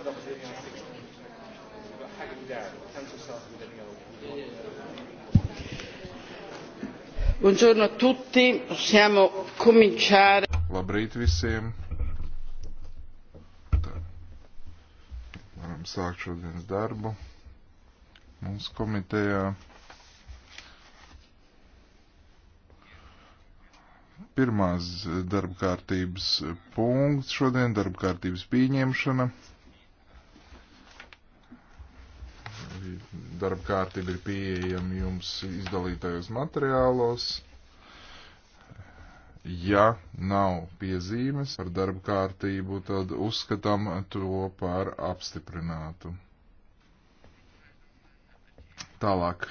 واحدة بزيادة عن 60 يبقى حاجة بداعة 95 Buongiorno a tutti, possiamo cominciare. Labrīt visiem. Tā. Varam sākt šodienas darbu. Mums komitejā pirmās darba kārtības punkts šodien, darba kārtības pieņemšana. darba kārtība ir pieejama jums izdalītajos materiālos. Ja nav piezīmes ar darba kārtību, tad uzskatām to par apstiprinātu. Tālāk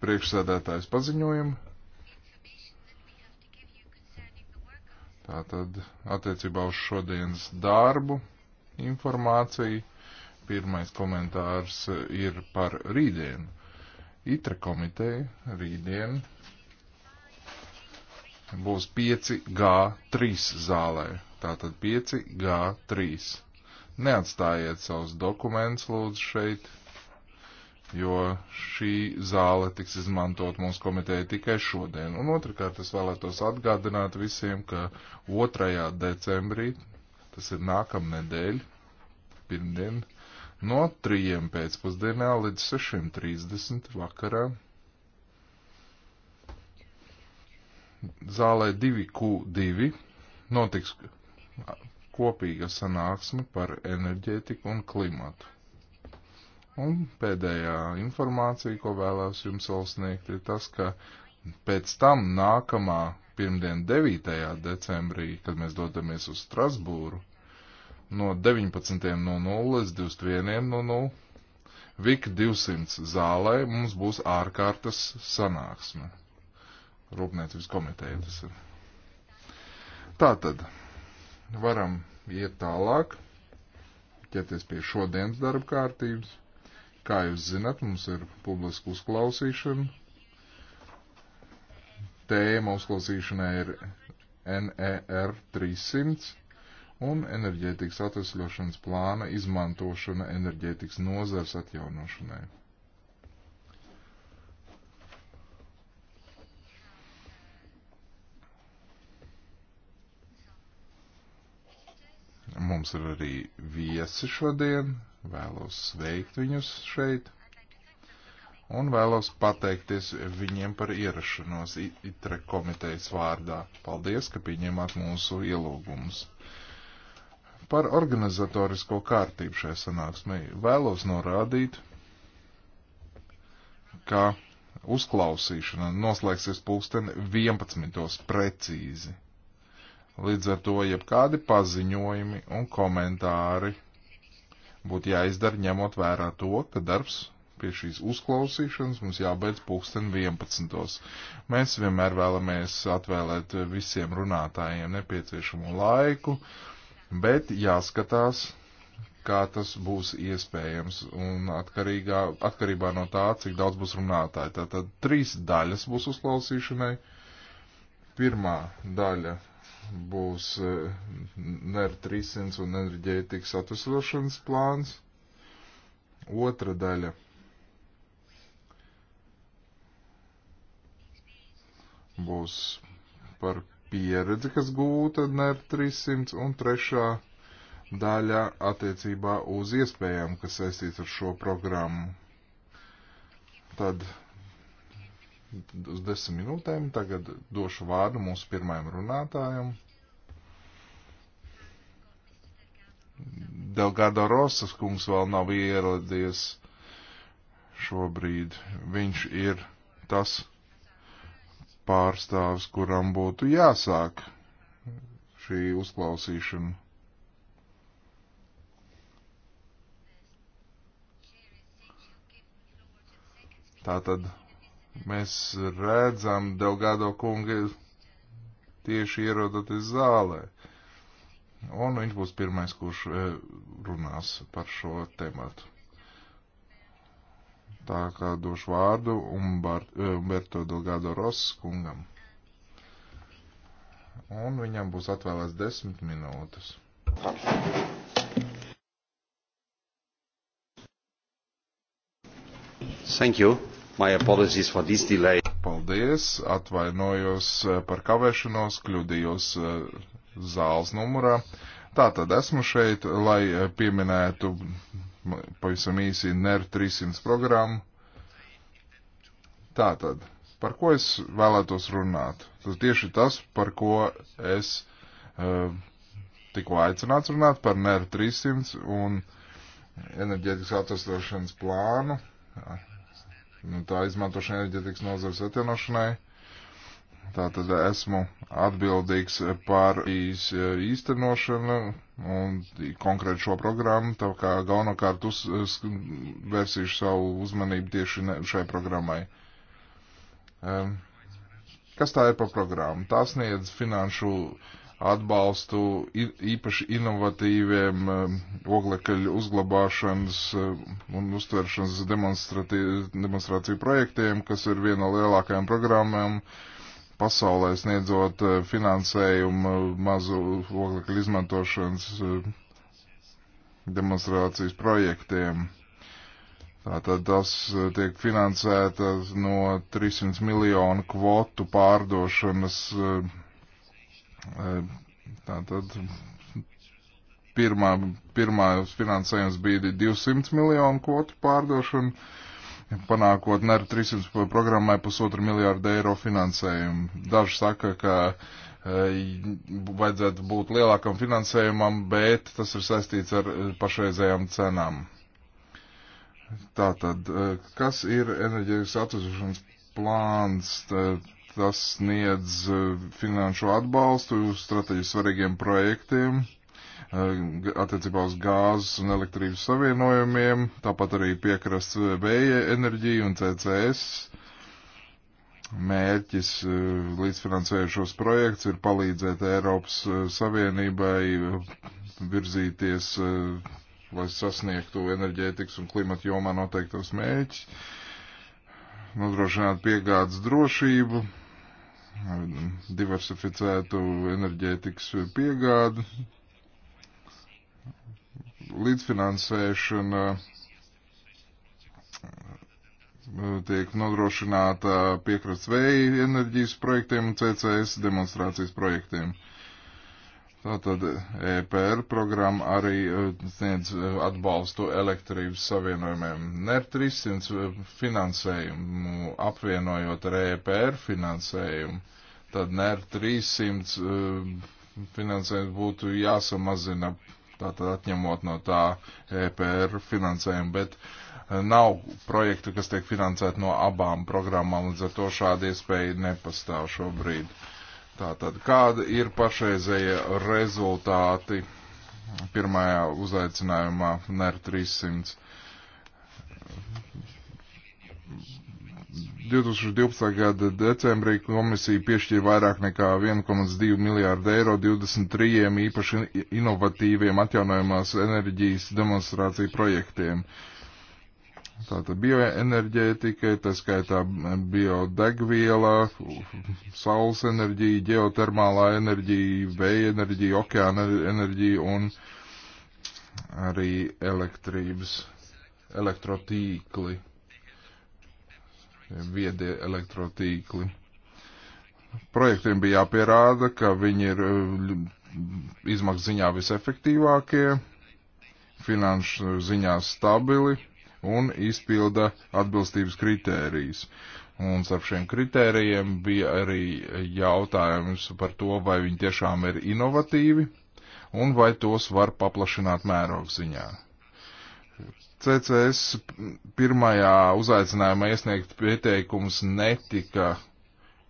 priekšsēdētājs paziņojumu. Tātad attiecībā uz šodienas darbu informāciju. Pirmais komentārs eh, ir par rītdienu. ITRA komiteja rītdien būs 5G3 zālē. Tātad 5G3. Neatstājiet savus dokumentus lūdzu šeit, jo šī zāle tiks izmantot mūsu komiteja tikai šodien. Un otrkārt es vēlētos atgādināt visiem, ka 2. decembrī, tas ir nākamnedēļ, pirmdien, no 3 pēcpusdienā līdz 6.30 vakarā. Zālē 2Q2 notiks kopīga sanāksme par enerģētiku un klimatu. Un pēdējā informācija, ko vēlos jums vēl sniegt, ir tas, ka pēc tam nākamā pirmdien 9. decembrī, kad mēs dodamies uz Strasbūru, no 19.00 līdz 21.00 VIK 200 zālē mums būs ārkārtas sanāksme. Rūpniecības komiteja tas ir. Tātad varam iet tālāk, ķerties pie šodienas darba kārtības. Kā jūs zinat, mums ir publiska uzklausīšana. Tēma uzklausīšanai ir NER 300 un enerģētikas atvesļošanas plāna izmantošana enerģētikas nozars atjaunošanai. Mums ir arī viesi šodien, vēlos sveikt viņus šeit un vēlos pateikties viņiem par ierašanos ITRE komitejas vārdā. Paldies, ka pieņēmāt mūsu ielūgumus! Par organizatorisko kārtību šai sanāksmē vēlos norādīt, ka uzklausīšana noslēgsies pulksten 11. precīzi. Līdz ar to jebkādi paziņojumi un komentāri būtu jāizdara ņemot vērā to, ka darbs pie šīs uzklausīšanas mums jābeidz pulksten 11. Mēs vienmēr vēlamies atvēlēt visiem runātājiem nepieciešamo laiku. Uh, bet jāskatās, kā tas būs iespējams un atkarībā no tā, cik daudz būs runātāji. Tātad trīs daļas būs uzklausīšanai. Pirmā daļa būs e, NER 300 un enerģētikas atvesļošanas plāns. Otra daļa būs par pieredze, kas gūta NER 300, un trešā daļa attiecībā uz iespējām, kas saistīts ar šo programmu. Tad uz desmit minūtēm tagad došu vārdu mūsu pirmajam runātājam. Delgado Rosas kungs vēl nav ieradies šobrīd. Viņš ir tas pārstāvs, kuram būtu jāsāk šī uzklausīšana. Tātad mēs redzam Delgado kungu tieši ierodoties zālē. Un viņš būs pirmais, kurš eh, runās par šo tematu. Tā kā došu vārdu eh, Umberto Delgado Ross kungam. Un viņam būs atvēlēts desmit minūtes. Thank you. My apologies for this delay. Paldies, atvainojos eh, par kavēšanos, kļūdījos eh, zāles numurā. Tātad esmu šeit, lai pieminētu pavisam īsi NER 300 programmu. Tātad, par ko es vēlētos runāt? Tas tieši tas, par ko es uh, tikko aicināts runāt, par NER 300 un enerģētikas atvestošanas plānu, nu, tā izmantošana enerģētikas nozares atjaunošanai. Tātad esmu atbildīgs par īs, e, īstenošanu un konkrēti šo programmu, tā kā galvenokārt uz, vērsīšu savu uzmanību tieši šai programmai. Kas tā ir par programmu? Tā sniedz finanšu atbalstu īpaši inovatīviem e, oglekļu uzglabāšanas e, un uztveršanas demonstrāciju projektiem, kas ir viena no lielākajām programmām pasaulē sniedzot eh, finansējumu eh, mazu oglekļu izmantošanas eh, demonstrācijas projektiem. Tātad tas tiek finansētas no 300 miljonu kvotu pārdošanas. Tātad pirmā, pirmā finansējums bija 200 miljonu kvotu pārdošana panākot NER 300 programmai pusotru miljārdu eiro finansējumu. Daži saka, ka eh, vajadzētu būt lielākam finansējumam, bet tas ir saistīts ar eh, pašreizējām cenām. Tātad, eh, kas ir enerģijas atvesušanas plāns? Tas sniedz finanšu atbalstu strateģiski svarīgiem projektiem attiecībā uz gāzes un elektrības savienojumiem, tāpat arī piekrasts vēja enerģija un CCS. Mērķis e, līdzfinansējušos projekts ir palīdzēt Eiropas e, Savienībai e, virzīties, lai sasniegtu enerģētikas un klimata jomā noteiktos mērķus, nodrošināt piegādes drošību, diversificētu enerģētikas piegādi, līdzfinansēšana eh, tiek nodrošināta piekrasts vēja enerģijas projektiem un CCS demonstrācijas projektiem. Tātad EPR programma arī eh, sniedz eh, atbalstu elektrības savienojumiem. NER 300 finansējumu apvienojot ar EPR finansējumu, tad NER 300 finansējums būtu jāsamazina tātad atņemot no tā EPR finansējumu, bet eh, nav projektu, kas tiek finansēti no abām programmām, līdz ar to šāda iespēja nepastāv šobrīd. Tātad, kāda ir pašreizēja rezultāti pirmajā uzaicinājumā NER 300? 2012. gada decembrī komisija piešķīra vairāk nekā 1,2 miljārdu eiro 23 īpaši inovatīviem atjaunojumās enerģijas demonstrāciju projektiem. Tātad bioenerģētika, tā skaitā biodegviela, saules enerģija, geotermālā enerģija, vēja enerģija, okeāna enerģija un arī elektrības, elektrotīkli viedie elektrotīkli. Projektiem bija jāpierāda, ka viņi ir eh, izmaksu ziņā visefektīvākie, finanšu ziņā stabili un izpilda atbilstības kritērijas. Un starp šiem kritērijiem bija arī jautājums par to, vai viņi tiešām ir inovatīvi un vai tos var paplašināt mērogziņā. CCS pirmajā uzaicinājumā iesniegt pieteikums netika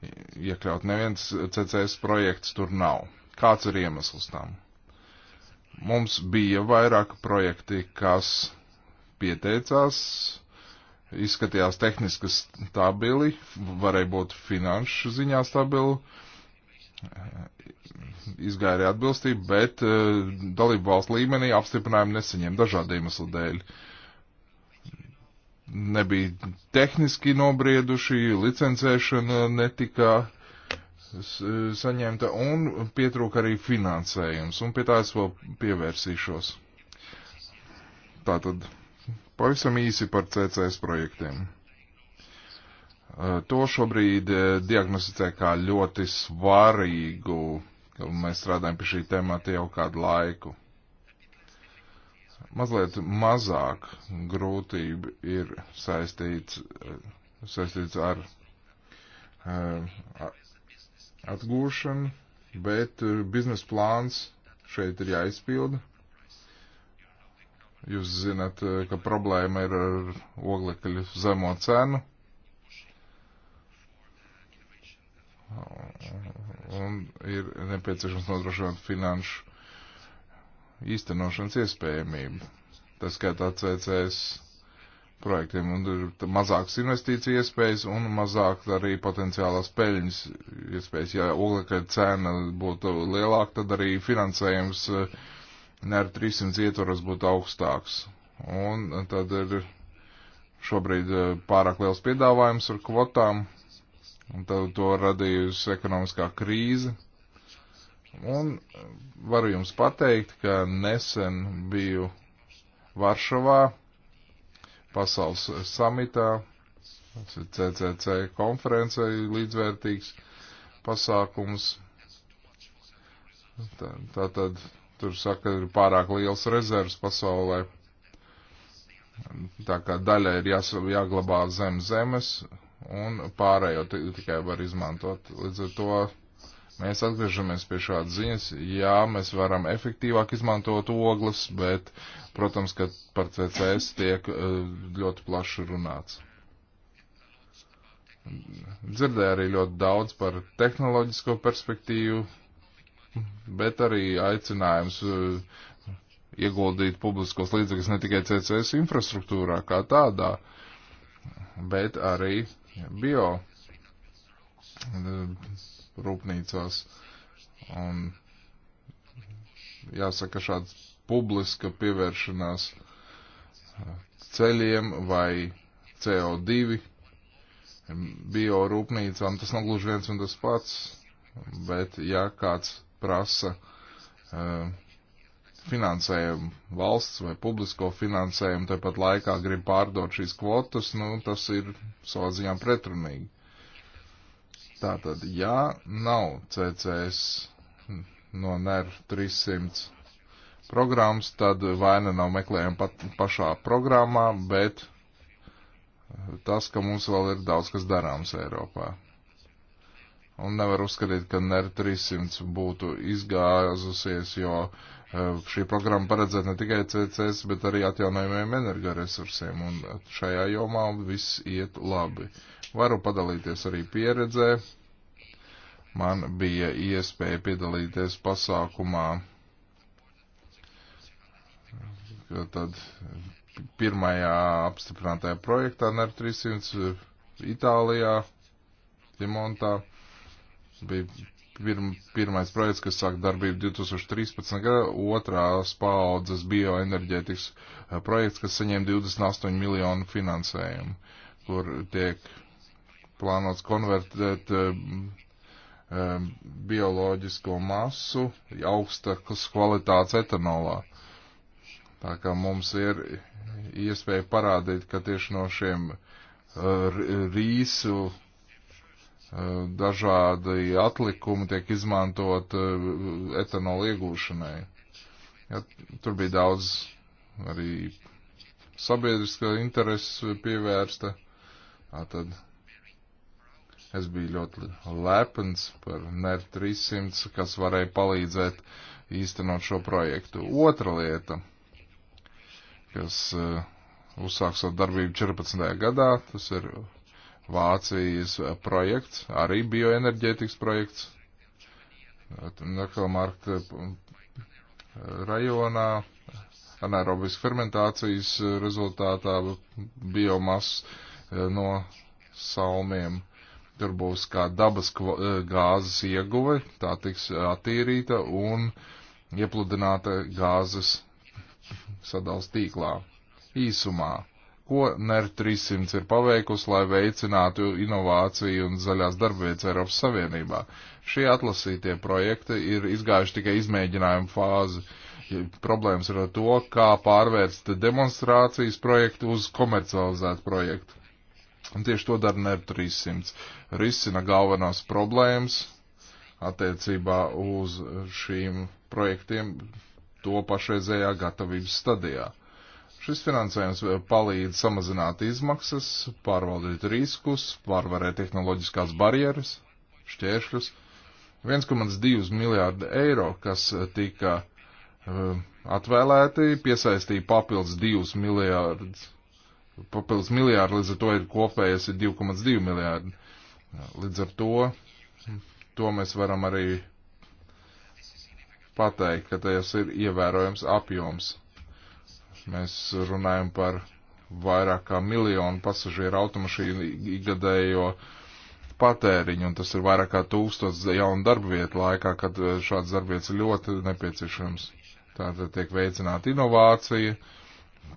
iekļaut. Neviens CCS projekts tur nav. Kāds ir iemesls tam? Mums bija vairāki projekti, kas pieteicās, izskatījās tehniski stabili, varēja būt finanšu ziņā stabili, izgāja arī atbilstība, bet eh, dalību valsts līmenī apstiprinājumu nesaņem dažādu iemeslu dēļ. Uh, nebija tehniski nobrieduši, licencēšana netika saņemta un pietrūka arī finansējums, un pie tā es vēl pievērsīšos. Tātad pavisam īsi par CCS projektiem. To šobrīd diagnosticē kā ļoti svarīgu, ka mēs strādājam pie šī temata jau kādu laiku mazliet mazāk grūtība ir saistīts, eh, saistīts ar, eh, ar atgūšanu, bet eh, biznesa plāns šeit ir jāizpilda. Jūs zināt, ka problēma ir ar oglekļu zemo cenu. Un ir nepieciešams nodrošināt finanšu īstenošanas iespējamību. Tas skaitā CCS projektiem un ir mazākas investīcija iespējas un mazāk arī potenciālās peļņas iespējas. Ja oglekļa cena būtu lielāka, tad arī finansējums eh, ne ar 300 ietvaros būtu augstāks. Un eh, tad ir šobrīd eh, pārāk liels piedāvājums ar kvotām, un tad to radījusi ekonomiskā krīze Un varu jums pateikt, ka nesen biju Varšavā pasaules samitā, CCC konferencē līdzvērtīgs pasākums. Tātad tur saka, ir pārāk liels rezervs pasaulē. Tā kā daļa ir jās, jāglabā zem zemes un pārējo tikai var izmantot. Līdz ar to Mēs atgriežamies pie šādas ziņas. Jā, mēs varam efektīvāk izmantot ogles, bet, protams, ka par CCS tiek eh, ļoti plaši runāts. Dzirdēju arī ļoti daudz par tehnoloģisko perspektīvu, bet arī aicinājums eh, ieguldīt publiskos līdzekļus ne tikai CCS infrastruktūrā kā tādā, bet arī bio eh, rūpnīcās. Un jāsaka, šāds publiska pievēršanās uh, ceļiem vai CO2 bio rūpnīcām, tas nav gluži viens un tas pats, bet ja kāds prasa uh, finansējumu valsts vai publisko finansējumu, tāpat laikā grib pārdot šīs kvotas, nu, tas ir savā ziņā pretrunīgi. Tātad, ja nav CCS no NERV 300 programmas, tad vaina nav meklējama pat pašā programmā, bet eh, tas, ka mums vēl ir daudz kas darāms Eiropā. Un nevar uzskatīt, ka NER 300 būtu izgāzusies, jo eh, šī programma paredzēta ne tikai CCS, bet arī atjaunojumiem energoresursiem, un šajā jomā viss iet labi. Varu padalīties arī pieredzē. Man bija iespēja piedalīties pasākumā, tad pirmajā apstiprinātajā projektā NER 300 Itālijā, Timontā. Bija pirm, pirmais projekts, kas sāk darbību 2013. gadā, otrās paaudzes bioenerģētikas eh, projekts, kas saņem 28 miljonu finansējumu, kur tiek plānots konvertēt eh, eh, bioloģisko masu augstas kvalitātes etanolā. Tā kā mums ir iespēja parādīt, ka tieši no šiem eh, rīsu dažādi atlikumi tiek izmantot etanola iegūšanai. Ja, tur bija daudz arī sabiedriskā interesa pievērsta. Tātad Es biju ļoti lepns par NER 300, kas varēja palīdzēt īstenot šo projektu. Otra lieta, kas eh, uzsāks savu darbību 14. gadā, tas ir Vācijas projekts, arī bioenerģētikas projekts. Nekalmarkta eh, eh, rajonā anaerobijas fermentācijas rezultātā biomasas no salmiem. Tur būs kā dabas e, gāzes ieguve, tā tiks attīrīta un iepludināta gāzes sadals tīklā. Īsumā, ko NER 300 ir paveikusi, lai veicinātu inovāciju un zaļās darbvietas Eiropas Savienībā? Šie atlasītie projekti ir izgājuši tikai izmēģinājumu fāzi. Problēmas ir ar to, kā pārvērst demonstrācijas projektu uz komercializētu projektu. Un tieši to dara NEP 300. Risina galvenās problēmas attiecībā uz šīm projektiem to pašreizējā gatavības stadijā. Šis finansējums eh, palīdz samazināt izmaksas, pārvaldīt riskus, pārvarēt tehnoloģiskās barjeras, šķēršļus. 1,2 miljārdi eiro, kas eh, tika eh, atvēlēti, piesaistīja papildus 2 miljārdus papildus miljārdu, līdz ar to ir kopējais 2,2 miljārdi. Līdz ar to, to mēs varam arī pateikt, ka tas ir ievērojams apjoms. Mēs runājam par vairāk kā miljonu pasažieru automašīnu ikgadējo patēriņu, un tas ir vairāk kā tūkstots jaunu darba vietu laikā, kad šāds darbvietas ir ļoti nepieciešams. Tātad tiek veicināta inovācija, uh,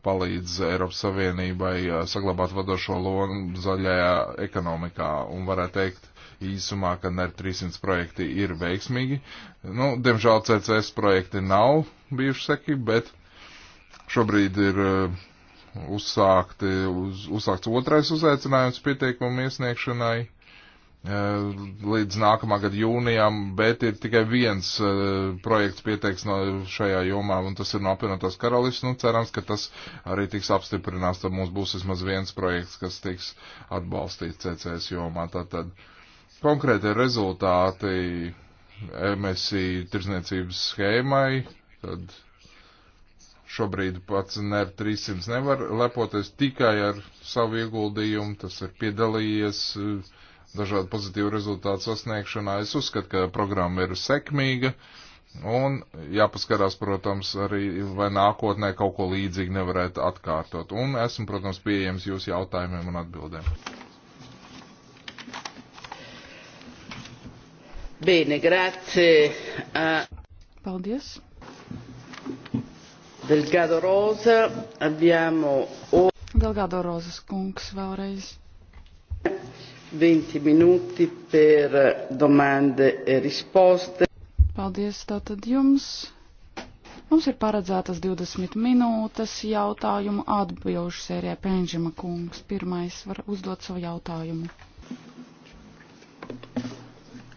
palīdz Eiropas Savienībai uh, saglabāt vadošo lomu zaļajā ekonomikā un varētu teikt īsumā, ka NER 300 projekti ir veiksmīgi. Nu, diemžēl CCS projekti nav bijuši seki, bet šobrīd ir uh, uzsākti, uz, uzsākts otrais uzaicinājums pieteikumu iesniegšanai Eh, līdz nākamā gada jūnijam, bet ir tikai viens uh, projekts pieteikts no šajā jomā, un tas ir no apvienotās karalists. Nu, cerams, ka tas arī tiks apstiprināts, tad mums būs vismaz viens projekts, kas tiks atbalstīts CCS jomā. Tātad konkrētie rezultāti MSI tirzniecības schēmai, tad šobrīd pats NER 300 nevar lepoties tikai ar savu ieguldījumu, tas ir piedalījies uh, dažādu pozitīvu rezultātu sasniegšanā. Es uzskatu, ka programma ir sekmīga un jāpaskarās, protams, arī vai nākotnē kaut ko līdzīgu nevarētu atkārtot. Un esmu, protams, pieejams jūsu jautājumiem un atbildēm. Bene, grazie. Paldies. Delgado Rosa, abbiamo. Delgado Rozas kungs vēlreiz. 20 minūti per domande e risposte. Paldies tātad jums. Mums ir paredzētas 20 minūtes jautājumu atbilžu sērijā Penžima kungs. Pirmais var uzdot savu jautājumu.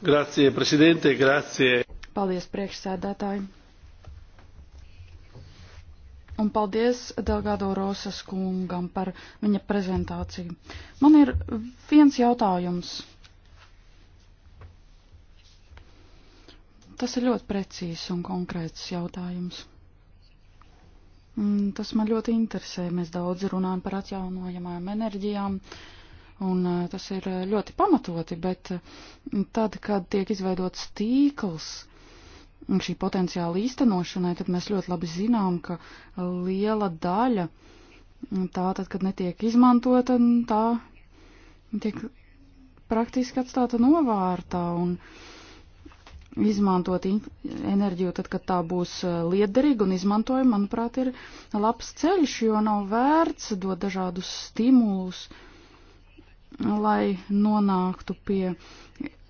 Grazie, prezidente, grazie. Paldies priekšsēdētāji. Un paldies Delgado Rosas kungam par viņa prezentāciju. Man ir viens jautājums. Tas ir ļoti precīzs un konkrēts jautājums. Mm, tas man ļoti interesē. Mēs daudz runājam par atjaunojamajām enerģijām. Un eh, tas ir eh, ļoti pamatoti, bet eh, tad, kad tiek izveidots tīkls, šī potenciāla īstenošanai, tad mēs ļoti labi zinām, ka liela daļa tā tad, kad netiek izmantota, tā tiek praktiski atstāta novārtā un izmantot enerģiju tad, kad tā būs eh, liederīga un izmantojama, manuprāt, ir labs ceļš, jo nav vērts dot dažādus stimulus uh, lai nonāktu pie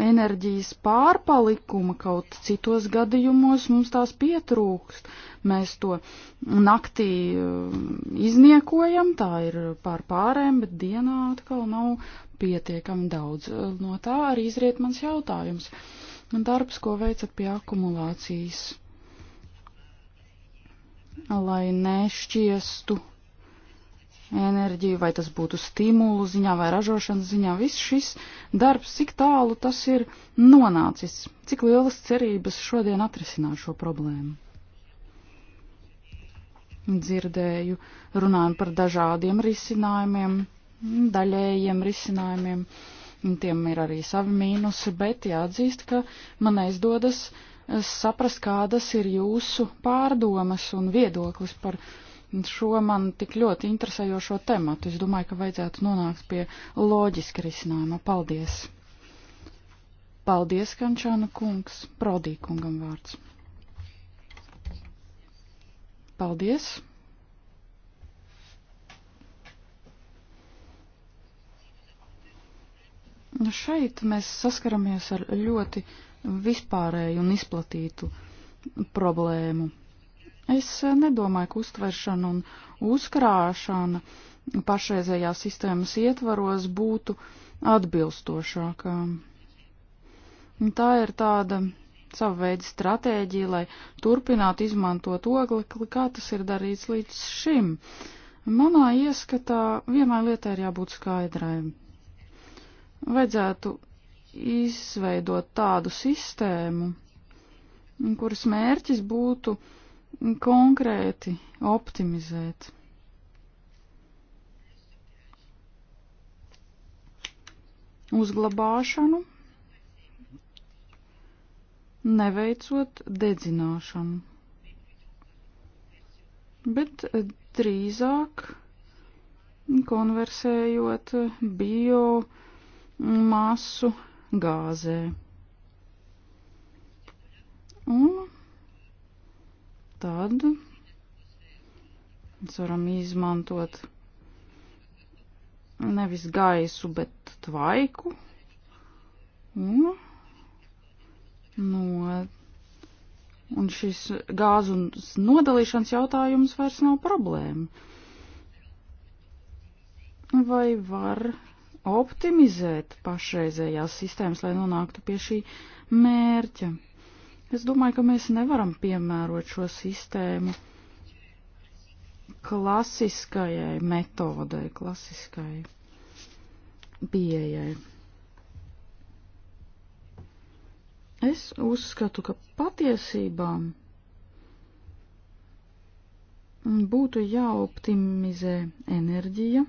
enerģijas pārpalikuma kaut citos gadījumos mums tās pietrūkst. Mēs to naktī eh, izniekojam, tā ir pār pārēm, bet dienā atkal nav pietiekami daudz. Eh, no tā arī izriet mans jautājums. Darbs, ko veicat pie akumulācijas, lai nešķiestu enerģiju, vai tas būtu stimulu ziņā vai ražošanas ziņā. Viss šis darbs, cik tālu tas ir nonācis, cik lielas cerības šodien atrisināt šo problēmu. Dzirdēju, runājam par dažādiem risinājumiem, daļējiem risinājumiem. Tiem ir arī savi mīnusi, bet jāatzīst, ka man neizdodas saprast, kādas ir jūsu pārdomas un viedoklis par to šo man tik ļoti interesējošo tematu. Es domāju, ka vajadzētu nonākt pie loģiska risinājuma. Paldies! Paldies, Kančāna kungs, Prodīkungam vārds. Paldies! Nu, šeit mēs saskaramies ar ļoti vispārēju un izplatītu problēmu Es eh, nedomāju, ka uztveršana un uzkrāšana pašreizējās sistēmas ietvaros būtu atbilstošākā. Tā ir tāda sava veida stratēģija, lai turpinātu izmantot oglekli, kā tas ir darīts līdz šim. Manā ieskatā vienai lietai ir jābūt skaidrai. Vajadzētu izveidot tādu sistēmu, kuras mērķis būtu uh, konkrēti optimizēt. Uzglabāšanu, neveicot dedzināšanu, bet drīzāk konversējot bio masu gāzē. Un tad mēs varam izmantot nevis gaisu, bet tvaiku. Un, no, nu, un šis gāzu nodalīšanas jautājums vairs nav problēma. Vai var optimizēt pašreizējās sistēmas, lai nonāktu pie šī mērķa? Es domāju, ka mēs nevaram piemērot šo sistēmu klasiskajai metodai, klasiskajai pieejai. Es uzskatu, ka patiesībām būtu jāoptimizē enerģija,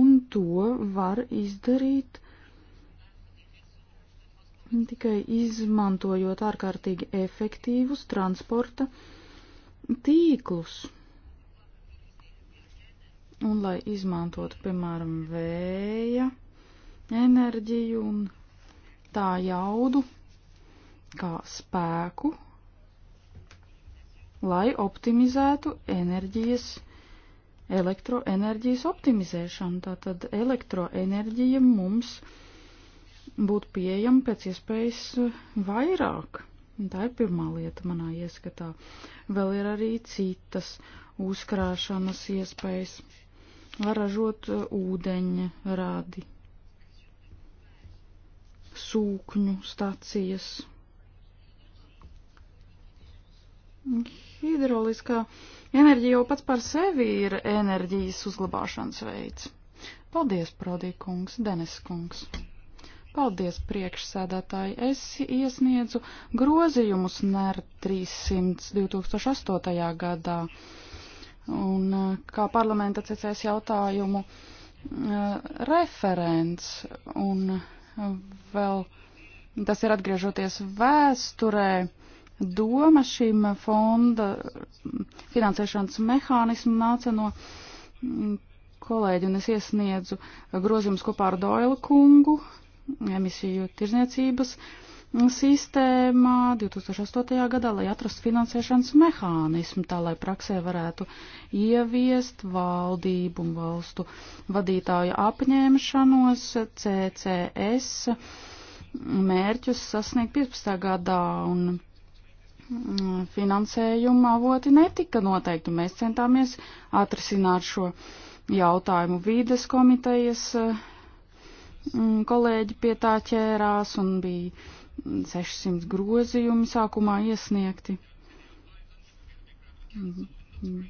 un to var izdarīt tikai izmantojot ārkārtīgi efektīvus transporta tīklus. Un lai izmantot, piemēram, vēja enerģiju un tā jaudu kā spēku, lai optimizētu enerģijas, elektroenerģijas optimizēšanu. Tātad elektroenerģija mums ir būtu pieejama pēc iespējas uh, vairāk. Tā ir pirmā lieta manā ieskatā. Vēl ir arī citas uzkrāšanas iespējas. Var ražot uh, ūdeņa rādi, sūkņu stacijas, Hidroliskā enerģija jau pats par sevi ir enerģijas uzglabāšanas veids. Paldies, Prodī kungs, Denes kungs. Paldies, priekšsēdētāji. Es iesniedzu grozījumus NER 300 2008. gadā. Un eh, kā parlamenta CCS jautājumu eh, referents un eh, vēl tas ir atgriežoties vēsturē doma šīm fonda mm, finansēšanas mehānismu nāca no mm, kolēģi, un es iesniedzu grozījumus kopā ar Doila kungu, emisiju tirzniecības sistēmā 2008. gadā, lai atrastu finansēšanas mehānismu, tā lai praksē varētu ieviest valdību un valstu vadītāju apņēmšanos CCS mērķus sasniegt 15. gadā un mm, finansējuma avoti netika noteikti. Mēs centāmies atrisināt šo jautājumu vīdes komitejas uh, Mm, kolēģi pie tā ķērās un bija 600 grozījumi sākumā iesniegti. Mm,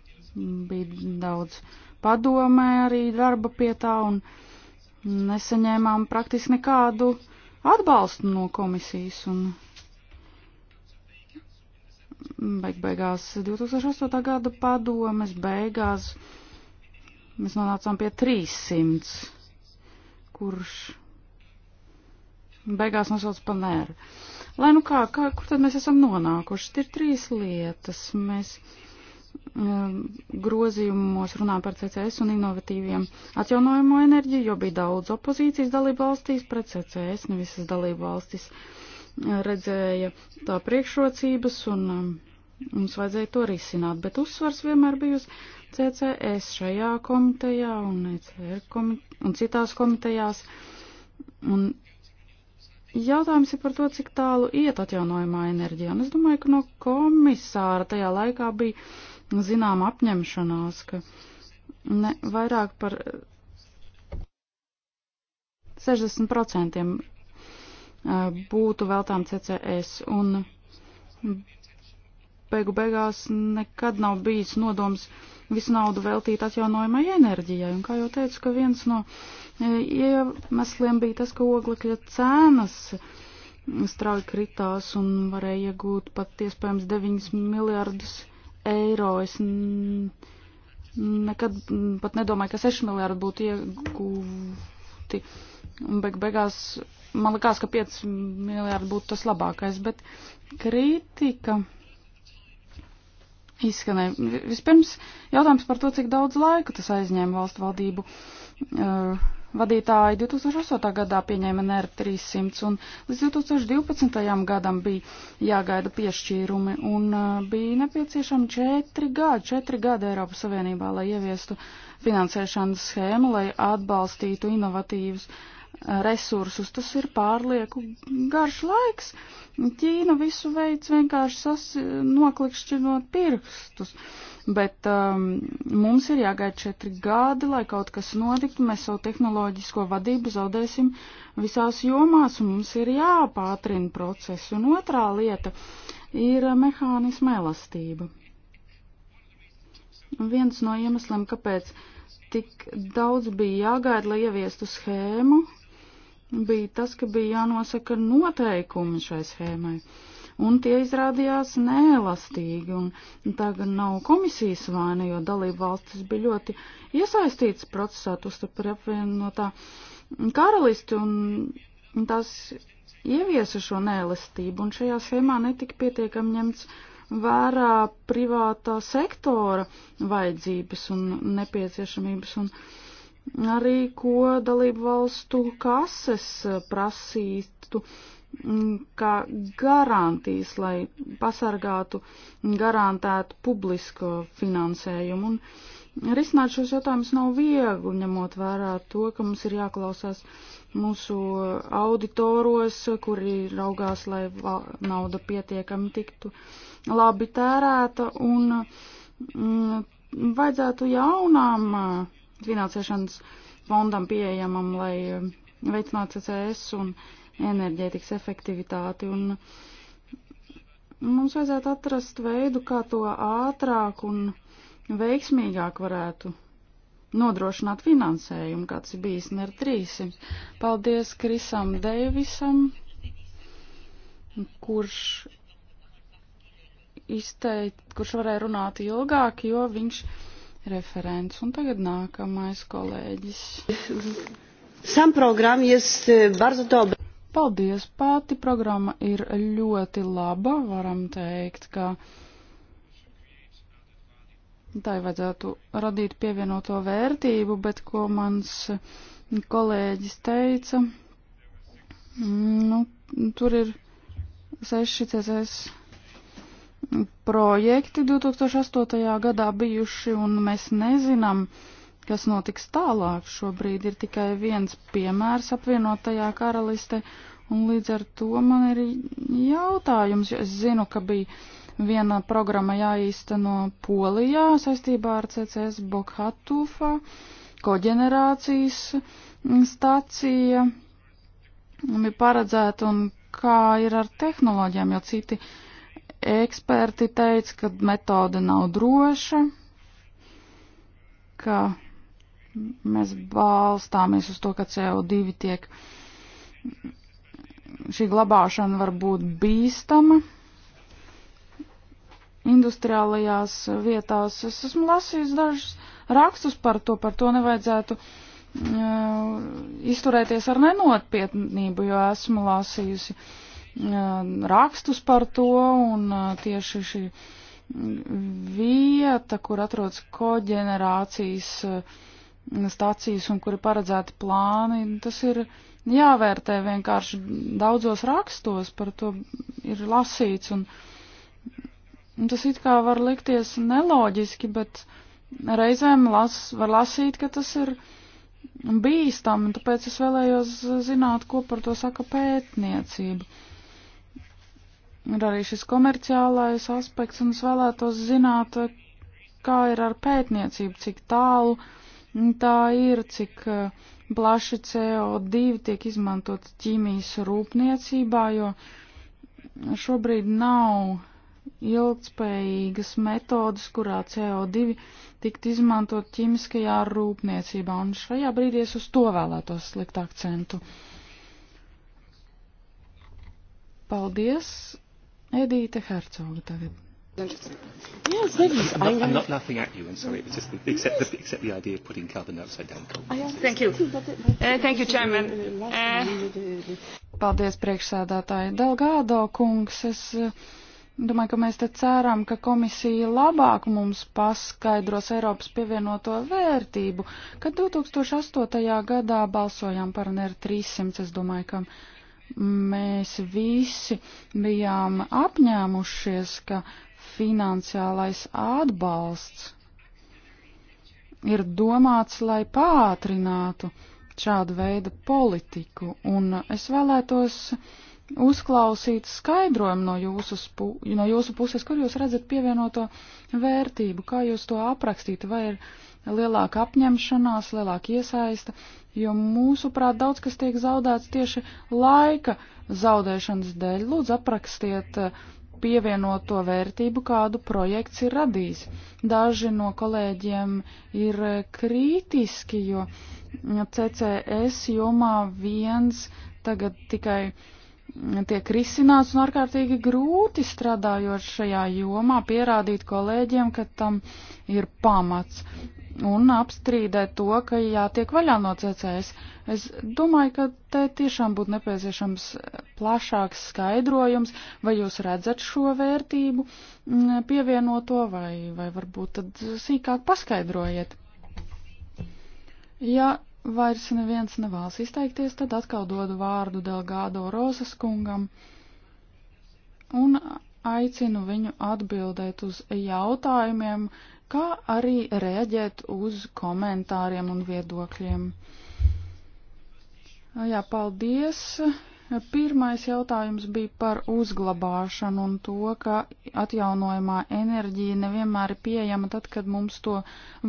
bija daudz padomē arī darba pie tā un nesaņēmām praktiski nekādu atbalstu no komisijas un beig beigās 2008. gada padomes beigās mēs nonācām pie 300 kurš beigās nosauc par nēru. Lai nu kā, kā, kur tad mēs esam nonākuši? Ir trīs lietas. Mēs um, grozījumos runā par CCS un inovatīviem atjaunojumu enerģiju, jo bija daudz opozīcijas dalību valstīs pret CCS, ne visas dalību valstis uh, redzēja tā priekšrocības un um, Mums vajadzēja to risināt, bet uzsvars vienmēr bija uz CCS šajā komitejā un ECR komite un citās komitejās. Un jautājums ir par to, cik tālu iet atjaunojumā enerģija. Un es domāju, ka no komisāra tajā laikā bija zinām apņemšanās, ka ne vairāk par 60% būtu veltām CCS. Un beigu beigās nekad nav bijis nodoms visu naudu veltīt atjaunojumai enerģijai. Un kā jau teicu, ka viens no e, iemesliem bija tas, ka oglekļa cēnas strauji kritās un varēja iegūt pat iespējams 9 miljardus eiro. Es nekad pat nedomāju, ka 6 miljardi būtu iegūti. Un beig beigās man likās, ka 5 miljardi būtu tas labākais, bet kritika izskanēja. Vispirms jautājums par to, cik daudz laika tas aizņēma valstu valdību. Uh, vadītāji 2008. gadā pieņēma NR e 300 un līdz 2012. gadam bija jāgaida piešķīrumi un uh, bija nepieciešami 4 gadi, 4 gadi Eiropas Savienībā, lai ieviestu finansēšanas schēmu, lai atbalstītu inovatīvus uh, resursus. Tas ir pārlieku garš laiks. Ķīna visu veids vienkārši sas, noklikšķinot pirkstus. Bet um, mums ir jāgaida četri gadi, lai kaut kas notiktu. Mēs savu tehnoloģisko vadību zaudēsim visās jomās, un mums ir jāpātrina procesu. Un otrā lieta ir mehānisma elastība. Viens no iemesliem, kāpēc tik daudz bija jāgaida, lai ieviestu schēmu, bija tas, ka bija jānosaka noteikumi šai schēmai. Un tie izrādījās neelastīgi, un tagad nav komisijas vaina, jo dalība valstis bija ļoti iesaistīts procesā, tostarp arī apvienotā karalisti, un tas ieviesa šo neelastību, un šajā schēmā netika pietiekami ņemts vērā privātā sektora vajadzības un nepieciešamības. Un, uh, arī, ko dalību valstu kases prasītu mm, kā garantijas, lai pasargātu, garantētu publisko finansējumu. Un risināt šos jautājumus nav viegli, ņemot vērā to, ka mums ir jāklausās mūsu auditoros, kuri raugās, lai nauda pietiekami tiktu labi tērēta un mm, vajadzētu jaunām finansēšanas fondam pieejamam, lai veicinātu CCS un enerģētikas efektivitāti. Un mums vajadzētu atrast veidu, kā to ātrāk un veiksmīgāk varētu nodrošināt finansējumu, kāds ir bijis ne ar 300. Paldies Krisam Deivisam, kurš izteikt, kurš varēja runāt ilgāk, jo viņš referents. Un tagad nākamais kolēģis. Sam programma jest e, bardzo dobra. Paldies, pati programma ir ļoti laba, varam teikt, ka tai vajadzētu radīt pievienoto vērtību, bet ko mans kolēģis teica, mm, nu, tur ir seši CSS projekti 2008. gadā bijuši, un mēs nezinām, kas notiks tālāk. Šobrīd ir tikai viens piemērs apvienotajā karaliste, un līdz ar to man ir jautājums. Es zinu, ka bija viena programma jāīsteno Polijā saistībā ar CCS Bokhatufa, koģenerācijas stācija, ir paredzēta un kā ir ar tehnoloģijām, jo citi eksperti teica, ka metode nav droša, ka mēs balstāmies uz to, ka CO2 tiek, šī glabāšana var būt bīstama. Industriālajās vietās es esmu lasījis dažus rakstus par to, par to nevajadzētu uh, izturēties ar nenopietnību, jo esmu lasījusi uh, rakstus par to, un tieši šī vieta, kur atrodas koģenerācijas stācijas un kur ir paredzēti plāni, tas ir jāvērtē vienkārši daudzos rakstos, par to ir lasīts, un, un tas it kā var likties neloģiski, bet reizēm las, var lasīt, ka tas ir bīstami, un tāpēc es vēlējos zināt, ko par to saka pētniecība ir arī šis komerciālais aspekts, un es vēlētos zināt, kā ir ar pētniecību, cik tālu tā ir, cik eh, plaši CO2 tiek izmantot ķīmijas rūpniecībā, jo šobrīd nav ilgtspējīgas metodas, kurā CO2 tikt izmantot ķīmiskajā rūpniecībā, un šajā brīdī es uz to vēlētos likt akcentu. Paldies! Edīte Hercoga tagad. Yes, maybe I'm, not, I'm not laughing at you. I'm sorry. It was just the, except, the, except the idea of putting carbon dioxide down. Oh, thank you. Uh, thank you, Chairman. Uh, Paldies, priekšsēdētāji. Delgado kungs, es uh, domāju, ka mēs te ceram, ka komisija labāk mums paskaidros Eiropas pievienoto vērtību. Kad 2008. gadā balsojām par NR300, es domāju, ka mēs visi bijām apņēmušies, ka finansiālais atbalsts ir domāts, lai pātrinātu šādu veidu politiku, un es vēlētos uh, uzklausīt skaidrojumu no jūsu, spu, no jūsu puses, kur jūs redzat pievienoto vērtību, kā jūs to aprakstītu, vai ir lielāka apņemšanās, lielāka iesaista, jo mūsuprāt daudz kas tiek zaudēts tieši laika zaudēšanas dēļ. Lūdzu, aprakstiet eh, pievienoto vērtību, kādu projekts ir radījis. Daži no kolēģiem ir eh, kritiski, jo mm, CCS jomā viens tagad tikai uh, tiek risināts un ārkārtīgi grūti strādājot šajā jomā, pierādīt kolēģiem, ka tam ir pamats un apstrīdēt to, ka jātiek vaļā no CCS. Es domāju, ka te tiešām būtu nepieciešams plašāks skaidrojums, vai jūs redzat šo vērtību mm, pievienoto, vai, vai varbūt tad sīkāk paskaidrojiet. Ja vairs neviens nevēlas izteikties, tad atkal dodu vārdu Delgādo Rozes kungam un aicinu viņu atbildēt uz jautājumiem, kā arī reaģēt uz komentāriem un viedokļiem. Jā, paldies. Pirmais jautājums bija par uzglabāšanu un to, ka atjaunojumā enerģija nevienmēr ir pieejama tad, kad mums to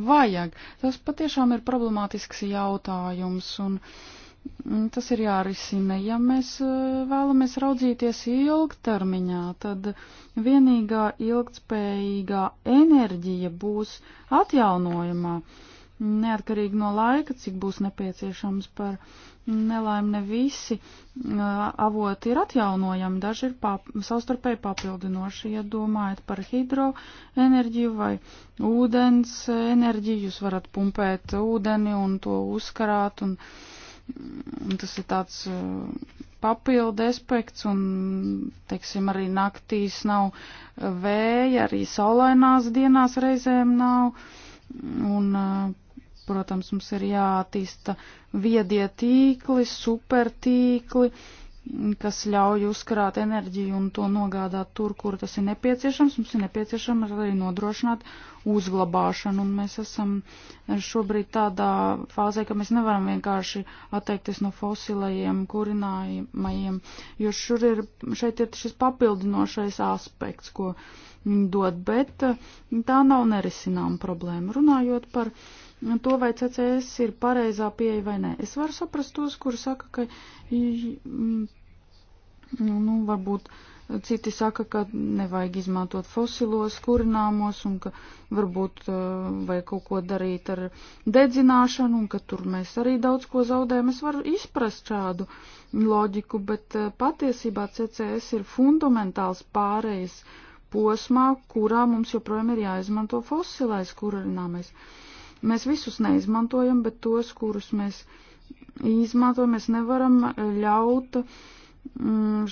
vajag. Tas patiešām ir problemātisks jautājums un mm, tas ir jārisina. Ja mēs e, vēlamies raudzīties ilgtermiņā, tad vienīgā ilgtspējīgā enerģija būs atjaunojumā, neatkarīgi no laika, cik būs nepieciešams par Nelēm ne visi avoti ir atjaunojami, daži ir pap, savstarpēji papildinoši. Ja domājat par hidroenerģiju vai ūdens enerģiju, jūs varat pumpēt ūdeni un to uzkarāt, un, un tas ir tāds papildu aspekts, un, teiksim, arī naktīs nav vēja, arī saulainās dienās reizēm nav, un Protams, mums ir jātīsta viedie tīkli, supertīkli, kas ļauj uzkrāt enerģiju un to nogādāt tur, kur tas ir nepieciešams. Mums ir nepieciešams arī nodrošināt uzglabāšanu, un mēs esam šobrīd tādā fāzē, ka mēs nevaram vienkārši atteikties no fosilajiem kurinājumajiem, jo šur ir, šeit ir šis papildinošais aspekts, ko dod, bet tā nav nerisināma problēma. Runājot par uh, to, vai CCS ir pareizā pieeja vai nē. Es varu saprast tos, kuri saka, ka, mm, nu, varbūt citi saka, ka nevajag izmantot fosilos kurināmos un ka varbūt uh, vajag kaut ko darīt ar dedzināšanu un ka tur mēs arī daudz ko zaudējam. Es varu izprast šādu loģiku, bet uh, patiesībā CCS ir fundamentāls pārējais posmā, kurā mums joprojām ir jāizmanto fosilais kurināmais. Uh, Mēs visus neizmantojam, bet tos, kurus mēs izmantojam, mēs nevaram ļaut mm,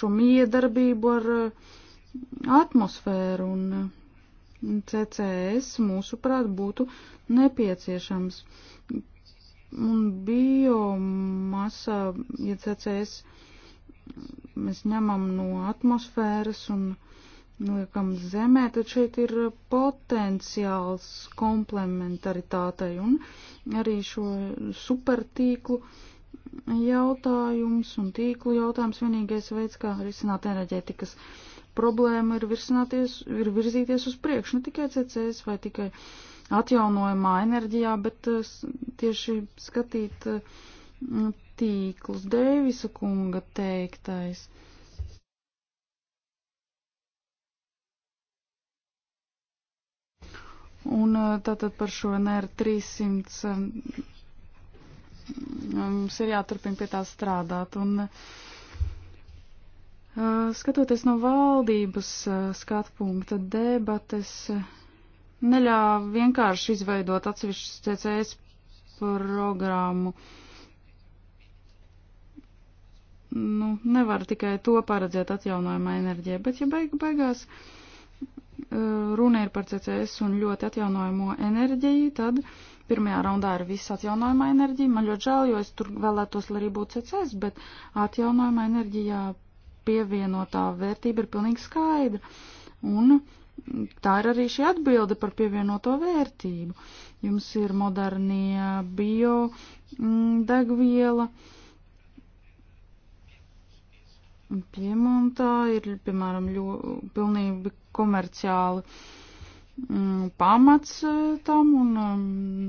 šo miedarbību ar mm, atmosfēru un mm, CCS, mūsuprāt, būtu nepieciešams. Un biomasa, ja CCS mēs ņemam no atmosfēras un uh, noliekam nu, zemē, tad šeit ir uh, potenciāls komplementaritātei un arī šo supertīklu jautājums un tīklu jautājums vienīgais veids, kā risināt enerģētikas problēmu ir, ir virzīties uz priekšu, ne tikai CCS vai tikai atjaunojumā enerģijā, bet uh, tieši skatīt uh, tīklus Deivisa kunga teiktais. Uh, Un eh, tātad par šo NR 300 eh, mm, mums ir jāturpina pie tā strādāt. Un, eh, skatoties no valdības skatu punkta, debates neļāva vienkārši izveidot atsevišķu CCS programmu. Nu, nevar tikai to paredzēt atjaunojumā enerģijai, bet ja beig beigās. Uh, Eh, runa ir par CCS un ļoti atjaunojamo enerģiju, tad pirmajā raundā ir viss atjaunojama enerģija. Man ļoti žēl, jo es tur vēlētos, lai arī būtu CCS, bet atjaunojama enerģijā pievienotā vērtība ir pilnīgi skaidra. Un tā ir arī šī atbilde par pievienoto vērtību. Jums ir modernie bio mm, degviela. Mm, Piemontā ir, piemēram, ļo, pilnīgi komerciāli mm, pamats e, tam, un mm,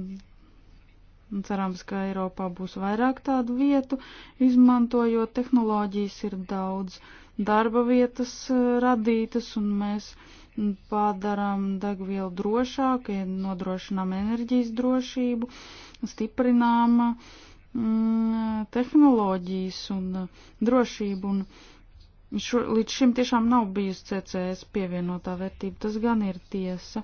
cerams, ka Eiropā būs vairāk tādu vietu, izmantojot tehnoloģijas ir daudz darba vietas e, radītas, un mēs mm, padarām degvielu drošāku, ja nodrošinām enerģijas drošību, stiprinām mm, e, tehnoloģijas un drošību. Un, šo, līdz šim tiešām nav bijusi CCS pievienotā vērtība, tas gan ir tiesa.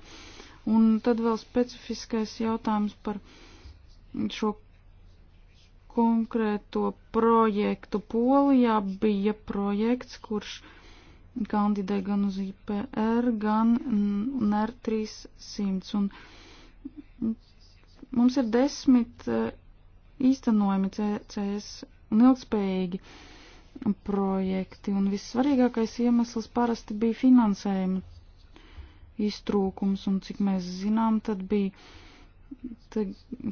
Un tad vēl specifiskais jautājums par šo konkrēto projektu. Polijā bija projekts, kurš kandidē gan uz IPR, gan NER 300. Un mums ir desmit eh, īstenojumi CS un ilgspējīgi. Uh, projekti, un vissvarīgākais iemesls parasti bija finansējuma iztrūkums, un cik mēs zinām, tad bija te,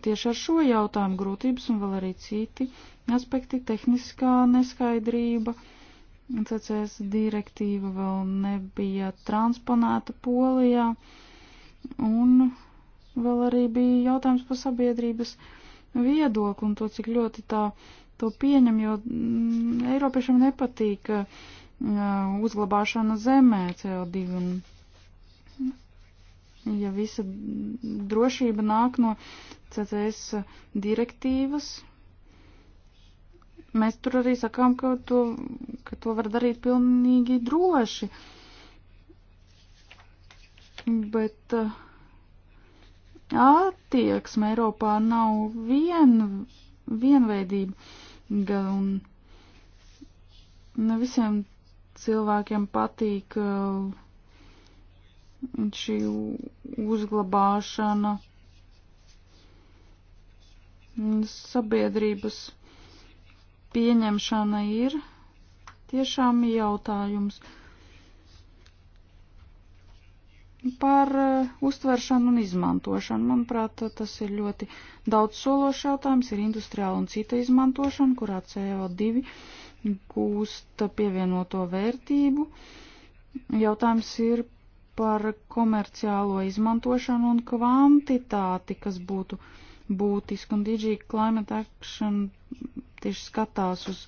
tieši ar šo jautājumu grūtības un vēl arī citi aspekti - tehniskā neskaidrība, CCS direktīva vēl nebija transponēta Polijā, un vēl arī bija jautājums par sabiedrības viedokli un to, cik ļoti tā to pieņem, jo mm, Eiropiešiem nepatīk uh, uzglabāšana zemē CO2. Un, ja visa drošība nāk no CCS direktīvas, mēs tur arī sakām, ka to, ka to var darīt pilnīgi droši. Bet uh, attieksme Eiropā nav vien, vienveidība. Un ne visiem cilvēkiem patīk uh, šī uzglabāšana sabiedrības pieņemšana ir tiešām jautājums par eh, uztveršanu un izmantošanu. Manuprāt, tas ir ļoti daudz sološs jautājums, ir industriāla un cita izmantošana, kurā CO2 gūsta pievienoto vērtību. Jautājums ir par komerciālo izmantošanu un kvantitāti, kas būtu būtiski, un DG Climate Action tieši skatās uz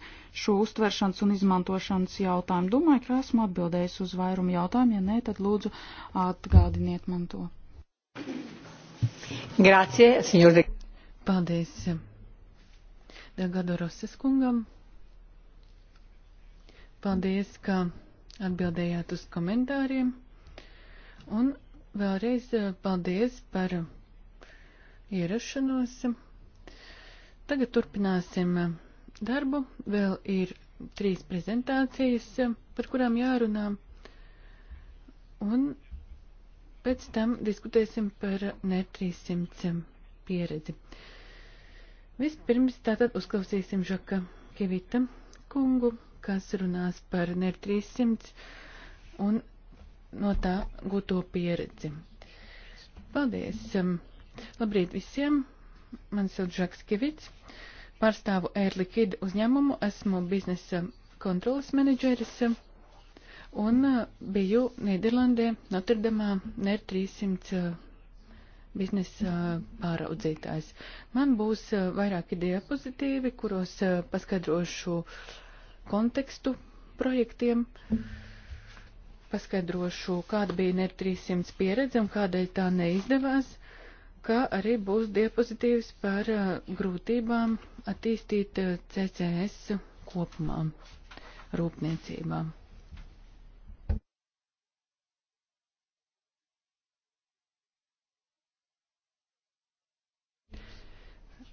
šo uztveršanas un izmantošanas jautājumu. Domāju, ka esmu atbildējis uz vairumu jautājumu. Ja nē, tad lūdzu atgādiniet man to. Grācie, senjor de. Paldies. Dagado Roses kungam. Paldies, ka atbildējāt uz komentāriem. Un vēlreiz paldies par ierašanos. Tagad turpināsim darbu. Vēl ir trīs prezentācijas, par kurām jārunā. Un pēc tam diskutēsim par NET300 pieredzi. Vispirms tātad uzklausīsim Žaka Kevita kungu, kas runās par NET300 un no tā gūto pieredzi. Paldies! Labrīt visiem! Mani sauc Žaks Kivits, pārstāvu Airlikid uzņēmumu, esmu biznesa kontrolas menedžeris un uh, biju Nīderlandē Notrdamā NER 300 uh, biznesa uh, pāraudzītājs. Man būs vairāki diapozitīvi, kuros paskaidrošu kontekstu projektiem, paskaidrošu, kāda bija NER 300 pieredze un kādēļ tā neizdevās ka arī būs diapozitīvs par grūtībām attīstīt CCS kopumā rūpniecībā.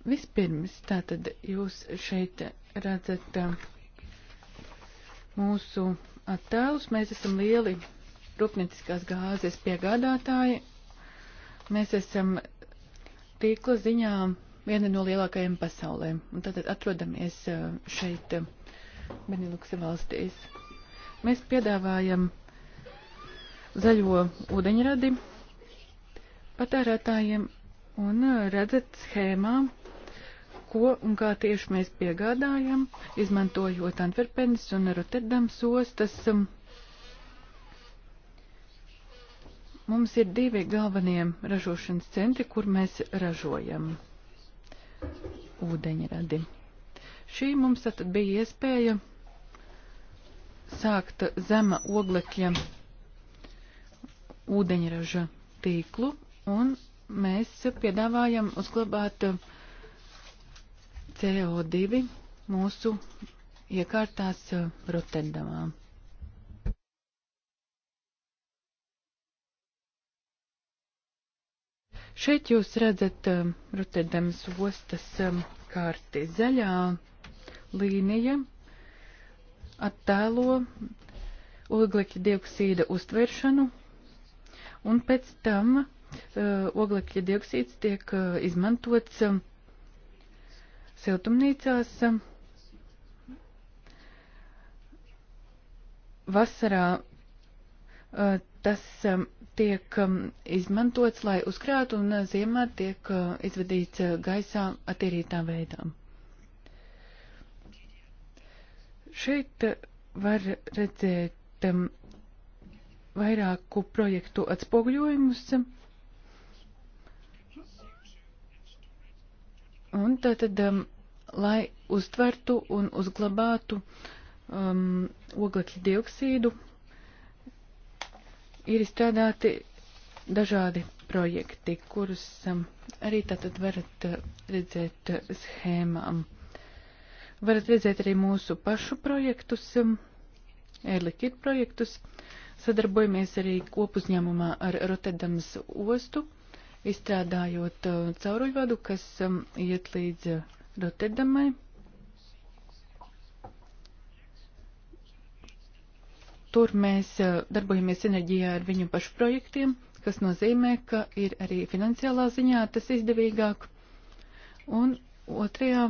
Vispirms, tātad jūs šeit redzat mūsu attēlus. Mēs esam lieli rūpnieciskās gāzes piegādātāji. Mēs esam tīkla ziņā viena no lielākajām pasaulē. Un tad atrodamies eh, šeit, eh, Beniluksa valstīs. Mēs piedāvājam zaļo ūdeņradi patērētājiem un eh, redzat schēmā, ko un kā tieši mēs piegādājam, izmantojot Antverpenes un Rotterdams ostas. Um, Mums ir divi galvenie ražošanas centri, kur mēs ražojam ūdeņradi. Šī mums tad bija iespēja sākt zema oglekļa ūdeņraža tīklu, un mēs piedāvājam uzglabāt CO2 mūsu iekārtās Rotterdamā. Šeit jūs redzat um, Rotterdamas ostas um, kārti. Zaļā līnija attēlo oglekļa dioksīda uztveršanu, un pēc tam uh, oglekļa dioksīds tiek uh, izmantots um, siltumnīcās. Um, vasarā uh, tas um, tiek um, izmantots, lai uzkrātu un uh, ziemā tiek uh, izvadīts uh, gaisā attīrītā veidā. Šeit var redzēt um, vairāku projektu atspoguļojumus. Un tātad, um, lai uztvertu un uzglabātu um, oglekļa dioksīdu, ir izstrādāti dažādi projekti, kurus um, arī tātad varat uh, redzēt uh, schēmām. Varat redzēt arī mūsu pašu projektus, Erlikit um, projektus. Sadarbojamies arī kopuzņēmumā ar Rotterdams ostu, izstrādājot uh, cauruļvadu, kas um, iet līdz Rotterdamai. Tur mēs eh, darbojamies sinerģijā ar viņu pašu projektiem, kas nozīmē, ka ir arī finansiālā ziņā tas izdevīgāk. Un otrajā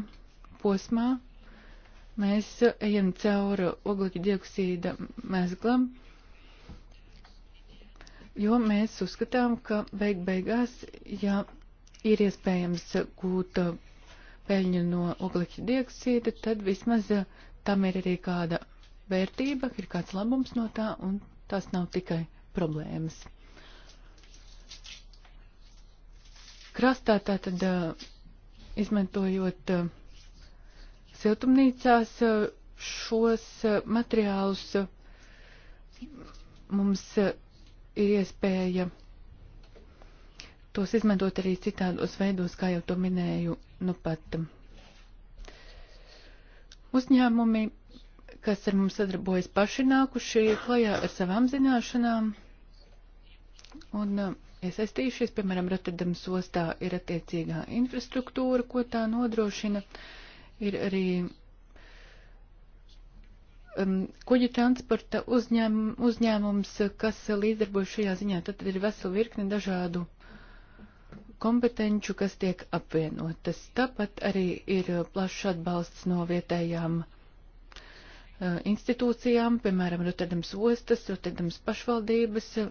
posmā mēs ejam cauri oglekļa dioksīda mezglam, jo mēs uzskatām, ka beig beigās, ja ir iespējams gūt eh, peļņu no oglekļa dioksīda, tad vismaz eh, tam ir arī kāda vērtība, ir kāds labums no tā, un tas nav tikai problēmas. Krastā tātad izmantojot siltumnīcās šos materiālus mums ir iespēja tos izmantot arī citādos veidos, kā jau to minēju, nu pat uzņēmumi kas ar mums sadarbojas paši nākuši klajā ar savām zināšanām un uh, iesaistījušies, piemēram, Rotterdams ostā ir attiecīgā infrastruktūra, ko tā nodrošina, ir arī um, kuģu transporta uzņēm, uzņēmums, kas līdzdarbojas šajā ziņā, tad ir vesela virkne dažādu kompetenču, kas tiek apvienotas. Tāpat arī ir plašs atbalsts no vietējām uh, Uh, institūcijām, piemēram, Rotterdams ostas, Rotterdams pašvaldības uh,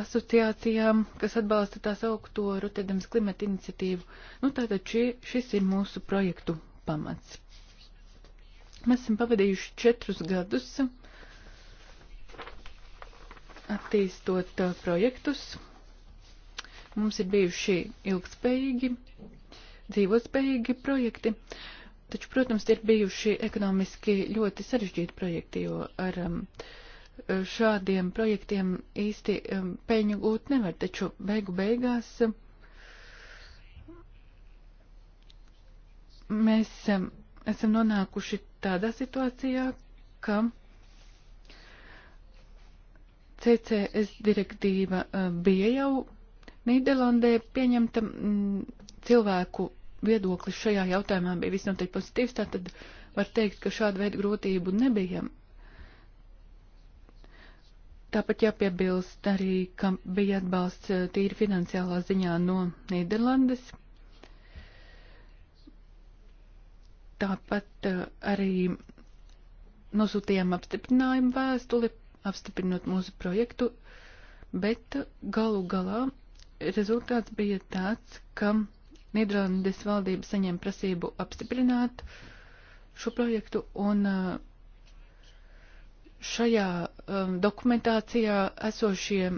asociācijām, kas atbalsta tās augto Rotterdams klimata iniciatīvu. Nu, tātad šī, šis ir mūsu projektu pamats. Mēs esam pavadījuši četrus gadus attīstot uh, projektus. Mums ir bijuši ilgspējīgi, dzīvotspējīgi projekti. Uh, Taču, protams, ir bijuši ekonomiski ļoti sarežģīti projekti, jo ar um, šādiem projektiem īsti um, peļņu gūt nevar. Taču beigu beigās um, mēs um, esam nonākuši tādā situācijā, ka CCS direktīva uh, bija jau Nīderlandē pieņemta mm, cilvēku viedoklis šajā jautājumā bija visnotaļ pozitīvs, tātad var teikt, ka šāda veida grūtību nebija. Tāpat jāpiebilst arī, ka bija atbalsts eh, tīri finansiālā ziņā no Nīderlandes. Tāpat eh, arī nosūtījām apstiprinājumu vēstuli, apstiprinot mūsu projektu, bet galu galā rezultāts bija tāds, ka Nīderlandes valdība saņem prasību apstiprināt šo projektu, un eh, šajā um, dokumentācijā esošie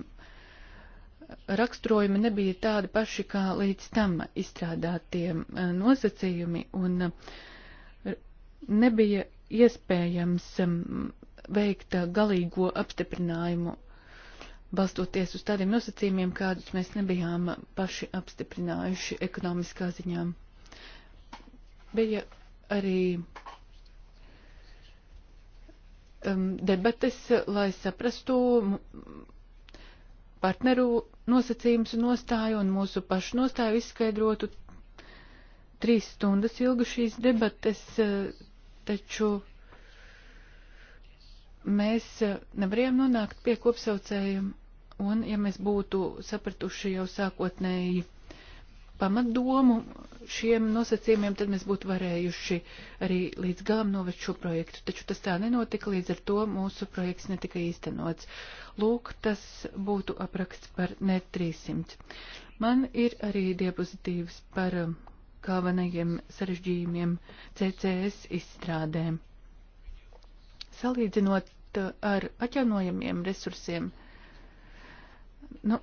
raksturojumi nebija tādi paši kā līdz tam izstrādātie eh, nosacījumi, un nebija iespējams um, veikt galīgo apstiprinājumu balstoties uz tādiem nosacījumiem, kādus mēs nebijām paši apstiprinājuši ekonomiskā ziņā. Bija arī um, debates, lai saprastu partneru nosacījumus un nostāju un mūsu pašu nostāju izskaidrotu. Trīs stundas ilgu šīs debates, eh, taču mēs eh, nevarējām nonākt pie kopsaucējuma Un, ja mēs būtu sapratuši jau sākotnēji pamatdomu šiem nosacījumiem, tad mēs būtu varējuši arī līdz galam novest šo projektu. Taču tas tā nenotika, līdz ar to mūsu projekts netika īstenots. Lūk, tas būtu apraksts par NET 300. Man ir arī diapozitīvs par um, galvenajiem sarežģījumiem CCS izstrādēm. Salīdzinot uh, ar atjaunojamiem resursiem, Nu,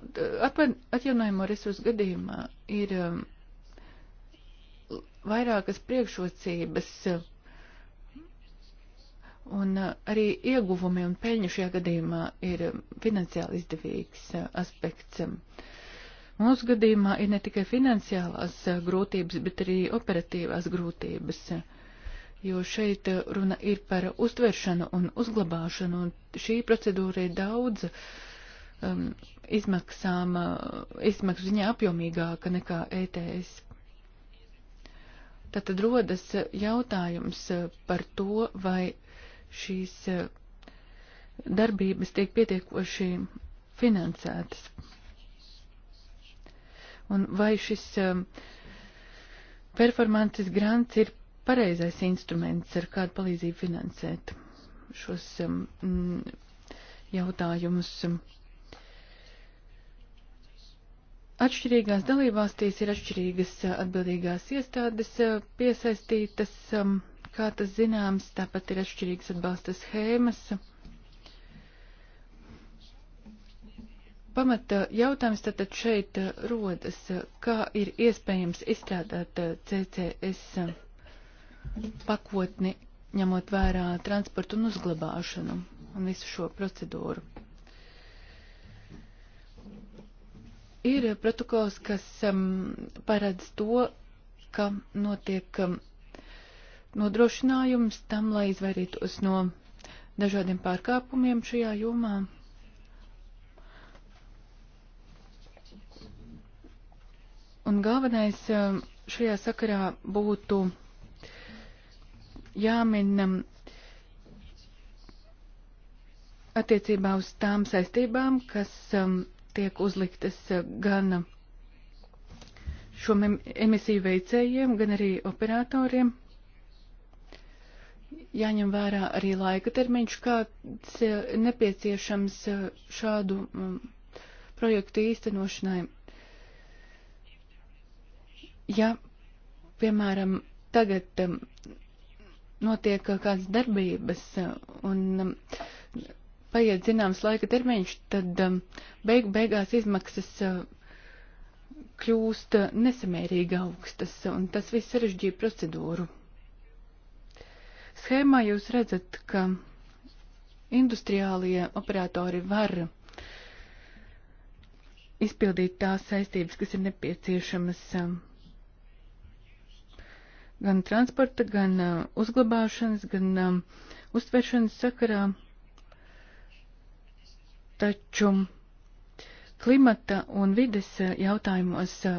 atjaunojamo resursu gadījumā ir um, vairākas priekšrocības un uh, arī ieguvumi un peļņu šajā gadījumā ir um, finansiāli izdevīgs uh, aspekts. Mūsu gadījumā ir ne tikai finansiālās uh, grūtības, bet arī operatīvās grūtības, jo šeit runa ir par uztveršanu un uzglabāšanu, un šī procedūra ir daudz uh, um, izmaksām, uh, izmaksu ziņā apjomīgāka nekā ETS. Tātad rodas uh, jautājums uh, par to, vai šīs uh, darbības tiek pietiekoši finansētas. Un vai šis um, performances grants ir pareizais instruments, ar kādu palīdzību finansēt šos um, mm, jautājumus? Atšķirīgās dalībvalstīs ir atšķirīgas eh, atbildīgās iestādes eh, piesaistītas, um, kā tas zināms, tāpat ir atšķirīgas atbalsta schēmas. Pamata jautājums tātad šeit eh, rodas, kā ir iespējams izstrādāt CCS pakotni, ņemot vērā transportu un uzglabāšanu un visu šo procedūru. Ir protokols, kas um, paredz to, ka notiek um, nodrošinājums tam, lai izvairītos no dažādiem pārkāpumiem šajā jomā. Un galvenais um, šajā sakarā būtu jāmin um, attiecībā uz tām saistībām, kas um, tiek uzliktas eh, gan šo emisiju veicējiem, gan arī operatoriem. Jāņem vērā arī laika termiņš, kāds eh, nepieciešams eh, šādu mm, projektu īstenošanai. Ja, piemēram, tagad notiek kādas darbības un uh, paiet zināms laika termiņš, tad um, beigu beigās izmaksas uh, kļūst uh, nesamērīgi augstas, un tas viss sarežģīja procedūru. Schēmā jūs redzat, ka industriālie operatori var izpildīt tās saistības, kas ir nepieciešamas um, gan transporta, gan uh, uzglabāšanas, gan um, uztveršanas sakarā. Taču klimata un vides eh, jautājumos eh,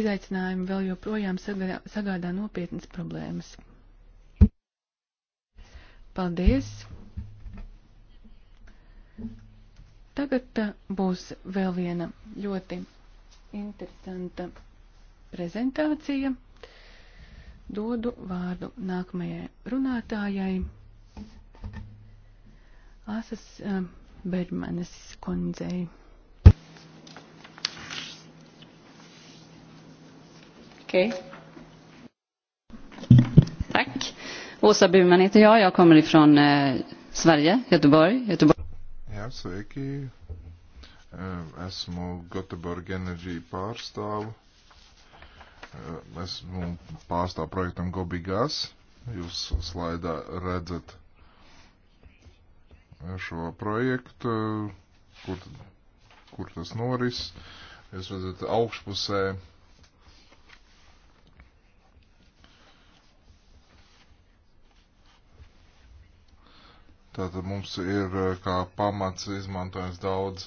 izaicinājumi vēl joprojām sagādā, sagādā nopietnas problēmas. Paldies! Tagad eh, būs vēl viena ļoti interesanta prezentācija. Dodu vārdu nākamajai runātājai. Asas uh, Bermanes kundzei. Okej. Okay. Tack. Åsa Burman heter jag. Jag kommer ifrån eh, Sverige, Göteborg. Göteborg. Ja, sveiki. Eh, esmu Göteborg Energy pārstāvu. Eh, esmu pārstāvu projektam Gobigas. Jūs slaidā redzat šo projektu, kur, kur tas noris. Jūs redzat, augšpusē Tātad mums ir eh, kā pamats izmantojams daudz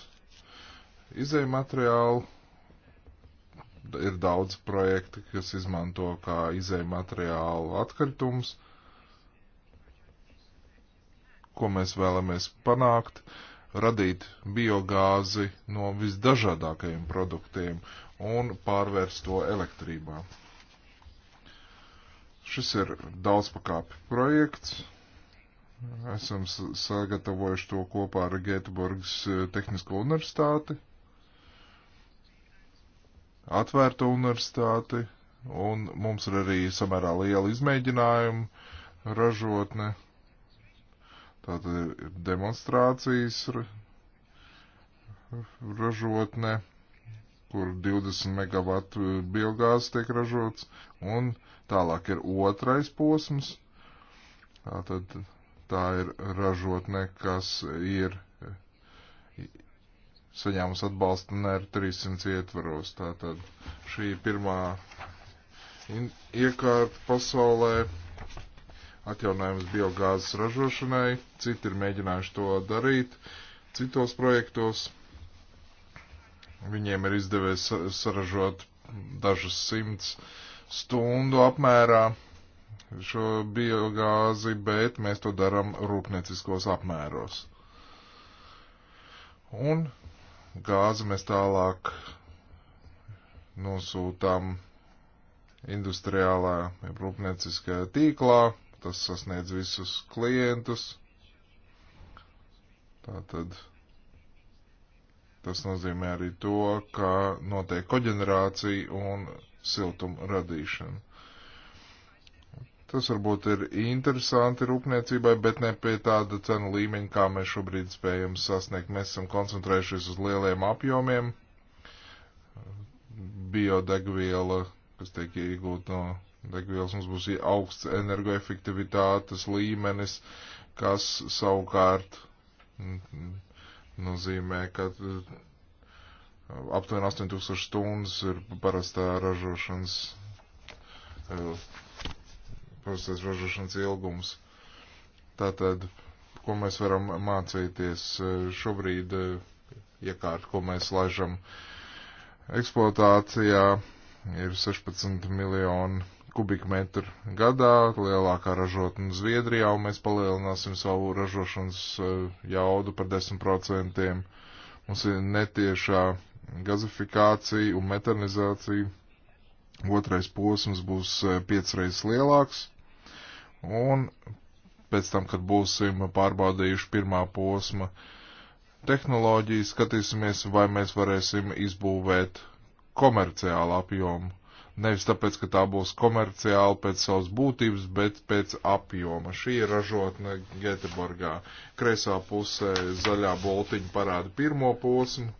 izēju materiālu. Ir daudz projekti, kas izmanto kā izēju materiālu atkritumus. Uh, ko mēs vēlamies panākt, radīt biogāzi no visdažādākajiem produktiem un pārvērst to elektrībā. Šis ir daudzpakāpju projekts. Esam sagatavojuši to kopā ar Gēteborgas e, Tehnisko universitāti, atvērto universitāti, un mums ir arī samērā liela izmēģinājuma ražotne Tātad ir demonstrācijas ražotne, kur 20 megavatu biogāzes tiek ražots, un tālāk ir otrais posms. Tātad tā ir ražotne, kas ir saņēmusi atbalstu NR e 300 ietvaros. Tātad šī pirmā iekārta pasaulē atjaunojumus biogāzes ražošanai, citi ir mēģinājuši to darīt citos projektos. Viņiem ir izdevies saražot dažas simts stundu apmērā šo biogāzi, bet mēs to darām rūpnieciskos apmēros. Un gāzi mēs tālāk nosūtām industriālā rūpnieciskajā tīklā, tas sasniedz visus klientus. Tātad tas nozīmē arī to, ka notiek koģenerācija un siltuma radīšana. Tas varbūt ir interesanti rūpniecībai, bet ne pie tāda cenu līmeņa, kā mēs šobrīd spējam sasniegt. Mēs esam koncentrējušies uz lieliem apjomiem. Biodegviela, kas tiek iegūta no degvielas, mums būs augsts energoefektivitātes līmenis, kas savukārt nozīmē, ka uh, aptuveni 8000 stundas ir parastā ražošanas, uh, parastās ražošanas ilgums. Tātad, ko mēs varam mācīties uh, šobrīd iekārt, ko mēs laižam eksploatācijā, ir 16 miljoni kubikmetru gadā, lielākā ražotne Zviedrijā, un mēs palielināsim savu ražošanas eh, jaudu par 10%. Mums ir netiešā gazifikācija un metanizācija. Otrais posms būs eh, piecreiz lielāks, un pēc tam, kad būsim pārbaudījuši pirmā posma tehnoloģiju, skatīsimies, vai mēs varēsim izbūvēt komerciālu apjomu nevis tāpēc, ka tā būs komerciāli pēc savas būtības, bet pēc apjoma. Šī ir ražotne Geteborgā. Kreisā pusē zaļā boltiņa parāda pirmo posmu,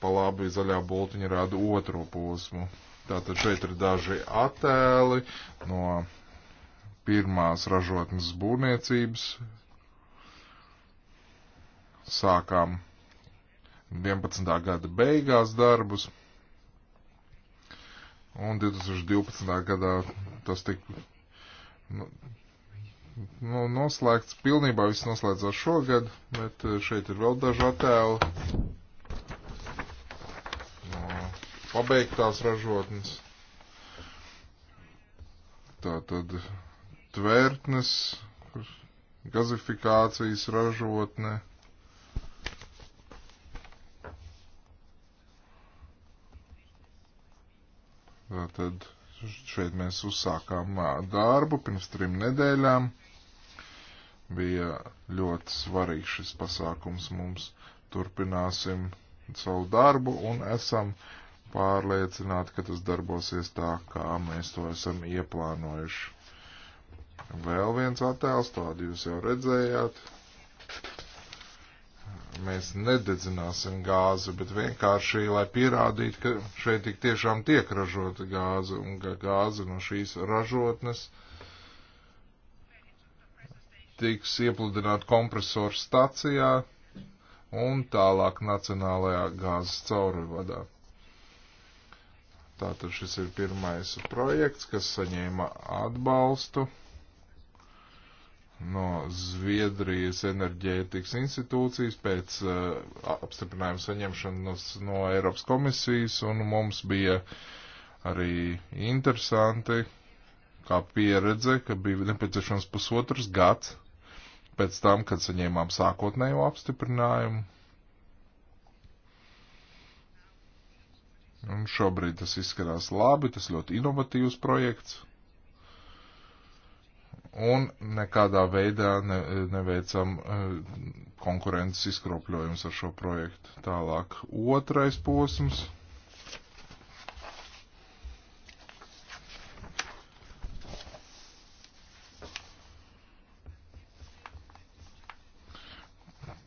pa labi zaļā boltiņa rāda otro posmu. Tātad šeit ir daži attēli no pirmās ražotnes būvniecības. Sākām 11. gada beigās darbus. Un 2012. gadā tas tika nu, nu, noslēgts pilnībā, viss noslēdzās šogad, bet eh, šeit ir vēl daži attēli no pabeigtās ražotnes. Tā tad tvērtnes, gazifikācijas ražotne. Tātad šeit mēs uzsākām darbu pirms trim nedēļām. Bija ļoti svarīgs šis pasākums mums. Turpināsim savu darbu un esam pārliecināti, ka tas darbosies tā, kā mēs to esam ieplānojuši. Vēl viens attēls, tādu jūs jau redzējāt. Mēs nededzināsim gāzi, bet vienkārši, lai pierādītu, ka šeit tik tiešām tiek ražota gāze un ka gāze no šīs ražotnes tiks iepludināta kompresoru stacijā un tālāk nacionālajā gāzes cauruļvadā. Tātad šis ir pirmais projekts, kas saņēma atbalstu no Zviedrijas enerģētikas institūcijas pēc uh, apstiprinājuma saņemšanas no Eiropas komisijas, un mums bija arī interesanti, kā pieredze, ka bija nepieciešams pusotrs gads pēc tam, kad saņēmām sākotnējo apstiprinājumu. Un šobrīd tas izskatās labi, tas ļoti inovatīvs projekts un nekādā veidā ne, neveicam e, konkurences izkropļojums ar šo projektu. Tālāk otrais posms.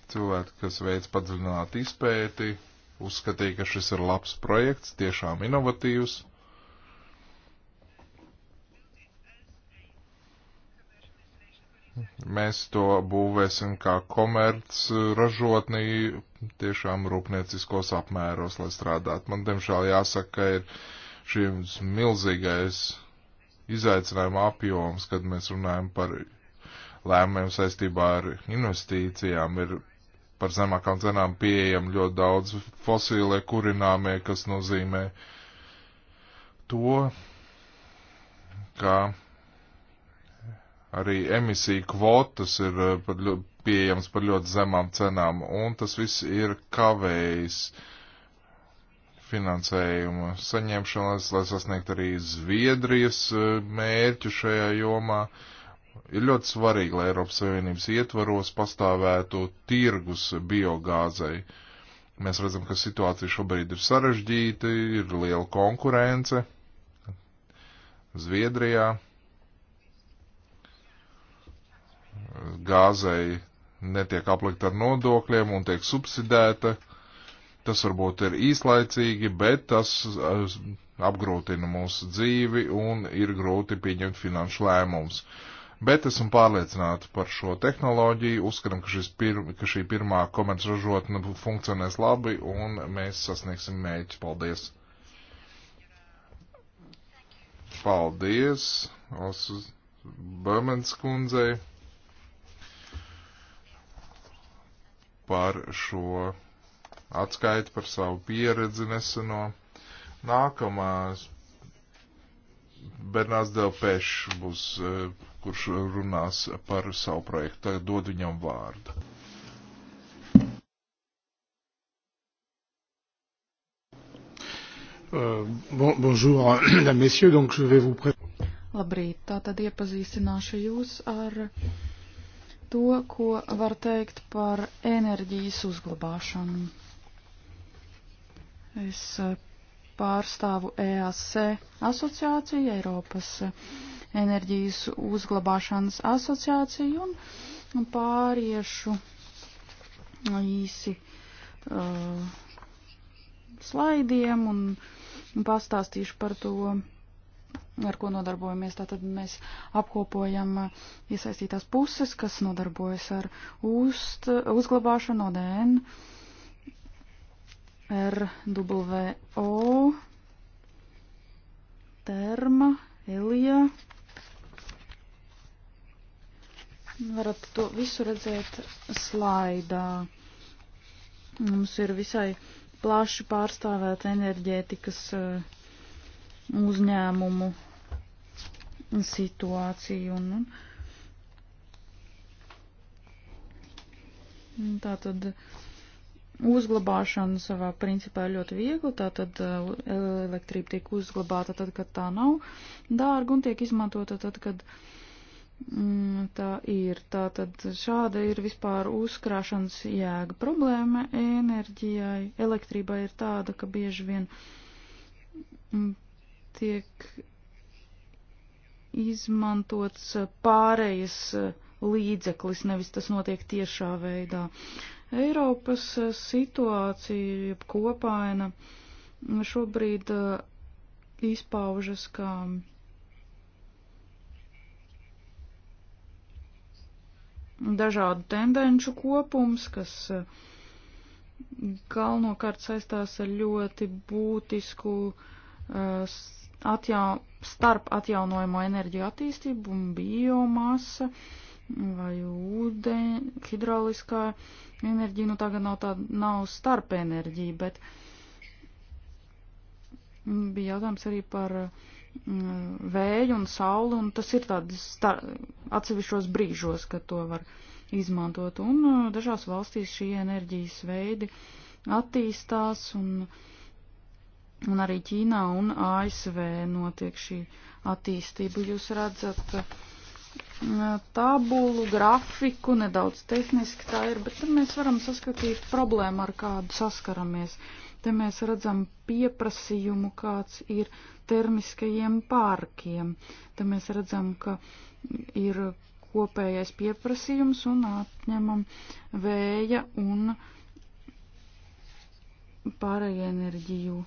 cilvēki, kas veic padziļinātu izpēti, uzskatīja, ka šis ir labs projekts, tiešām inovatīvs. Mēs to būvēsim kā komerc eh, ražotnī tiešām rūpnieciskos apmēros, lai strādātu. Man, diemžēl, jāsaka, ir šis milzīgais izaicinājuma apjoms, kad mēs runājam par lēmumiem saistībā ar investīcijām, ir par zemākām cenām pieejam ļoti daudz fosīlie kurināmie, kas nozīmē to, ka Arī emisiju kvotas ir eh, par, pieejams par ļoti zemām cenām, un tas viss ir kavējis finansējumu saņemšanas, lai sasniegtu arī Zviedrijas eh, mērķu šajā jomā. Ir ļoti svarīgi, lai Eiropas Savienības ietvaros pastāvētu tirgus biogāzei. Mēs redzam, ka situācija šobrīd ir sarežģīta, ir liela konkurence Zviedrijā gāzei netiek aplikta ar nodokļiem un tiek subsidēta. Tas varbūt ir īslaicīgi, bet tas eh, apgrūtina mūsu dzīvi un ir grūti pieņemt finanšu lēmumus. Bet esam pārliecināti par šo tehnoloģiju, uzskatām, ka, pir, ka šī pirmā komercražotne funkcionēs labi un mēs sasniegsim mēģi. Paldies! Paldies! Osas Bömens kundzei! par šo atskaiti, par savu pieredzi neseno. Nākamās Bernārs Delpeš būs, e, kurš runās par savu projektu. Tagad dod viņam vārdu. Uh, bon, bonjour, messieurs, donc je vais vous présenter. Labrīt, tātad iepazīstināšu jūs ar uh, to, ko var teikt par enerģijas uzglabāšanu. Es eh, pārstāvu EAC asociāciju, Eiropas eh, enerģijas uzglabāšanas asociāciju un pāriešu īsi uh, slaidiem un pastāstīšu par to, ar ko nodarbojamies. Tātad mēs apkopojam iesaistītās puses, kas nodarbojas ar ust, uzglabāšanu ODN, RWO, Terma, Elija. Varat to visu redzēt slaidā. Mums ir visai plaši pārstāvēta enerģētikas eh, uzņēmumu situāciju. Un, un tā tad uzglabāšana savā principā ir ļoti viegli, tā tad uh, elektrība tiek uzglabāta tad, kad tā nav dārga un tiek izmantota tad, kad mm, tā ir. Tā tad šāda ir vispār uzkrāšanas jēga problēma enerģijai. Elektrībai ir tāda, ka bieži vien mm, tiek izmantots eh, pārējas eh, līdzeklis, nevis tas notiek tiešā veidā. Eiropas eh, situācija kopaina šobrīd izpaužas kā dažādu tendenču kopums, kas galvenokārt saistās ar ļoti būtisku uh, atjaun, starp atjaunojamo enerģiju attīstību un biomasa vai ūdeņa, hidrauliskā enerģija, nu tagad nav tā, nav starp enerģija, bet bija jautājums arī par mm, vēju un sauli, un tas ir tāds star, atsevišķos brīžos, kad to var izmantot, un dažās valstīs šie enerģijas veidi attīstās, un uh, Un arī Ķīnā un ASV notiek šī attīstība. Jūs redzat mm, tabulu, grafiku, nedaudz tehniski tā ir, bet mēs varam saskatīt problēmu, ar kādu saskaramies. Te mēs redzam pieprasījumu, kāds ir termiskajiem pārkiem. Te mēs redzam, ka ir kopējais pieprasījums un atņemam vēja un pārējie enerģiju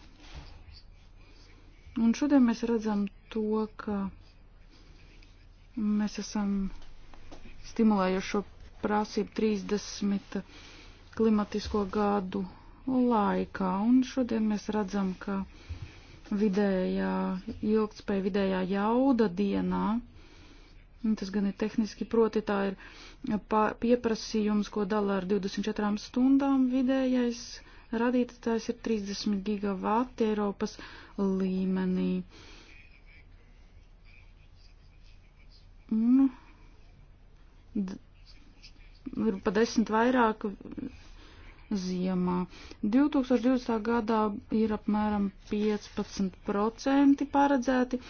Un šodien mēs redzam to, ka mēs esam stimulējuši šo prasību 30 klimatisko gadu laikā. Un šodien mēs redzam, ka vidējā ilgtspēja, vidējā jauda dienā, un tas gan ir tehniski, proti tā ir pieprasījums, ko dala ar 24 stundām vidējais radītājs ir 30 gigavāti Eiropas līmenī. Un nu, ir pa desmit vairāk ziemā. 2020. gadā ir apmēram 15% paredzēti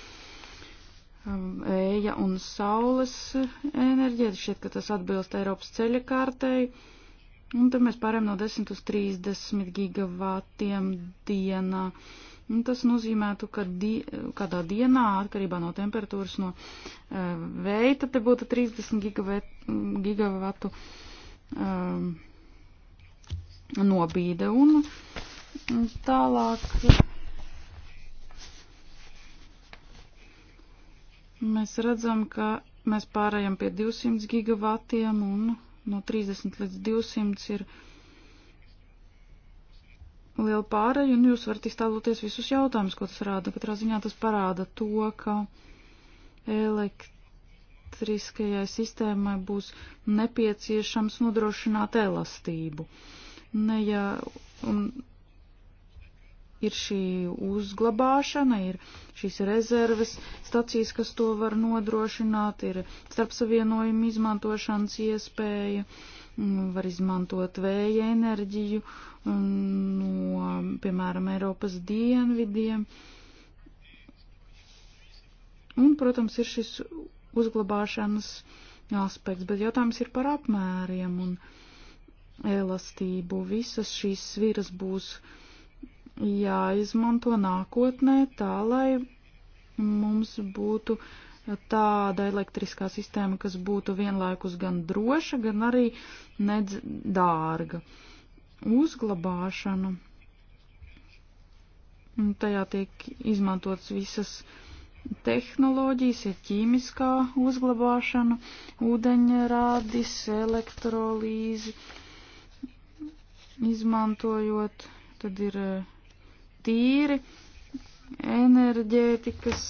vēja um, un saules enerģija. Šķiet, ka tas atbilst Eiropas ceļa kārtēji. Un tad mēs pārējām no 10 uz 30 gigavātiem dienā. Un tas nozīmētu, ka di kādā dienā, atkarībā no temperatūras, no e, veida, te būtu 30 gigavatu e, nobīde. Un tālāk mēs redzam, ka mēs pārējām pie 200 gigavatiem un no 30 līdz 200 ir liela pāreja, un jūs varat iztēloties visus jautājumus, ko tas rāda. Katrā ziņā tas parāda to, ka elektriskajai sistēmai būs nepieciešams nodrošināt elastību. Ne, ja, un ir šī uzglabāšana, ir šīs rezerves stacijas, kas to var nodrošināt, ir starpsavienojuma izmantošanas iespēja, mm, var izmantot vēja enerģiju mm, no, piemēram, Eiropas dienvidiem. Un, protams, ir šis uzglabāšanas aspekts, bet jautājums ir par apmēriem un elastību. Visas šīs sviras būs uh, jāizmanto nākotnē tā, lai mums būtu tāda elektriskā sistēma, kas būtu vienlaikus gan droša, gan arī nedz dārga. Uzglabāšana. Un tajā tiek izmantots visas tehnoloģijas, ir ķīmiskā uzglabāšana, ūdeņrādis, elektrolīzi, izmantojot, tad ir tīri enerģētikas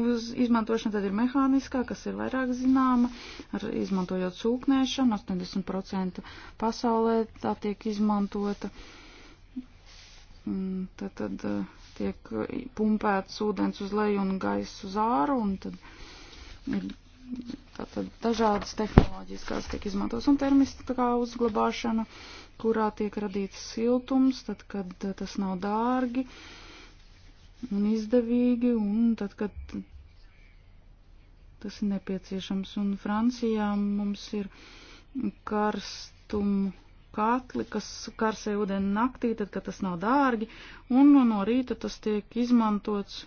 uz izmantošana tad ir mehāniskā, kas ir vairāk zināma, ar izmantojot sūknēšanu, 80% pasaulē tā tiek izmantota. Tad, tad eh, tiek pumpēts ūdens uz leju un gaiss uz āru, un tad ir tātad dažādas tehnoloģijas, kas tiek izmantos, un termistiskā uzglabāšana, kurā tiek radīts siltums, tad, kad eh, tas nav dārgi un izdevīgi, un tad, kad tas ir nepieciešams. Un Francijā mums ir karstumu katli, kas karsē ūdeni naktī, tad, kad tas nav dārgi, un no rīta tas tiek izmantots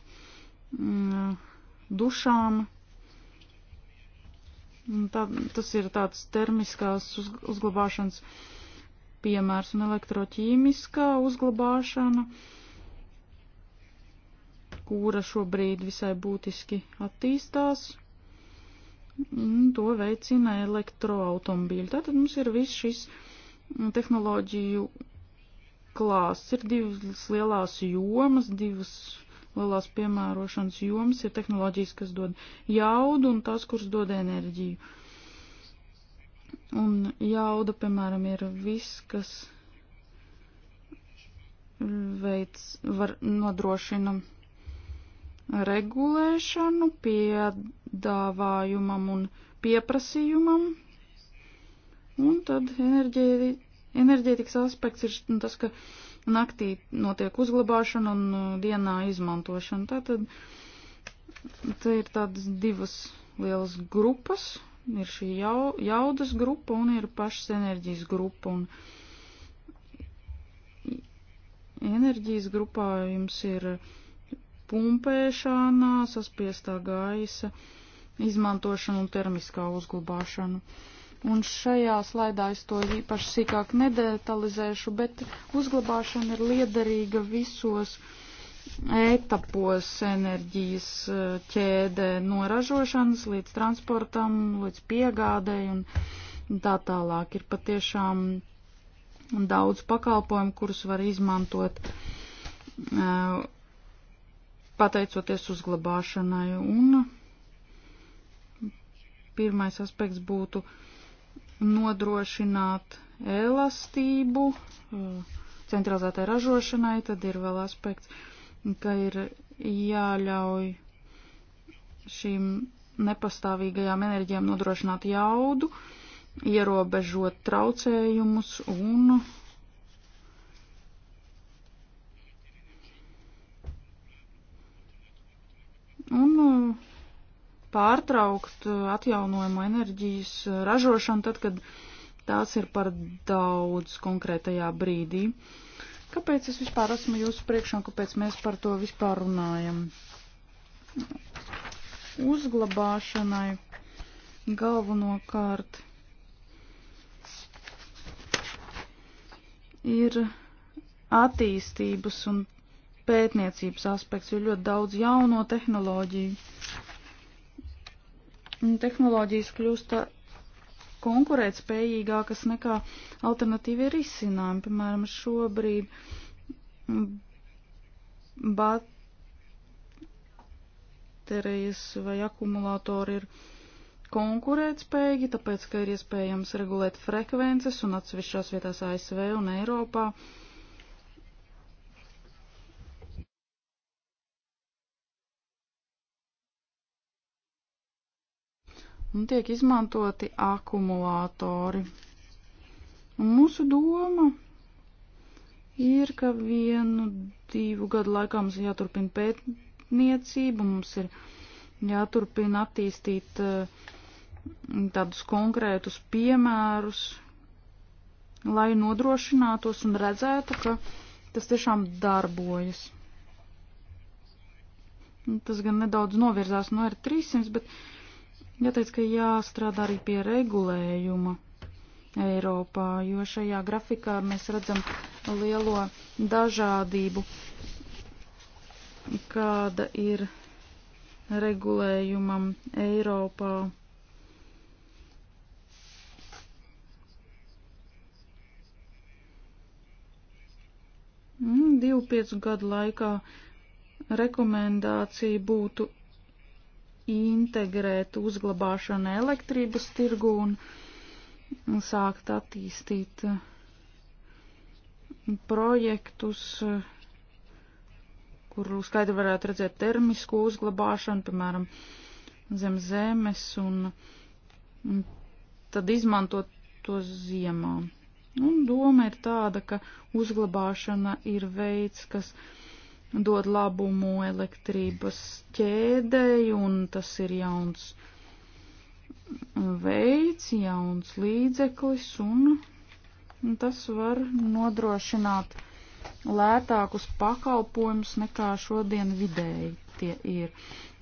mm, dušām, Mm, tā, tas ir tāds termiskās uz, uzglabāšanas piemērs un elektroķīmiskā uzglabāšana, kura šobrīd visai būtiski attīstās. To veicina elektroautomobīļi. Tātad mums ir viss šis tehnoloģiju klāsts. Ir divas lielās jomas, divas lielās piemērošanas jomas, ir tehnoloģijas, kas dod jaudu un tās, kuras dod enerģiju. Un jauda, piemēram, ir viss, kas veids, var nodrošina regulēšanu piedāvājumam un pieprasījumam. Un tad enerģētikas aspekts ir tas, ka naktī notiek uzglabāšana un uh, dienā izmantošana. Tātad te ir tādas divas lielas grupas. Ir šī jau, jaudas grupa un ir pašas enerģijas grupa. Un enerģijas grupā jums ir pumpēšana, saspiestā gaisa, izmantošana un termiskā uzglabāšana. Uh, Un šajā slaidā es to īpaši sīkāk nedetalizēšu, bet uzglabāšana ir liederīga visos etapos enerģijas eh, ķēdē, no ražošanas līdz transportam, līdz piegādēji un tā tālāk. Ir patiešām daudz pakalpojumu, kurus var izmantot eh, pateicoties uzglabāšanai. Un pirmais aspekts būtu uh, nodrošināt elastību eh, centralizētai ražošanai, tad ir vēl aspekts, ka ir jāļauj šīm nepastāvīgajām enerģijām nodrošināt jaudu, ierobežot traucējumus un un eh, pārtraukt eh, atjaunojumu enerģijas eh, ražošanu tad, kad tās ir par daudz konkrētajā brīdī. Kāpēc es vispār esmu jūsu priekšā un kāpēc mēs par to vispār runājam? Uzglabāšanai galvenokārt ir attīstības un pētniecības aspekts, jo ļoti daudz jauno tehnoloģiju tehnoloģijas kļūst konkurētspējīgākas nekā alternatīvie risinājumi. Piemēram, šobrīd mm, baterijas vai akumulātori ir konkurētspējīgi, tāpēc, ka ir iespējams regulēt frekvences un atsevišķās vietās ASV un Eiropā. Uh, un tiek izmantoti akumulātori. Un mūsu doma ir, ka vienu, divu gadu laikā mums ir jāturpina pētniecība, mums ir jāturpina attīstīt eh, tādus konkrētus piemērus, lai nodrošinātos un redzētu, ka tas tiešām darbojas. Tas gan nedaudz novirzās no R300, bet Jāteic, ka jāstrādā arī pie regulējuma Eiropā, jo šajā grafikā mēs redzam lielo dažādību, kāda ir regulējumam Eiropā. Nu, divu piecu gadu laikā rekomendācija būtu integrēt uzglabāšanu elektrības tirgu un sākt attīstīt uh, projektus, uh, kur skaidri varētu redzēt termisko uzglabāšanu, piemēram, zem zemes, un tad izmantot to ziemā. Un doma ir tāda, ka uzglabāšana ir veids, kas uh, dod labumu elektrības ķēdei, un tas ir jauns veids, jauns līdzeklis, un tas var nodrošināt lētākus pakalpojumus nekā šodien vidēji tie ir.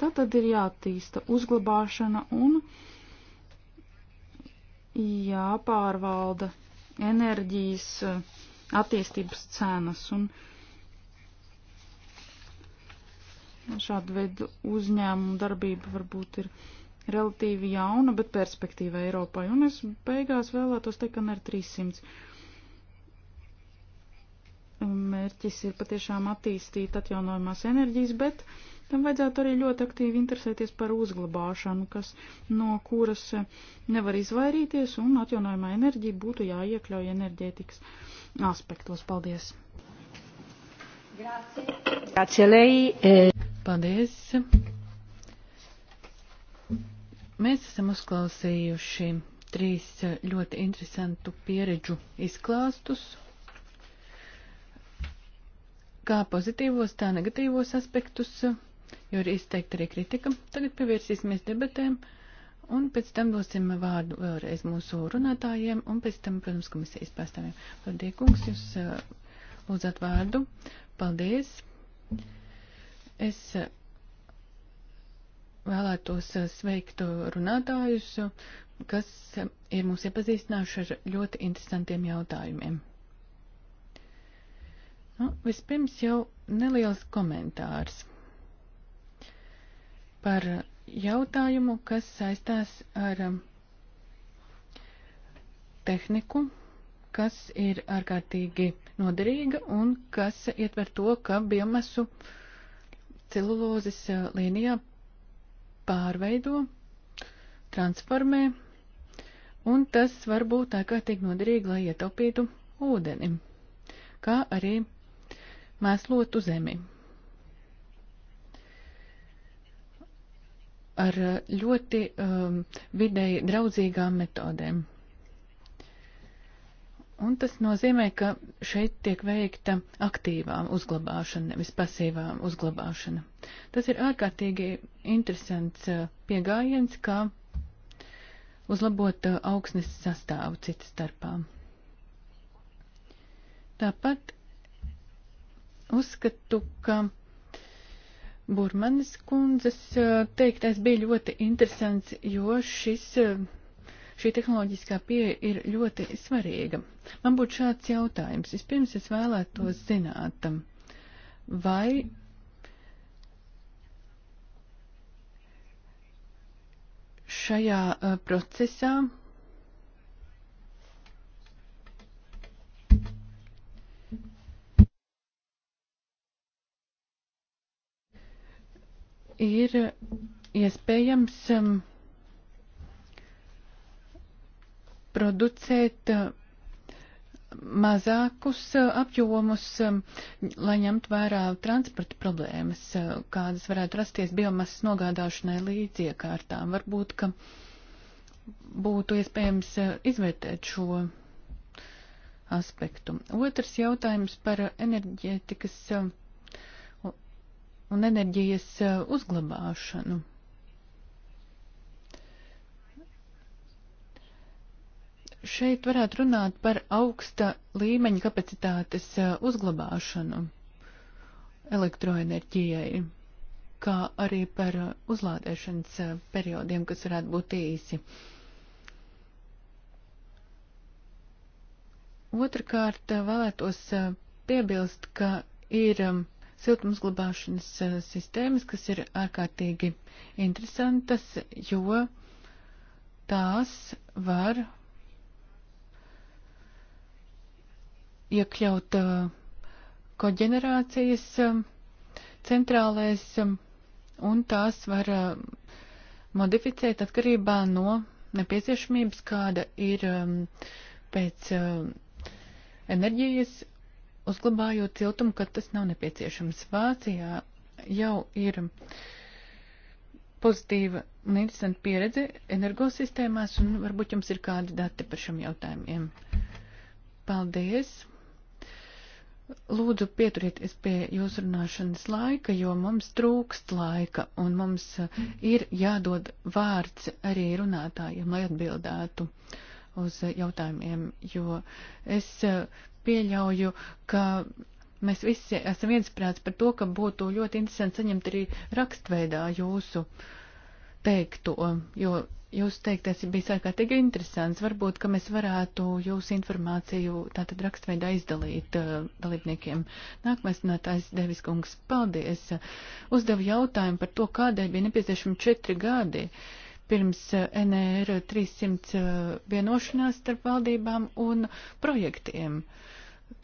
Tā tad ir jātīsta uzglabāšana un jāpārvalda enerģijas attīstības cenas. Un, uh, šādu veidu uzņēmumu darbība varbūt ir relatīvi jauna, bet perspektīva Eiropai. Un es beigās vēlētos teikt, ka ar 300. Mērķis ir patiešām attīstīt atjaunojumās enerģijas, bet tam vajadzētu arī ļoti aktīvi interesēties par uzglabāšanu, kas no kuras nevar izvairīties, un atjaunojumā enerģija būtu jāiekļauj enerģētikas aspektos. Paldies! Grazie. Grazie lei. E... Paldies! Mēs esam uzklausījuši trīs ļoti interesantu pieredžu izklāstus, kā pozitīvos, tā negatīvos aspektus, jo ir izteikta arī kritika. Tagad pievērsīsimies debatēm un pēc tam dosim vārdu vēlreiz mūsu runātājiem un pēc tam, protams, komisijas pārstāvjiem. Paldies, kungs, jūs eh, lūdzat vārdu. Paldies! Es vēlētos sveikt runātājus, kas ir mūs iepazīstinājuši ar ļoti interesantiem jautājumiem. Nu, vispirms jau neliels komentārs par jautājumu, kas saistās ar tehniku, kas ir ārkārtīgi noderīga un kas ietver to, ka biomasu uh, celulozes eh, līnijā pārveido, transformē, un tas var būt ārkārtīgi noderīgi, lai ietaupītu ūdeni, kā arī mēslotu zemi. Ar eh, ļoti um, vidēji draudzīgām metodēm. Un tas nozīmē, ka šeit tiek veikta aktīvā uzglabāšana, nevis pasīvā uzglabāšana. Tas ir ārkārtīgi interesants uh, pieejams, kā uzlabot uh, augsnes sastāvu citas starpā. Tāpat uzskatu, ka Burmanis kundzes uh, teiktais bija ļoti interesants, jo šis šī tehnoloģiskā pieeja ir ļoti svarīga. Man būtu šāds jautājums. Vispirms es vēlētos zināt, vai šajā uh, procesā ir iespējams um, producēt eh, mazākus eh, apjomus, eh, lai ņemtu vērā transporta problēmas, kādas varētu rasties biomasas nogādāšanai līdz iekārtām. Varbūt, ka būtu iespējams izvērtēt šo aspektu. Otrs jautājums par enerģētikas un enerģijas uzglabāšanu. Šeit varētu runāt par augsta līmeņa kapacitātes eh, uzglabāšanu elektroenerģijai, kā arī par eh, uzlādēšanas eh, periodiem, kas varētu būt īsi. Otrakārt, vēlētos piebilst, ka ir siltumsglabāšanas sistēmas, kas ir ārkārtīgi interesantas, jo tās var iekļaut koģenerācijas centrālēs, un tās var modificēt atkarībā no nepieciešamības, kāda ir pēc enerģijas, uzglabājot ciltumu, kad tas nav nepieciešams. Vācijā jau ir pozitīva un interesanta pieredze energosistēmās, un varbūt jums ir kādi dati par šiem jautājumiem. Paldies! Lūdzu, pieturieties pie jūsu runāšanas laika, jo mums trūkst laika, un mums eh, ir jādod vārds arī runātājiem, lai atbildētu uz eh, jautājumiem, jo es eh, pieļauju, ka mēs visi esam viensprāts par to, ka būtu ļoti interesanti saņemt arī rakstveidā jūsu teikto, jo Jūs teiktais bija sārkārtīgi interesants. Varbūt, ka mēs varētu jūsu informāciju tātad rakstveidā izdalīt uh, dalībniekiem. Nākamais runātājs Devis Kungs, paldies. Uzdevu jautājumu par to, kādēļ bija nepieciešami četri gadi pirms uh, NR e 300 uh, vienošanās starp valdībām un projektiem.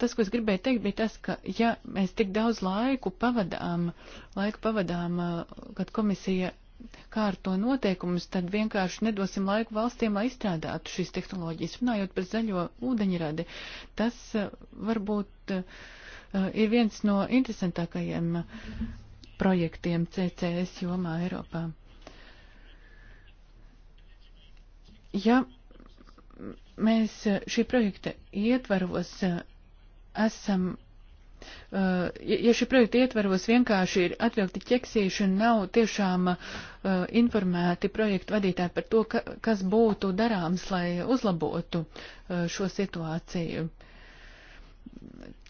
Tas, ko es gribēju teikt, bija tas, ka ja mēs tik daudz laiku pavadām, laiku pavadām, uh, kad komisija kārto noteikumus, tad vienkārši nedosim laiku valstīm, lai izstrādātu šīs tehnoloģijas. Runājot par zaļo ūdeņradi, tas eh, varbūt eh, ir viens no interesantākajiem projektiem CCS jomā Eiropā. Ja mēs eh, šī projekta ietvaros esam Uh, ja šī projekta ietvaros vienkārši ir atvilkti ķeksīši un nav tiešām uh, informēti projektu vadītāji par to, ka, kas būtu darāms, lai uzlabotu uh, šo situāciju.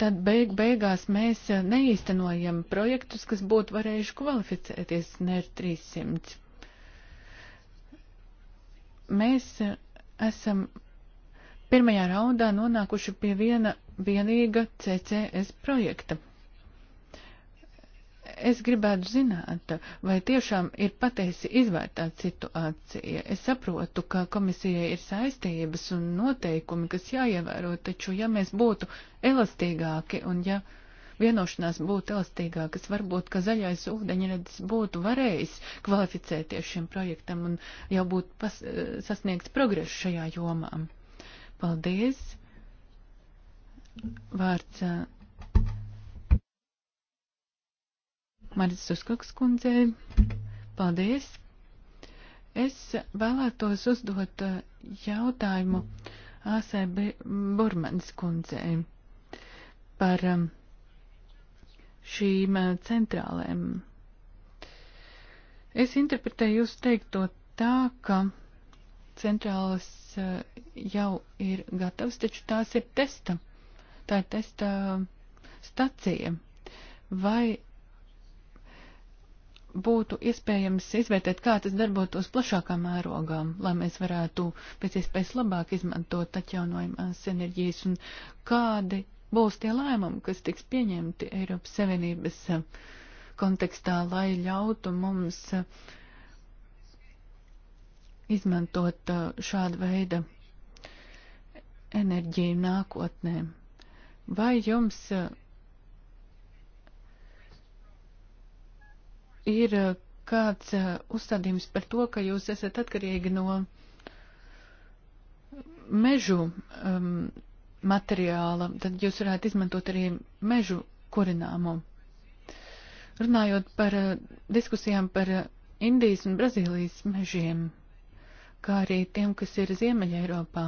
Tad beig, beigās mēs neīstenojam projektus, kas būtu varējuši kvalificēties NER 300. Mēs esam pirmajā raundā nonākuši pie viena vienīga CCS projekta. Es gribētu zināt, vai tiešām ir patiesi izvērtāta situācija. Es saprotu, ka komisijai ir saistības un noteikumi, kas jāievēro, taču ja mēs būtu elastīgāki un ja vienošanās būtu elastīgākas, varbūt, ka zaļais ūdeņredis būtu varējis kvalificēties šim projektam un jau būtu pas, sasniegts progress šajā jomām. Paldies. Vārds Marits Uskoks kundzei. Paldies. Es vēlētos uzdot jautājumu ASB Burmanis kundzei par šīm centrālēm. Es interpretēju jūs teikto tā, ka centrālas eh, jau ir gatavas, taču tās ir testa. Tā ir testa stacija. Vai būtu iespējams izvērtēt, kā tas darbotos plašākā mērogā, lai mēs varētu pēc iespējas labāk izmantot atjaunojumās enerģijas un kādi būs tie lēmumi, kas tiks pieņemti Eiropas Savienības kontekstā, lai ļautu mums uh, izmantot uh, šādu veidu enerģiju nākotnē. Vai jums uh, ir uh, kāds uzstādījums par to, ka jūs esat atkarīgi no mežu um, materiāla, tad jūs varētu izmantot arī mežu kurināmo. Runājot par uh, diskusijām par uh, Indijas un Brazīlijas mežiem kā arī tiem, kas ir Ziemeļa Eiropā.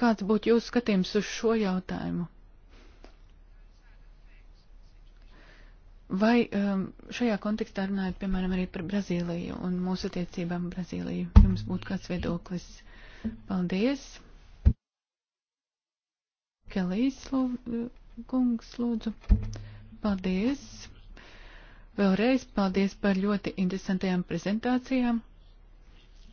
Kāds būtu jūsu skatījums uz šo jautājumu? Vai um, šajā kontekstā runājot, piemēram, arī par Brazīliju un mūsu attiecībām Brazīliju, jums būtu kāds viedoklis? Paldies! Kelīs kungs, lūdzu. Paldies! Vēlreiz paldies par ļoti interesantajām prezentācijām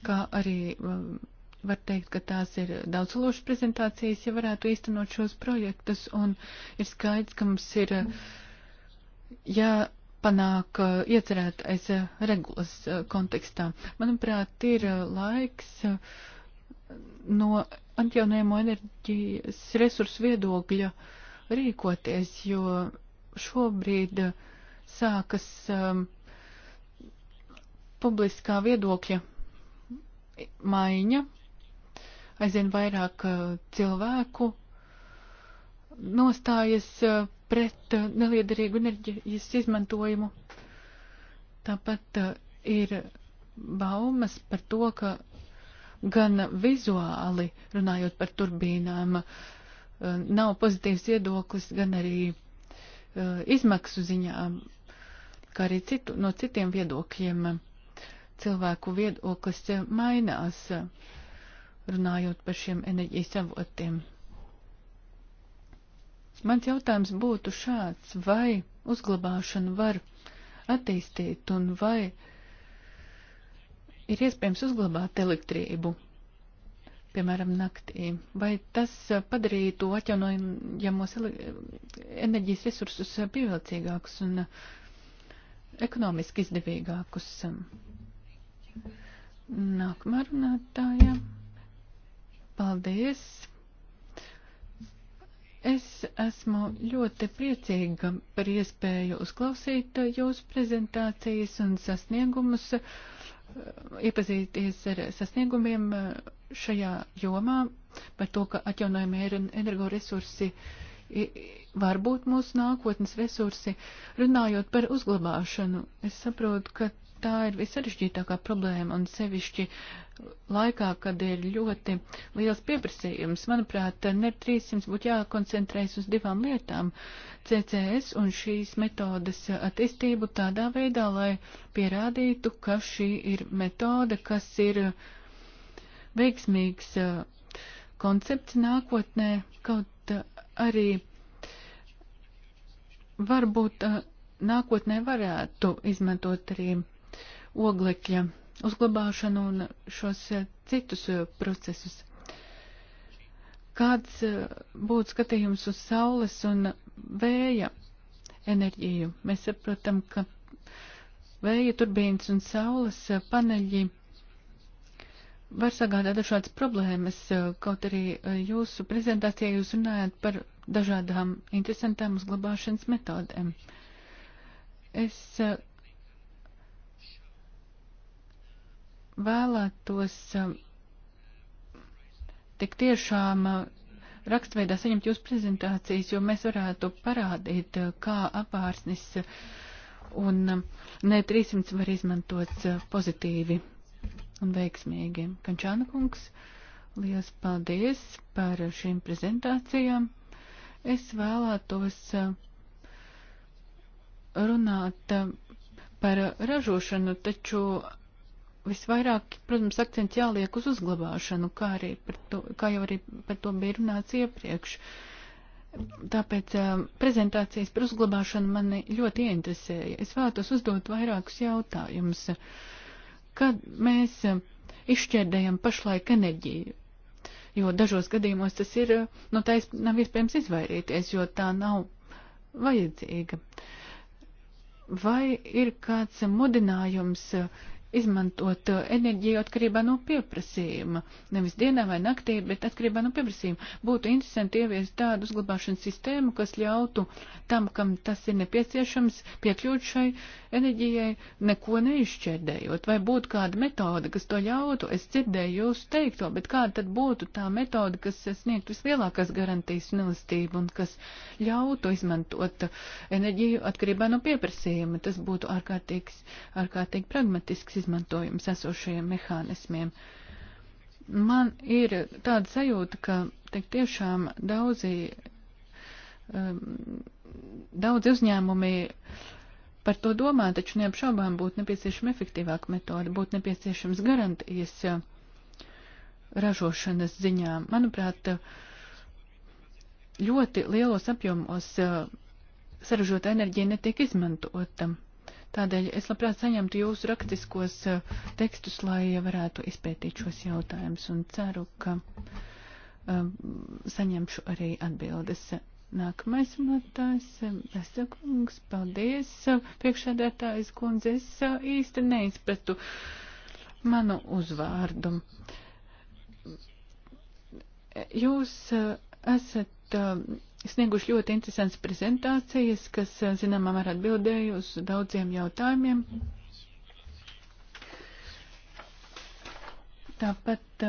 kā arī um, var teikt, ka tās ir daudzsološas prezentācijas, ja varētu īstenot šos projektus, un ir skaidrs, ka mums ir uh, jāpanāk uh, iecerētais uh, regulas kontekstā. Manuprāt, ir laiks no atjaunojamo enerģijas resursu viedokļa rīkoties, jo šobrīd sākas um, publiskā viedokļa maiņa, aizvien vairāk uh, cilvēku nostājas uh, pret uh, neliederīgu enerģijas izmantojumu. Tāpat ir baumas par to, ka gan vizuāli, runājot par turbīnām, nav pozitīvs viedoklis, gan arī izmaksu ziņā, kā arī citu, no citiem viedokļiem cilvēku viedoklis mainās, runājot par šiem enerģijas avotiem. Mans jautājums būtu šāds, vai uzglabāšanu var attīstīt un vai ir iespējams uzglabāt elektrību, piemēram, naktī, vai tas padarītu atjaunojamos enerģijas resursus pievilcīgākus un ekonomiski izdevīgākus. Nākamā runātāja. Paldies! Es esmu ļoti priecīga par iespēju uzklausīt jūsu prezentācijas un sasniegumus, iepazīties ar sasniegumiem šajā jomā, par to, ka atjaunojami er-, energoresursi var būt mūsu nākotnes resursi. Runājot par uzglabāšanu, es saprotu, ka tā ir visarežģītākā problēma un sevišķi laikā, kad ir ļoti liels pieprasījums. Manuprāt, NER 300 būtu jākoncentrējas uz divām lietām - CCS un šīs metodas attīstību tādā veidā, lai pierādītu, ka šī ir metode, kas ir veiksmīgs uh, koncepts nākotnē, kaut uh, arī varbūt uh, nākotnē varētu izmantot arī oglekļa uzglabāšanu un šos eh, citus eh, procesus. Kāds eh, būtu skatījums uz saules un vēja enerģiju? Mēs saprotam, ka vēja turbīnas un saules paneļi var sagādāt dažādas problēmas, kaut arī jūsu prezentācijā jūs runājat par dažādām interesantām uzglabāšanas metodēm. Es vēlētos um, tik tiešām uh, rakstveidā saņemt jūsu prezentācijas, jo mēs varētu parādīt, uh, kā apārsnis uh, un um, ne 300 var izmantots pozitīvi un veiksmīgi. Kančāna kungs, liels paldies par šīm prezentācijām. Es vēlētos runāt par ražošanu, taču visvairāk, protams, akcents jāliek uz uzglabāšanu, kā, arī to, kā jau arī par to bija runāts iepriekš. Tāpēc eh, prezentācijas par uzglabāšanu mani ļoti ieinteresēja. Es vēlētos uzdot vairākus jautājumus. Kad mēs eh, izšķērdējam pašlaik enerģiju, jo dažos gadījumos tas ir, eh, no tā nav iespējams izvairīties, jo tā nav vajadzīga. Vai ir kāds modinājums izmantot uh, enerģiju atkarībā no pieprasījuma. Nevis dienā vai naktī, bet atkarībā no pieprasījuma. Būtu interesanti ieviest tādu uzglabāšanas sistēmu, kas ļautu tam, kam tas ir nepieciešams, piekļūt šai enerģijai, neko neizšķērdējot. Vai būtu kāda metode, kas to ļautu? Es dzirdēju jūsu teikto, bet kāda tad būtu tā metode, kas sniegtu vislielākās garantijas un elastību un kas ļautu izmantot uh, enerģiju atkarībā no pieprasījuma? Tas būtu ārkārtīgi, ārkārtīgi pragmatisks izmantojums esošajiem mehānismiem. Man ir tāda sajūta, ka tik tiešām daudzi, um, daudzi uzņēmumi par to domā, taču neapšaubām būtu nepieciešama efektīvāka metode, būtu nepieciešams garantijas uh, ražošanas ziņā. Manuprāt, ļoti lielos apjomos uh, saražota enerģija netiek izmantota. Tādēļ es labprāt saņemtu jūsu raktiskos eh, tekstus, lai varētu izpētīt šos jautājumus un ceru, ka um, saņemšu arī atbildes. Nākamais runātājs, eh, Vesakungs, paldies, priekšsēdētājs kundze, es īsti neizpratu manu uzvārdu. Jūs esat snieguši ļoti interesants prezentācijas, kas, zināmā mērā, atbildēja uz daudziem jautājumiem. Tāpat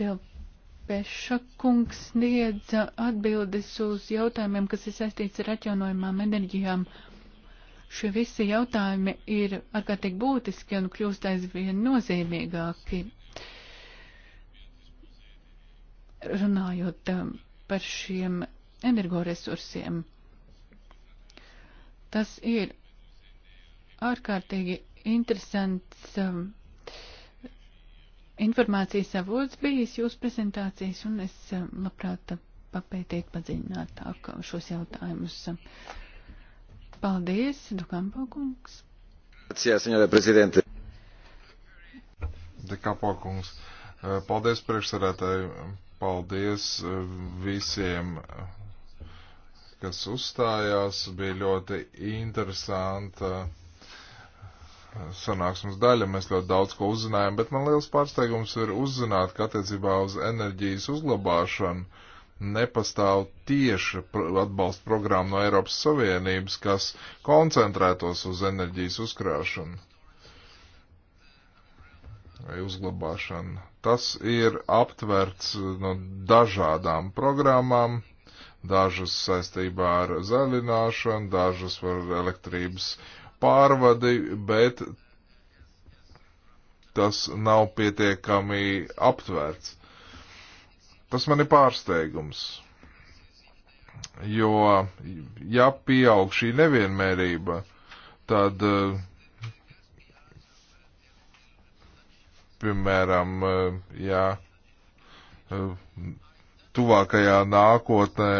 Delpeša kungs sniedza atbildes uz jautājumiem, kas ir saistīts ar atjaunojumām enerģijām. Šie visi jautājumi ir ārkārtīgi būtiski un kļūst aizvien nozīmīgāki. Runājot par šiem energoresursiem. Tas ir ārkārtīgi interesants um, informācijas avots bijis jūsu prezentācijas, un es um, labprāt papētīt padziļinātāk šos jautājumus. Paldies, Dukampo kungs. Dekapo kungs. Paldies priekšsarētāji. Paldies uh, visiem kas uzstājās, bija ļoti interesanta sanāksmes daļa. Mēs ļoti daudz ko uzzinājām, bet man liels pārsteigums ir uzzināt, ka attiecībā uz enerģijas uzglabāšanu nepastāv tieši atbalsta programma no Eiropas Savienības, kas koncentrētos uz enerģijas uzkrāšanu vai uzglabāšanu. Tas ir aptverts no dažādām programmām dažas saistībā ar zaļināšanu, dažas par elektrības pārvadi, bet tas nav pietiekami aptvērts. Tas man ir pārsteigums. Jo, ja pieaug šī nevienmērība, tad, piemēram, ja tuvākajā nākotnē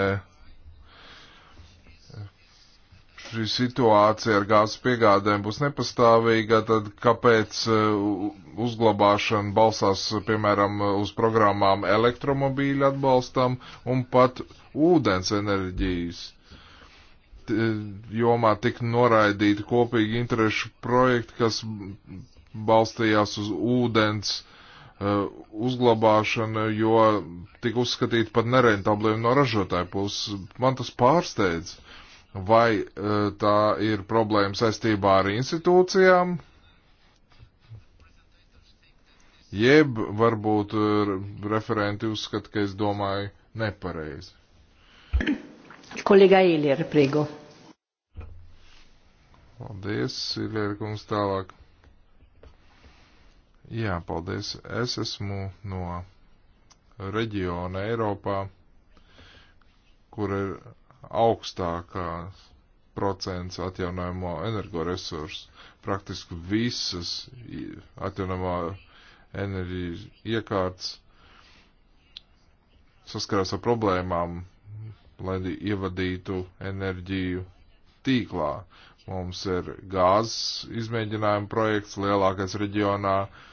šī situācija ar gāzes piegādēm būs nepastāvīga, tad kāpēc e, uzglabāšana balsās, piemēram, uz programmām elektromobīļu atbalstam un pat ūdens enerģijas jomā tika noraidīti kopīgi interešu projekti, kas balstījās uz ūdens uh, Uh, uzglabāšana, jo tika uzskatīta par nerentabliem no ražotāja puses. Man tas pārsteidz. Vai uh, tā ir problēma saistībā ar institūcijām, jeb varbūt uh, referenti uzskata, ka es domāju nepareizi. Kolēģa Ilija, priego. Paldies, Ilija, kungs tālāk. Jā, paldies. Es esmu no reģiona Eiropā, kur ir augstākā procents atjaunojamo energoresursu. Praktiski visas atjaunojamo enerģijas iekārtas saskarās ar problēmām, lai ievadītu enerģiju tīklā. Mums ir gāzes izmēģinājuma projekts lielākais reģionā, uh,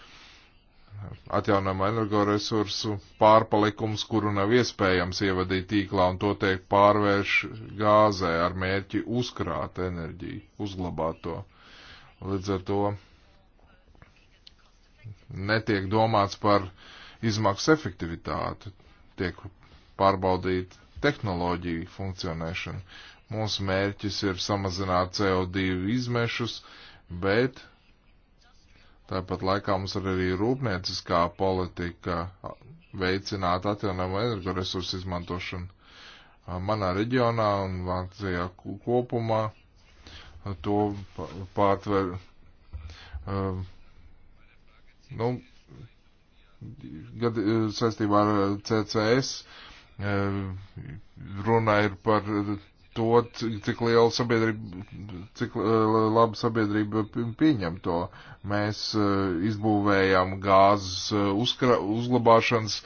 atjaunojama energoresursu pārpalikums, kuru nav iespējams ievadīt tīklā, un to tiek pārvērš gāzē ar mērķi uzkrāt enerģiju, uzglabāt to. Līdz ar to netiek domāts par izmaksu efektivitāti, tiek pārbaudīt tehnoloģiju funkcionēšanu. Mūsu mērķis ir samazināt CO2 izmešus, bet Tāpat laikā mums ir arī rūpnieciskā politika veicināt atjaunojumu energoresursu izmantošanu. Manā reģionā un Vācijā kopumā to pārtver. Nu, gad, saistībā ar CCS runa ir par to, cik liela sabiedrība, cik eh, laba sabiedrība pieņem to. Mēs eh, izbūvējām gāzes eh, uzkra, uzglabāšanas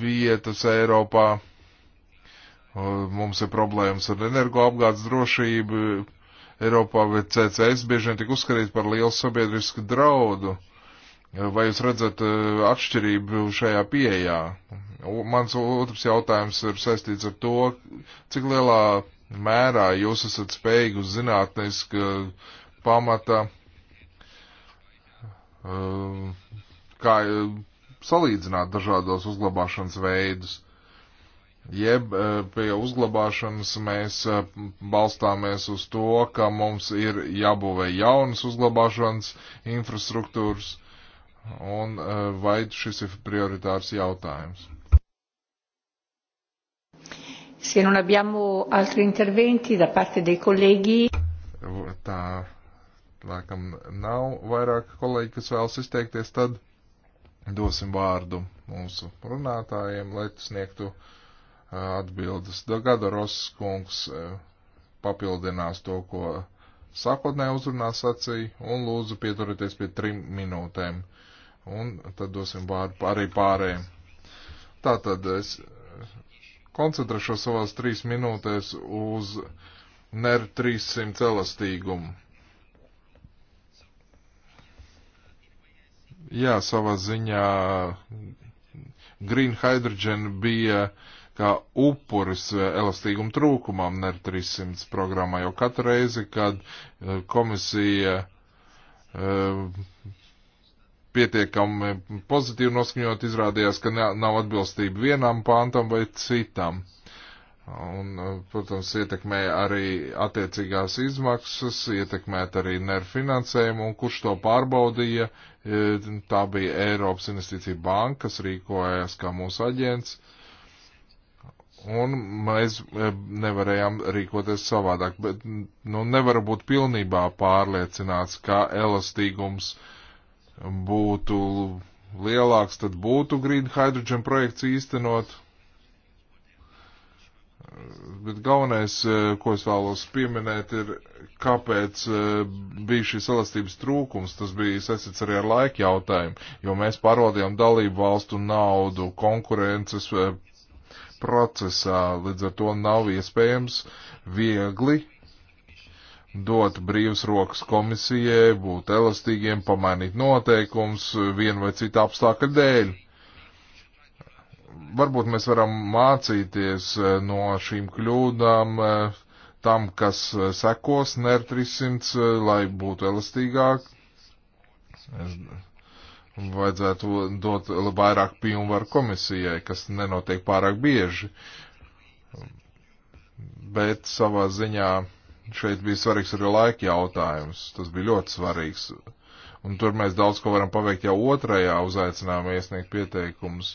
vietas Eiropā. Mums ir problēmas ar energoapgādes drošību Eiropā, bet CCS bieži vien tik uzskatīts par lielu sabiedrisku draudu. Vai jūs redzat eh, atšķirību šajā pieejā? Mans otrs jautājums ir saistīts ar to, cik lielā mērā jūs esat spējīgi uz zinātniska pamata, eh, kā eh, salīdzināt dažādos uzglabāšanas veidus. Jeb pie uzglabāšanas mēs balstāmies uz to, ka mums ir jābūvē jaunas uzglabāšanas infrastruktūras, uh, un eh, vai šis ir prioritārs jautājums. Se non abbiamo altri interventi da parte dei colleghi. Tā, laikam, nav vairāk kolēģi, kas vēlas izteikties, tad dosim vārdu mūsu runātājiem, lai sniegtu uh, atbildes. Dagada Ross kungs uh, papildinās to, ko sākotnē uzrunā sacīja, un lūdzu pieturieties pie trim minūtēm. Uh, un tad dosim vārdu arī pārējiem. Tātad es koncentrēšos savās trīs minūtēs uz NER 300 elastīgumu. Jā, savā ziņā Green Hydrogen bija kā upuris elastīguma trūkumam NER 300 programmā, jo katru reizi, kad eh, komisija uh, pietiekami pozitīvi noskaņot, izrādījās, ka nav atbilstība vienam pāntam vai citam. Un, protams, ietekmēja arī attiecīgās izmaksas, ietekmēt arī nervu finansējumu, un kurš to pārbaudīja, e, tā bija Eiropas investīcija banka, kas rīkojās kā mūsu aģents, un mēs e, nevarējām rīkoties savādāk, bet, nu, nevar būt pilnībā pārliecināts, ka elastīgums uh, būtu lielāks, tad būtu Green Hydrogen projekts īstenot. Bet galvenais, eh, ko es vēlos pieminēt, ir, kāpēc eh, bija šis elastības trūkums. Tas bija sasits arī ar laika jautājumu, jo mēs pārvaldījām dalību valstu naudu konkurences eh, procesā, līdz ar to nav iespējams viegli dot brīvas rokas komisijai, būt elastīgiem, pamainīt noteikums vienu vai citu apstākļu dēļ. Varbūt mēs varam mācīties eh, no šīm kļūdām eh, tam, kas eh, sekos NER 300, lai būtu elastīgāk. Es vajadzētu dot vairāk pilnvaru komisijai, kas nenotiek pārāk bieži. Bet savā ziņā Šeit bija svarīgs arī laika jautājums. Tas bija ļoti svarīgs. Un tur mēs daudz ko varam paveikt jau otrajā uzaicinājumā iesniegt pieteikumus.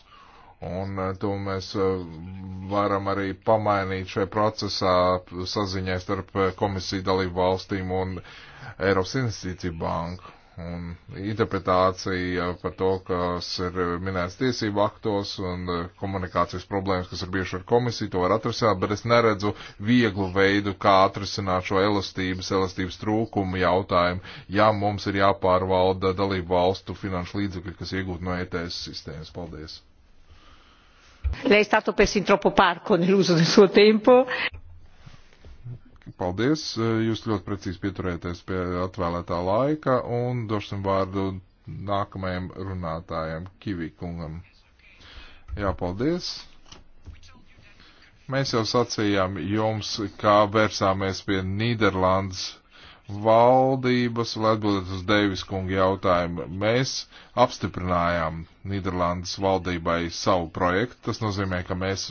Un eh, to mēs eh, varam arī pamainīt šajā procesā saziņai starp eh, komisiju dalību valstīm un Eiropas investīciju banku un interpretācija par to, kas ir minēts tiesību aktos un e, komunikācijas problēmas, kas ir bijušas ar komisiju, to var atrasināt, bet es neredzu vieglu veidu, kā atrasināt šo elastības, elastības trūkumu jautājumu, ja mums ir jāpārvalda dalību valstu finanšu līdzekļi, kas iegūt no ETS sistēmas. Paldies! Lei è stato persin troppo parco nell'uso del suo tempo. Paldies, eh, jūs ļoti precīzi pieturēties pie atvēlētā laika un dosim vārdu nākamajam runātājam, Kivī kungam. Jā, paldies. Mēs jau sacījām jums, kā vērsāmies pie Nīderlandes valdības, lai atbildētu uz Deivis kunga jautājumu, mēs apstiprinājām Nīderlandes valdībai savu projektu. Tas nozīmē, ka mēs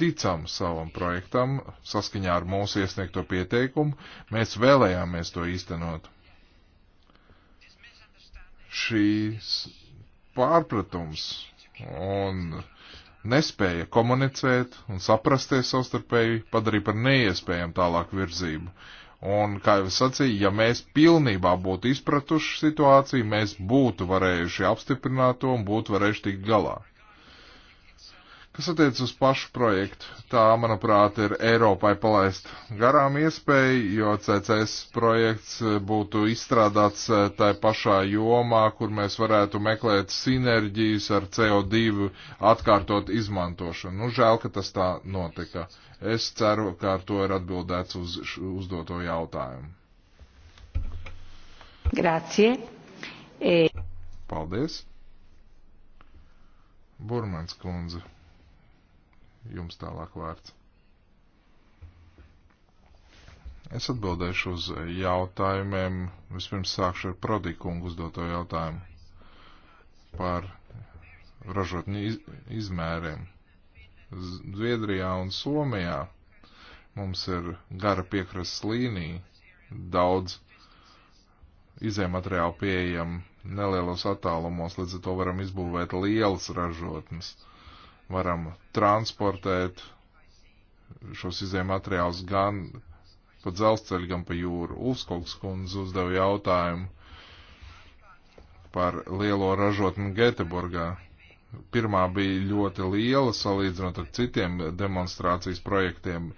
ticam savam projektam saskaņā ar mūsu iesniegto pieteikumu. Mēs vēlējāmies to īstenot. Šīs pārpratums un nespēja komunicēt un saprasties savstarpēji padarīja par neiespējamu tālāk virzību. Un, kā jau es sacīju, ja mēs pilnībā būtu izpratuši situāciju, mēs būtu varējuši apstiprināt to un būtu varējuši tikt galā. Kas attiec uz pašu projektu, tā, manuprāt, ir Eiropai palaist garām iespēju, jo CCS projekts eh, būtu izstrādāts eh, tai pašā jomā, kur mēs varētu meklēt sinerģijas ar CO2 atkārtot izmantošanu. Nu, žēl, ka tas tā notika. Es ceru, ka ar to ir atbildēts uz uzdoto jautājumu. Grācie. E... Paldies. Burmans kundze jums tālāk vārds. Es atbildēšu uz jautājumiem. Vispirms sākšu ar Prodikungu uzdoto jautājumu par ražotņu izmēriem. Zviedrijā un Somijā mums ir gara piekrastes līnija, daudz izējumateriālu pieejam nelielos attālumos, līdz ar to varam izbūvēt lielas ražotnes. Uh, varam transportēt šos izējuma materiālus gan pa dzelzceļu, gan pa jūru. Ulfskogs kundze uzdeva jautājumu par lielo ražotni Geteborgā. Pirmā bija ļoti liela salīdzinot ar citiem demonstrācijas projektiem,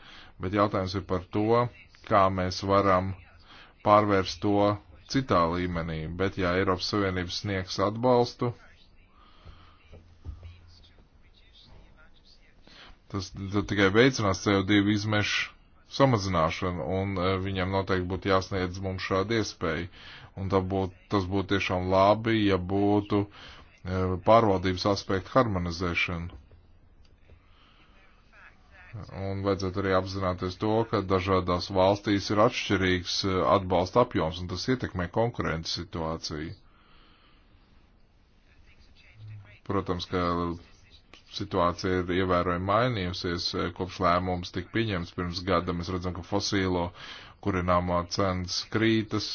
bet jautājums ir par to, kā mēs varam pārvērst to citā līmenī. Bet ja Eiropas Savienības sniegs atbalstu, Tas tikai veicinās CO2 izmešu samazināšanu, un e, viņam noteikti būtu jāsniedz mums šāda iespēja. Un būt, tas būtu tiešām labi, ja būtu e, pārvaldības aspektu harmonizēšana. Un vajadzētu arī apzināties to, ka dažādās valstīs ir atšķirīgs e, atbalsta apjoms, un tas ietekmē konkurences situāciju. Protams, ka situācija ir ievērojami mainījusies eh, kopš lēmums tika pieņemts pirms gada. Mēs redzam, ka fosīlo kurināmā cenas krītas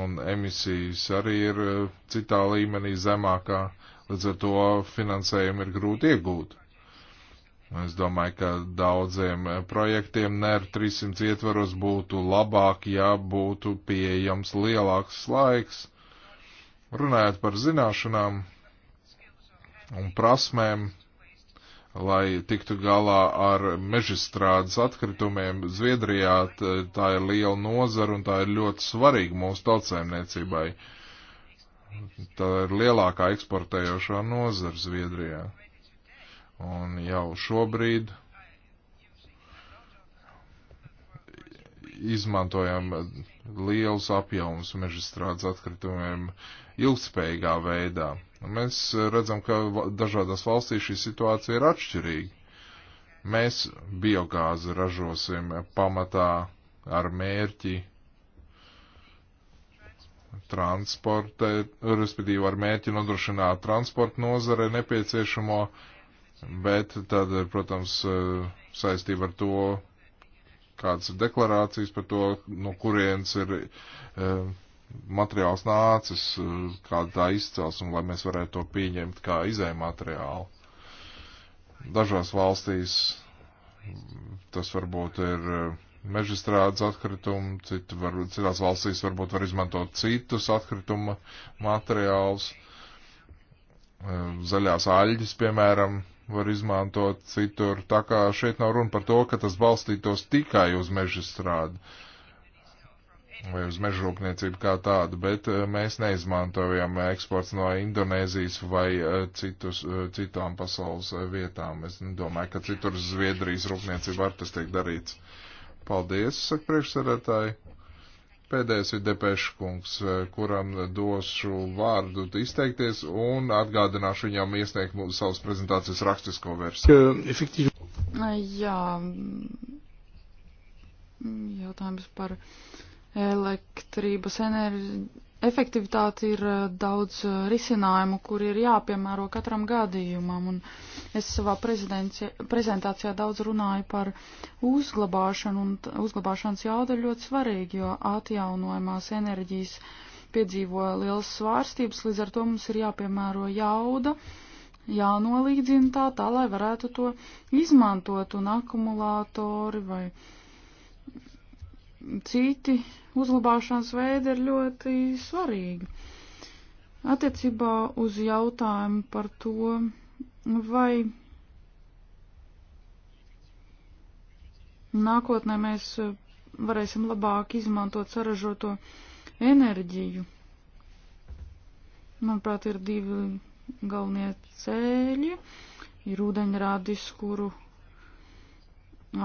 un emisijas arī ir eh, citā līmenī zemākā, līdz ar to finansējumu ir grūti iegūt. Es domāju, ka daudziem eh, projektiem NER 300 ietvaros būtu labāk, ja būtu pieejams lielāks laiks. Runājot par zināšanām, un prasmēm, lai tiktu galā ar mežstrādes atkritumiem. Zviedrijā tā ir liela nozara un tā ir ļoti svarīga mūsu tautsēmniecībai. Tā ir lielākā eksportējošā nozara Zviedrijā. Un jau šobrīd izmantojam lielus apjomus mežstrādes atkritumiem ilgspējīgā veidā Mēs eh, redzam, ka dažādās valstīs šī situācija ir atšķirīga. Mēs biogāzi ražosim pamatā ar mērķi transporta, respektīvi ar mērķi nodrošināt transporta nozare nepieciešamo, bet tad, eh, protams, eh, saistība ar to, kādas ir deklarācijas par to, no kurienes ir uh, materiāls nācis, eh, kāda tā izcels, un lai mēs varētu to pieņemt kā izēja materiālu. Dažās valstīs mm, tas varbūt ir eh, mežastrādes atkritumi, citu var, citās valstīs varbūt var izmantot citus atkrituma materiālus. Eh, zaļās aļģis, piemēram, var izmantot citur. Tā kā šeit nav runa par to, ka tas balstītos tikai uz mežastrādi. Uh, vai uz mežrūpniecību kā tādu, bet eh, mēs neizmantojam eksports no Indonēzijas vai eh, citus, eh, citām pasaules vietām. Es domāju, ka citur Zviedrijas rūpniecība var tas tiek darīts. Paldies, saka priekšsarētāji. Pēdējais ir Depeša kungs, kuram došu vārdu izteikties un atgādināšu viņam iesniegt mūsu savas prezentācijas rakstisko versiju. Jā, mm, jautājums par uh, elektrības enerģijas efektivitāte ir eh, daudz eh, risinājumu, kur ir jāpiemēro katram gadījumam. Un es savā prezentācijā daudz runāju par uzglabāšanu, un uzglabāšanas jauda ir ļoti svarīga, jo atjaunojamās enerģijas piedzīvo liels svārstības, līdz ar to mums ir jāpiemēro jauda, jānolīdzina tā, tā, lai varētu to izmantot un akumulātori vai citi uzlabāšanas veidi ir ļoti svarīgi. Attiecībā uz jautājumu par to, vai nākotnē mēs varēsim labāk izmantot saražoto enerģiju. Manuprāt, ir divi galvenie ceļi. Ir ūdeņrādis, kuru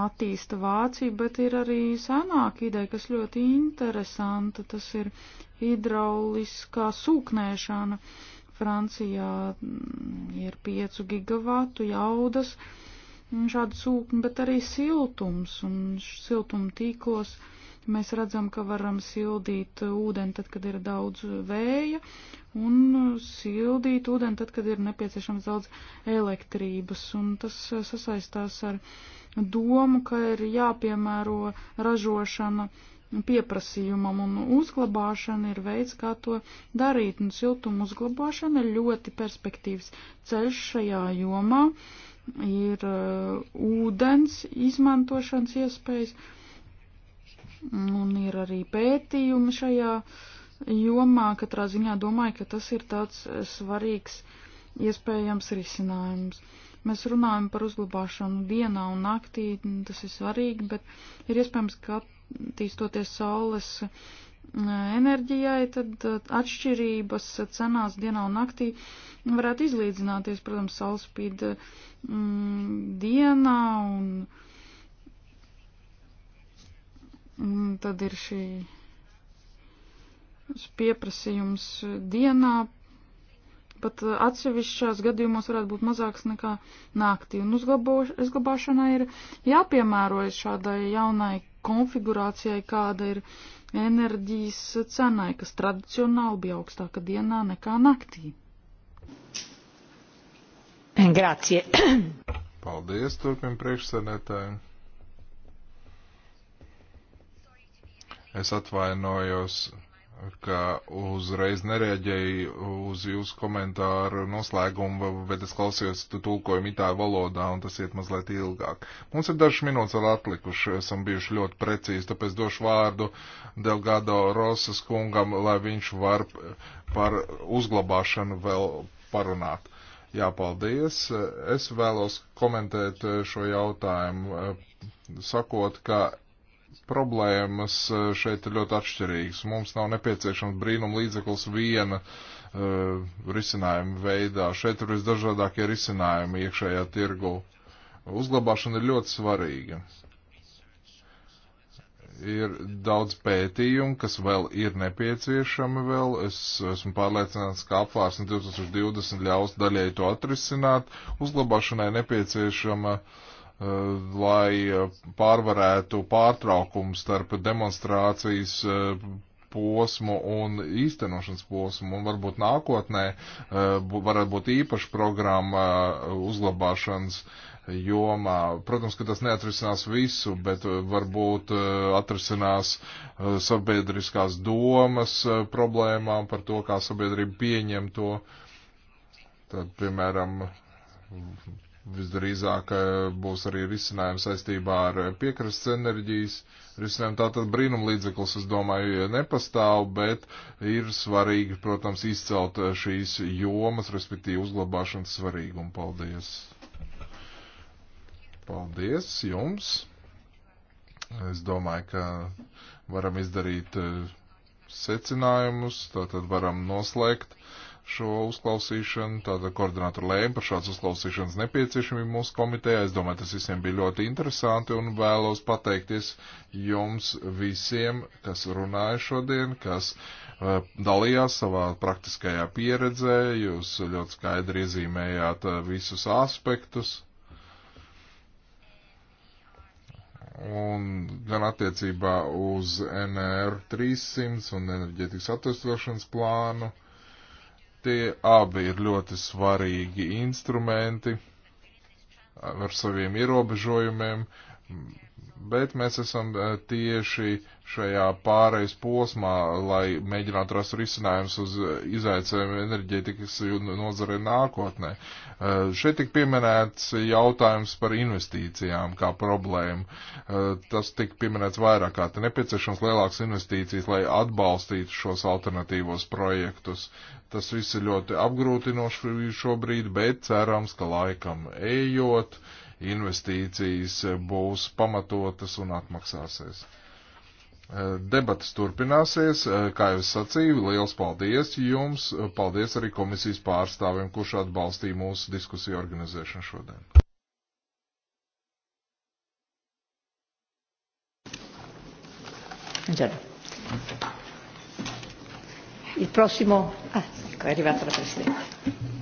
attīsta Vācija, bet ir arī senāka ideja, kas ļoti interesanta. Tas ir hidrauliskā sūknēšana. Francijā mm, ir 5 gigavatu jaudas mm, šādu sūkni, bet arī siltums un siltuma tīklos. Mēs redzam, ka varam sildīt ūdeni tad, kad ir daudz vēja, un sildīt ūdeni tad, kad ir nepieciešams daudz elektrības, un tas sasaistās ar uh, domu, ka ir jāpiemēro ražošana pieprasījumam un uzglabāšana ir veids, kā to darīt, un siltuma uzglabāšana ir ļoti perspektīvs ceļš šajā jomā, ir uh, ūdens izmantošanas iespējas, un ir arī pētījumi šajā jomā, katrā ziņā domāju, ka tas ir tāds uh, svarīgs iespējams risinājums. Uh, Mēs runājam par uzglabāšanu dienā un naktī, tas ir svarīgi, bet ir iespējams, ka attīstoties saules e, enerģijai, tad e, atšķirības cenās dienā un naktī varētu izlīdzināties. Protams, saule spīd e, mm, dienā un mm, tad ir šī pieprasījums dienā pat eh, atsevišķās gadījumos varētu būt mazāks nekā naktī. Un uzglabāšanai ir jāpiemērojas šādai jaunai konfigurācijai, kāda ir enerģijas cenai, kas tradicionāli bija augstāka dienā nekā naktī. Grācie. Paldies, turpin priekšsēdētāji. Es atvainojos ka uzreiz nereaģēju uz jūsu komentāru noslēgumu, bet es klausījos tulkojumu itāļu valodā, un tas iet mazliet ilgāk. Mums ir dažas minūtes vēl atlikuši, esam bijuši ļoti precīzi, tāpēc došu vārdu Delgado Rosas kungam, lai viņš var par uzglabāšanu vēl parunāt. Jā, paldies. Es vēlos komentēt šo jautājumu, sakot, ka problēmas eh, šeit ir ļoti atšķirīgas. Mums nav nepieciešams brīnum līdzeklis viena uh, risinājuma veidā. Šeit ir visdažādākie risinājumi iekšējā tirgu. Uzglabāšana ir ļoti svarīga. Ir daudz pētījumu, kas vēl ir nepieciešami vēl. Es esmu pārliecināts, ka apvārsne 2020 ļaus daļai to atrisināt. Uzglabāšanai nepieciešama uh, Eh, lai eh, pārvarētu pārtraukumu starp demonstrācijas eh, posmu un īstenošanas posmu, un varbūt nākotnē varētu būt īpaša programma uzlabāšanas jomā. Protams, ka tas neatrisinās visu, bet varbūt atrisinās sabiedriskās domas problēmām par to, kā sabiedrība pieņem to. Tad, piemēram, Visdrīzāk eh, būs arī risinājums saistībā ar piekrastes enerģijas risinājumu. Tātad brīnumlīdzeklis, es domāju, nepastāv, bet ir svarīgi, protams, izcelt eh, šīs jomas, respektīvi uzglabāšanas svarīgumu. Paldies! Paldies jums! Es domāju, ka varam izdarīt eh, secinājumus, tātad varam noslēgt šo uzklausīšanu, tātad koordinātoru lēma par šādas uzklausīšanas nepieciešamību mūsu komitejā. Es domāju, tas visiem bija ļoti interesanti un vēlos pateikties jums visiem, kas runāja šodien, kas eh, dalījās savā praktiskajā pieredzē, jūs ļoti skaidri iezīmējāt eh, visus aspektus. un gan attiecībā uz NR 300 un enerģetikas atvesošanas plānu. Tie abi ir ļoti svarīgi instrumenti ar saviem ierobežojumiem bet mēs esam eh, tieši šajā pārejas posmā, lai mēģinātu rast risinājumus uz eh, izaicinājumiem enerģētikas nozarē nākotnē. Eh, šeit tik pieminēts jautājums par investīcijām kā problēmu. Tas tik pieminēts vairāk kā te nepieciešams lielāks investīcijas, lai atbalstītu šos alternatīvos projektus. Tas viss ir ļoti apgrūtinoši šobrīd, bet cerams, ka laikam ejot. Uh, investīcijas eh, būs pamatotas un atmaksāsies. Eh, debatas turpināsies, eh, kā jau es sacīju, liels paldies jums, paldies arī komisijas pārstāvim, kurš atbalstīja mūsu diskusiju organizēšanu šodien. Buongiorno. Il prossimo. Ah, ecco, è arrivata la Presidente.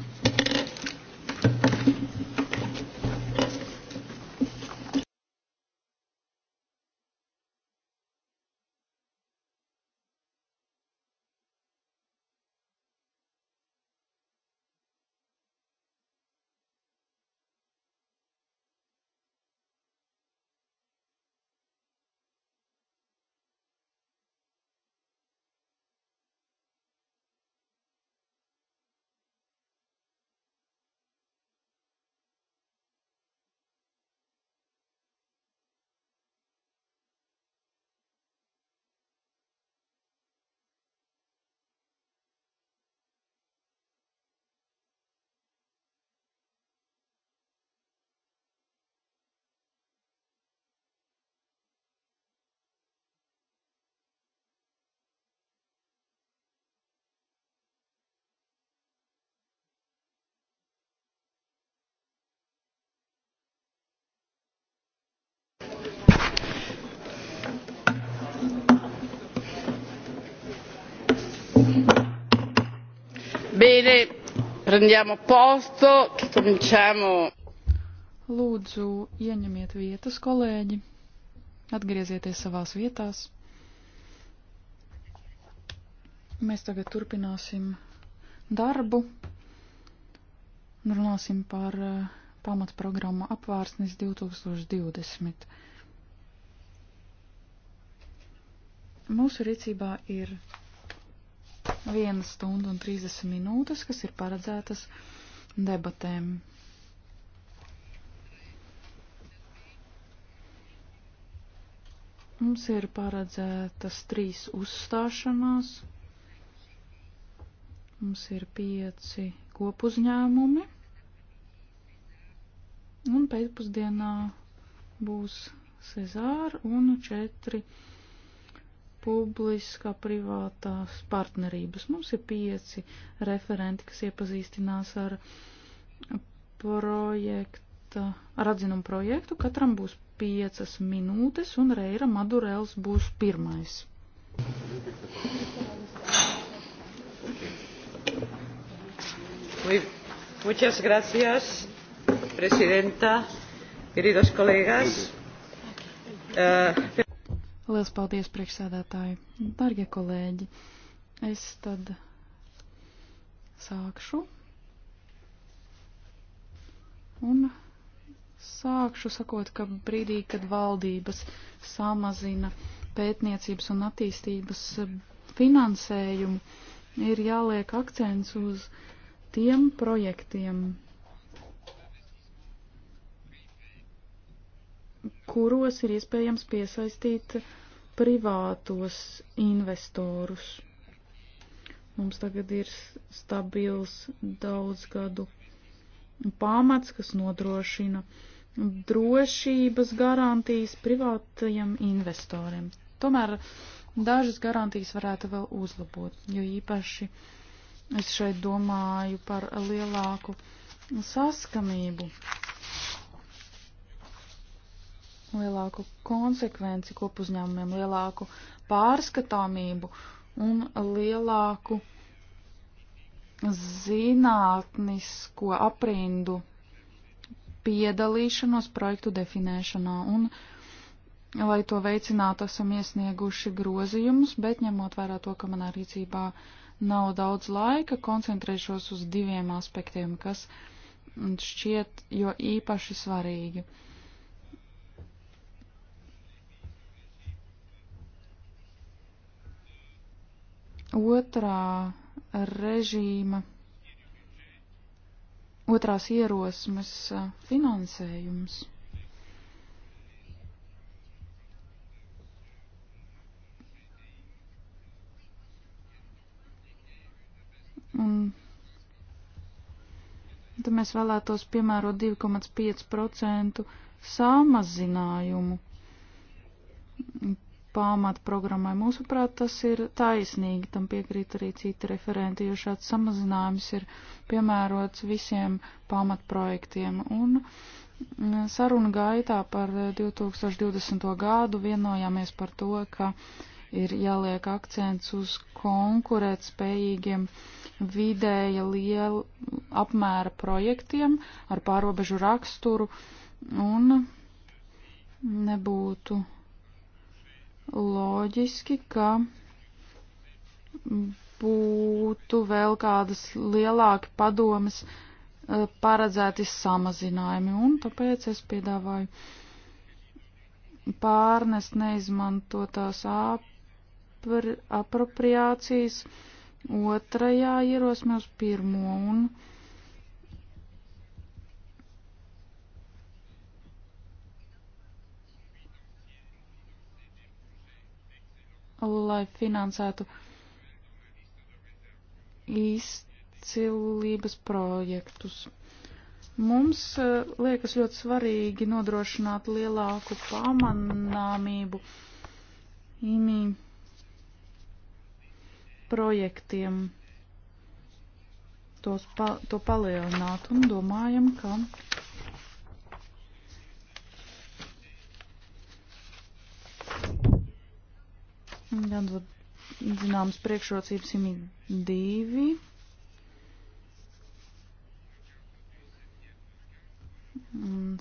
Bene, prendiamo posto, cominciamo. Lūdzu, ieņemiet vietas, kolēģi. Atgriezieties savās vietās. Mēs tagad turpināsim darbu. Runāsim par eh, pamatprogrammu apvārsnes 2020. Mūsu rīcībā ir 1 stundu un 30 minūtes, kas ir paredzētas debatēm. Mums ir paredzētas trīs uzstāšanās. Mums ir pieci kopuzņēmumi. Un pēcpusdienā būs Cezāra un četri publiskā privātās partnerības. Mums ir pieci referenti, kas iepazīstinās ar projekta, ar atzinumu projektu. Katram būs piecas minūtes un Reira Madurels būs pirmais. Muy, muchas gracias, presidenta, queridos colegas. Uh, Lielas paldies, priekšsēdētāji. Dargie kolēģi, es tad sākšu. Un sākšu sakot, ka brīdī, kad valdības samazina pētniecības un attīstības finansējumu, ir jāliek akcents uz tiem projektiem, kuros ir iespējams piesaistīt uh, privātos investorus. Mums tagad ir stabils daudzgadu pamats, kas nodrošina drošības garantijas privātajiem investoriem. Tomēr dažas garantijas varētu vēl uzlabot, jo īpaši es šeit domāju par lielāku saskanību lielāku konsekvenci kopuzņēmumiem, lielāku pārskatāmību un lielāku zinātnisko aprindu piedalīšanos projektu definēšanā. Un, lai to veicinātu, esam iesnieguši grozījumus, bet ņemot vērā to, ka manā rīcībā nav daudz laika, koncentrēšos uz diviem aspektiem, kas šķiet jo īpaši svarīgi. Uh, otrā režīma, otrās ierosmes finansējums. Un tad mēs vēlētos piemērot 2,5% samazinājumu pamatprogrammai. Mūsuprāt, tas ir taisnīgi, tam piekrīt arī citi referenti, jo šāds samazinājums ir piemērots visiem pamatprojektiem. Un mm, saruna gaitā par 2020. gadu vienojāmies par to, ka ir jāliek akcents uz konkurēt spējīgiem vidēja liela apmēra projektiem ar pārobežu raksturu un nebūtu loģiski, ka būtu vēl kādas lielāki padomas eh, paredzēti samazinājumi, un tāpēc es piedāvāju pārnest neizmantotās apropriācijas otrajā ierosmē uz pirmo un lai finansētu izcilības projektus. Mums e, liekas ļoti svarīgi nodrošināt lielāku pamanāmību imī projektiem, tos pa, to palielināt un domājam, ka Jādod zināmas priekšrocības 102.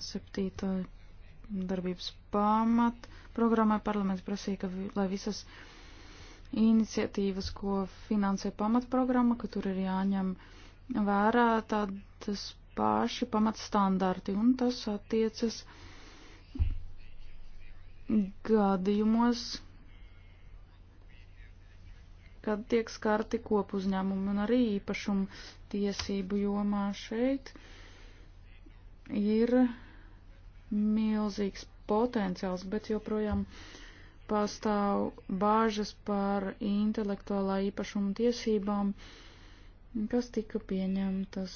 Septīto darbības pamat programmai parlaments prasīja, ka, lai visas iniciatīvas, ko finansē pamatprogramma, ka tur ir jāņem vērā tādas paši pamatstandarti, un tas attiecas gadījumos, kad tiek skarti kopuzņēmumi un arī īpašumu tiesību jomā šeit ir milzīgs potenciāls, bet joprojām pastāv bāžas par intelektuālā īpašuma tiesībām, kas tika pieņemtas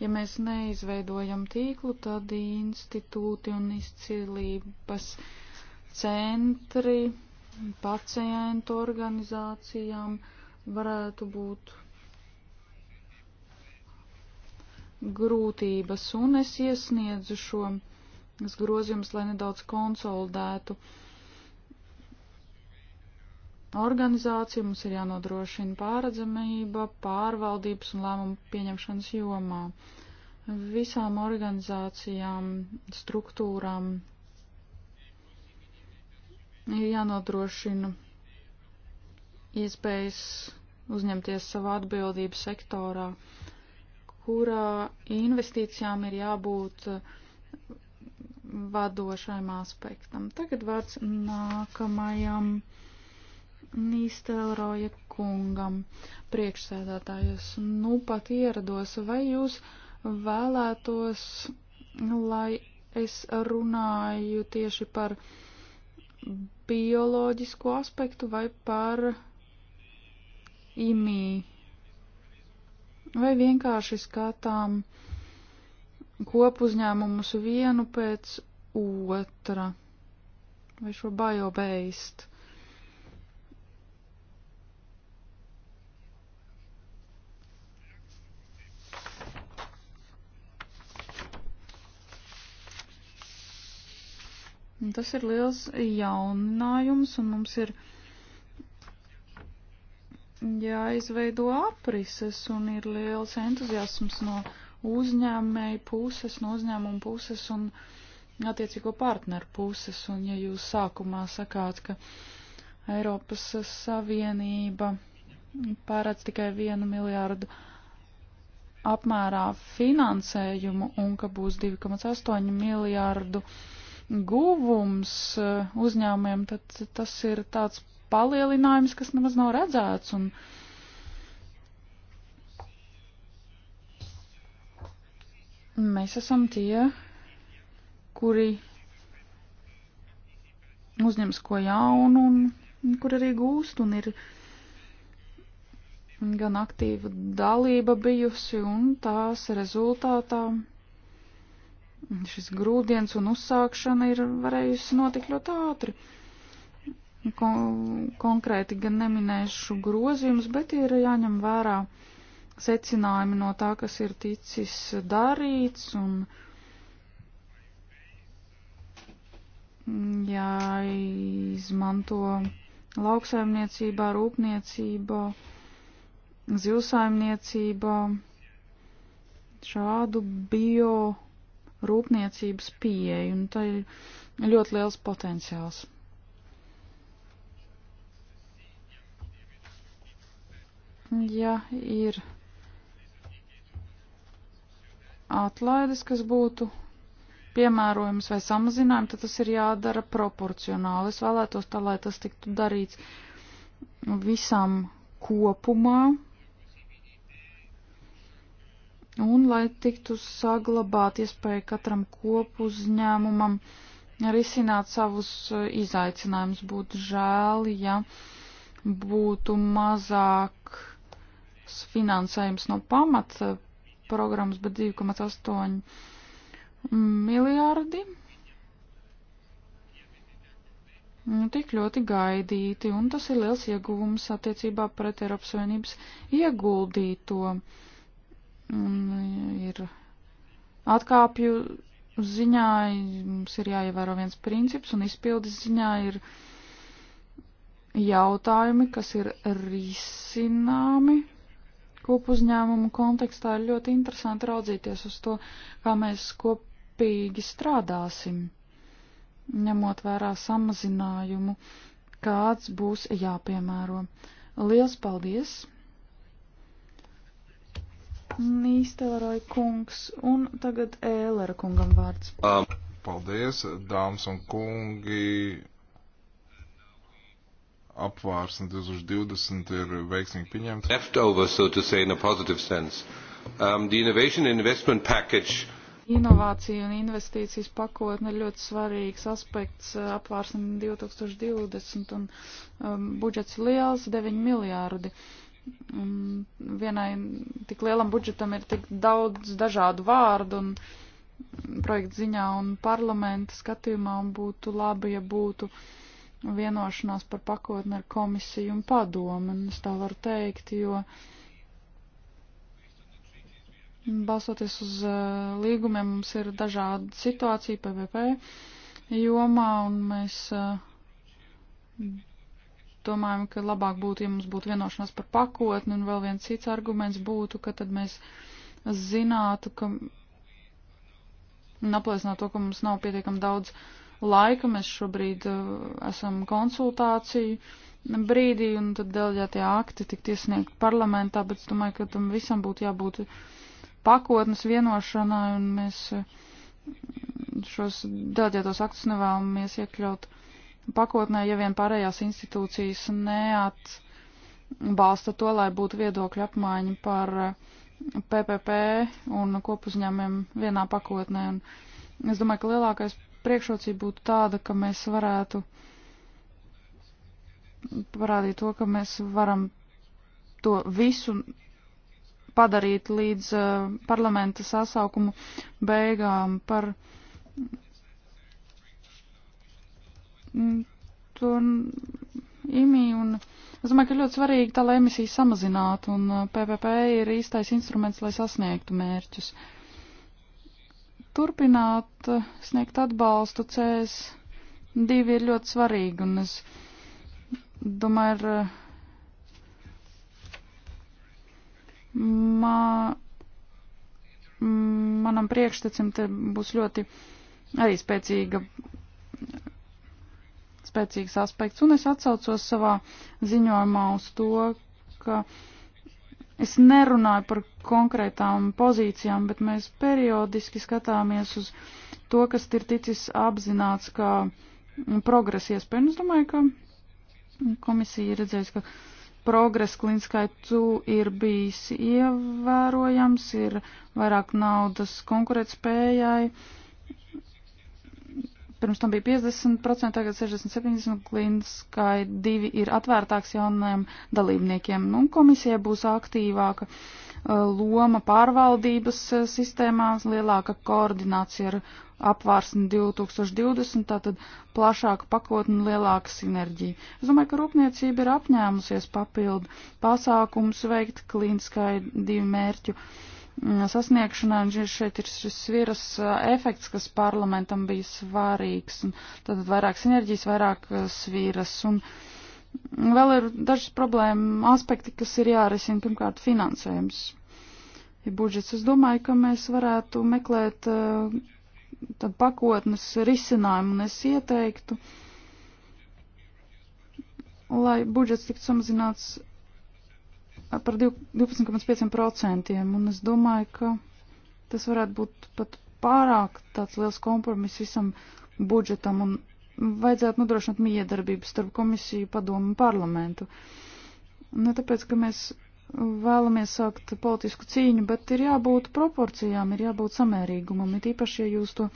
Ja mēs neizveidojam tīklu, tad institūti un izcīlības centri pacientu organizācijām varētu būt grūtības, un es iesniedzu šo grozījumus, lai nedaudz konsolidētu uh, organizāciju, mums ir jānodrošina pārredzamība pārvaldības un lēmumu pieņemšanas jomā. Visām organizācijām, struktūrām ir jānodrošina iespējas uzņemties savu atbildību sektorā, kurā investīcijām ir jābūt uh, vadošajam aspektam. Tagad vārds nākamajam. Um, Nīstelroja kungam priekšsēdētājas. Nu, pat ierados, vai jūs vēlētos, lai es runāju tieši par bioloģisko aspektu vai par imī? Vai vienkārši skatām kopuzņēmumus vienu pēc otra? Vai šo biobēst? Tas ir liels jauninājums, un mums ir jāizveido aprises, un ir liels entuziasms no uzņēmēju puses, no uzņēmuma puses un attiecīgo partneru puses. Un ja jūs sākumā sakāt, ka Eiropas Savienība pārēc tikai vienu miljārdu apmērā finansējumu un ka būs 2,8 miljārdu eiro, guvums eh, uzņēmumiem, tad tas ir tāds palielinājums, kas nemaz nav redzēts. Un, mēs esam tie, kuri uzņems ko jaunu un kur arī gūst un ir gan aktīva dalība bijusi un tās rezultātā šis grūdienis un uzsākšana ir varējusi notikt ļoti ātri. Kon konkrēti gan neminēšu grozījumus, bet ir jāņem vērā secinājumi no tā, kas ir ticis darīts un mm, jāizmanto lauksaimniecībā, rūpniecībā, zivsaimniecībā šādu bio rūpniecības pieeja, un tai ir ļoti liels potenciāls. Ja ir atlaides, kas būtu piemērojums vai samazinājums, tad tas ir jādara proporcionāli. Es vēlētos tā, lai tas tiktu darīts visam kopumā, un lai tiktu saglabāt iespēju katram kopu uzņēmumam risināt savus e, izaicinājumus. Būtu žēl, ja būtu mazāk finansējums no pamata programmas, bet 2,8 miljārdi. Nu, tik ļoti gaidīti, un tas ir liels ieguvums attiecībā pret Eiropas Savienības ieguldīto. Uh, Un eh, ir atkāpju ziņā mums ir jāievēro viens princips, un izpildes ziņā ir jautājumi, kas ir risināmi kopuzņēmumu kontekstā. Ir ļoti interesanti raudzīties uz to, kā mēs kopīgi strādāsim, ņemot vērā samazinājumu, kāds būs jāpiemēro. Liels paldies! Nīstelroja kungs un tagad Ēlera kungam vārds. Um, paldies, dāmas un kungi. Apvārsne 2020 ir veiksmīgi pieņemta. Leftover, so to say, in a positive sense. Um, the innovation investment package. Inovācija un investīcijas pakotne ir ļoti svarīgs aspekts uh, apvārsne 2020 un um, budžets liels - 9 miljārdi. Uh, vienai tik lielam budžetam ir tik daudz dažādu vārdu un projektu ziņā un parlamenta skatījumā un būtu labi, ja būtu vienošanās par pakotni ar komisiju un padomu, un es tā varu teikt, jo balsoties uz eh, līgumiem mums ir dažāda situācija PVP jomā, un mēs eh, domājam, ka labāk būtu, ja mums būtu vienošanās par pakotni, un vēl viens cits arguments būtu, ka tad mēs zinātu, ka un apliecināt to, ka mums nav pietiekam daudz laika, mēs šobrīd uh, esam konsultāciju brīdī, un tad deleģētie akti tik tiesniegt parlamentā, bet es domāju, ka tam visam būtu jābūt pakotnes vienošanai, un mēs uh, šos deleģētos aktus nevēlamies iekļaut uh, pakotnē, ja vien pārējās institūcijas neatbalsta to, lai būtu viedokļu apmaiņa par PPP eh, un kopuzņēmiem vienā pakotnē. Un es domāju, ka lielākais priekšrocība būtu tāda, ka mēs varētu parādīt to, ka mēs varam to visu padarīt līdz eh, parlamenta sasaukumu beigām par Mm, to IMI un es domāju, ka ļoti svarīgi tā, lai emisijas samazinātu un PPP uh, ir īstais instruments, lai sasniegtu mērķus. Turpināt uh, sniegt atbalstu CS2 ir ļoti svarīgi un es domāju, ir uh, ma, manam priekštecim te būs ļoti arī spēcīga spēcīgs aspekts, un es atsaucos savā ziņojumā uz to, ka es nerunāju par konkrētām pozīcijām, bet mēs periodiski skatāmies uz to, kas ir ticis apzināts kā progresa iespēja. Es domāju, ka komisija ir redzējusi, ka progress klīniskai tu ir bijis ievērojams, ir vairāk naudas konkurētspējai. spējai Pirms tam bija 50%, tagad 60-70%, klīniskai divi ir atvērtāks jaunajiem dalībniekiem. Nu, komisija būs aktīvāka uh, loma pārvaldības uh, sistēmās, lielāka koordinācija ar apvārsni 2020, tātad plašāka pakotne un lielāka sinerģija. Es domāju, ka rūpniecība ir apņēmusies papildu pasākums veikt klīniskai divu mērķu uh, sasniegšanai, un šeit ir šis sviras efekts, kas parlamentam bija svarīgs, un tad vairāk sinerģijas, vairāk sviras, un vēl ir dažas problēma aspekti, kas ir jārisina, pirmkārt, finansējums. Ja budžets, es domāju, ka mēs varētu meklēt tad pakotnes risinājumu, un es ieteiktu, lai budžets tiktu samazināts par 12,5%, un es domāju, ka tas varētu būt pat pārāk tāds liels kompromiss visam budžetam, un vajadzētu nodrošināt miedarbību starp komisiju, padomu un parlamentu. Ne tāpēc, ka mēs vēlamies sākt politisku cīņu, bet ir jābūt proporcijām, ir jābūt samērīgumam, ir īpaši, ja jūs to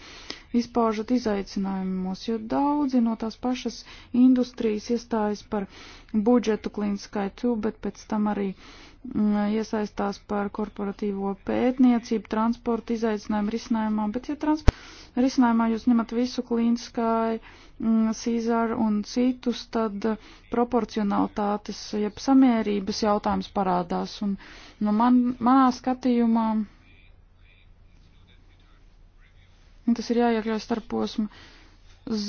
izpaužat izaicinājumos, jo daudzi no tās pašas industrijas iestājas par budžetu klīniskai tu, bet pēc tam arī uh, Mm, iesaistās par korporatīvo pētniecību, transportu izaicinājumu risinājumā, bet ja trans risinājumā jūs ņemat visu klīniskai, mm, Cīzaru un citus, tad uh, proporcionalitātes, jeb samierības jautājums parādās. Un, nu, man, manā skatījumā tas ir jāiekļaus starposmu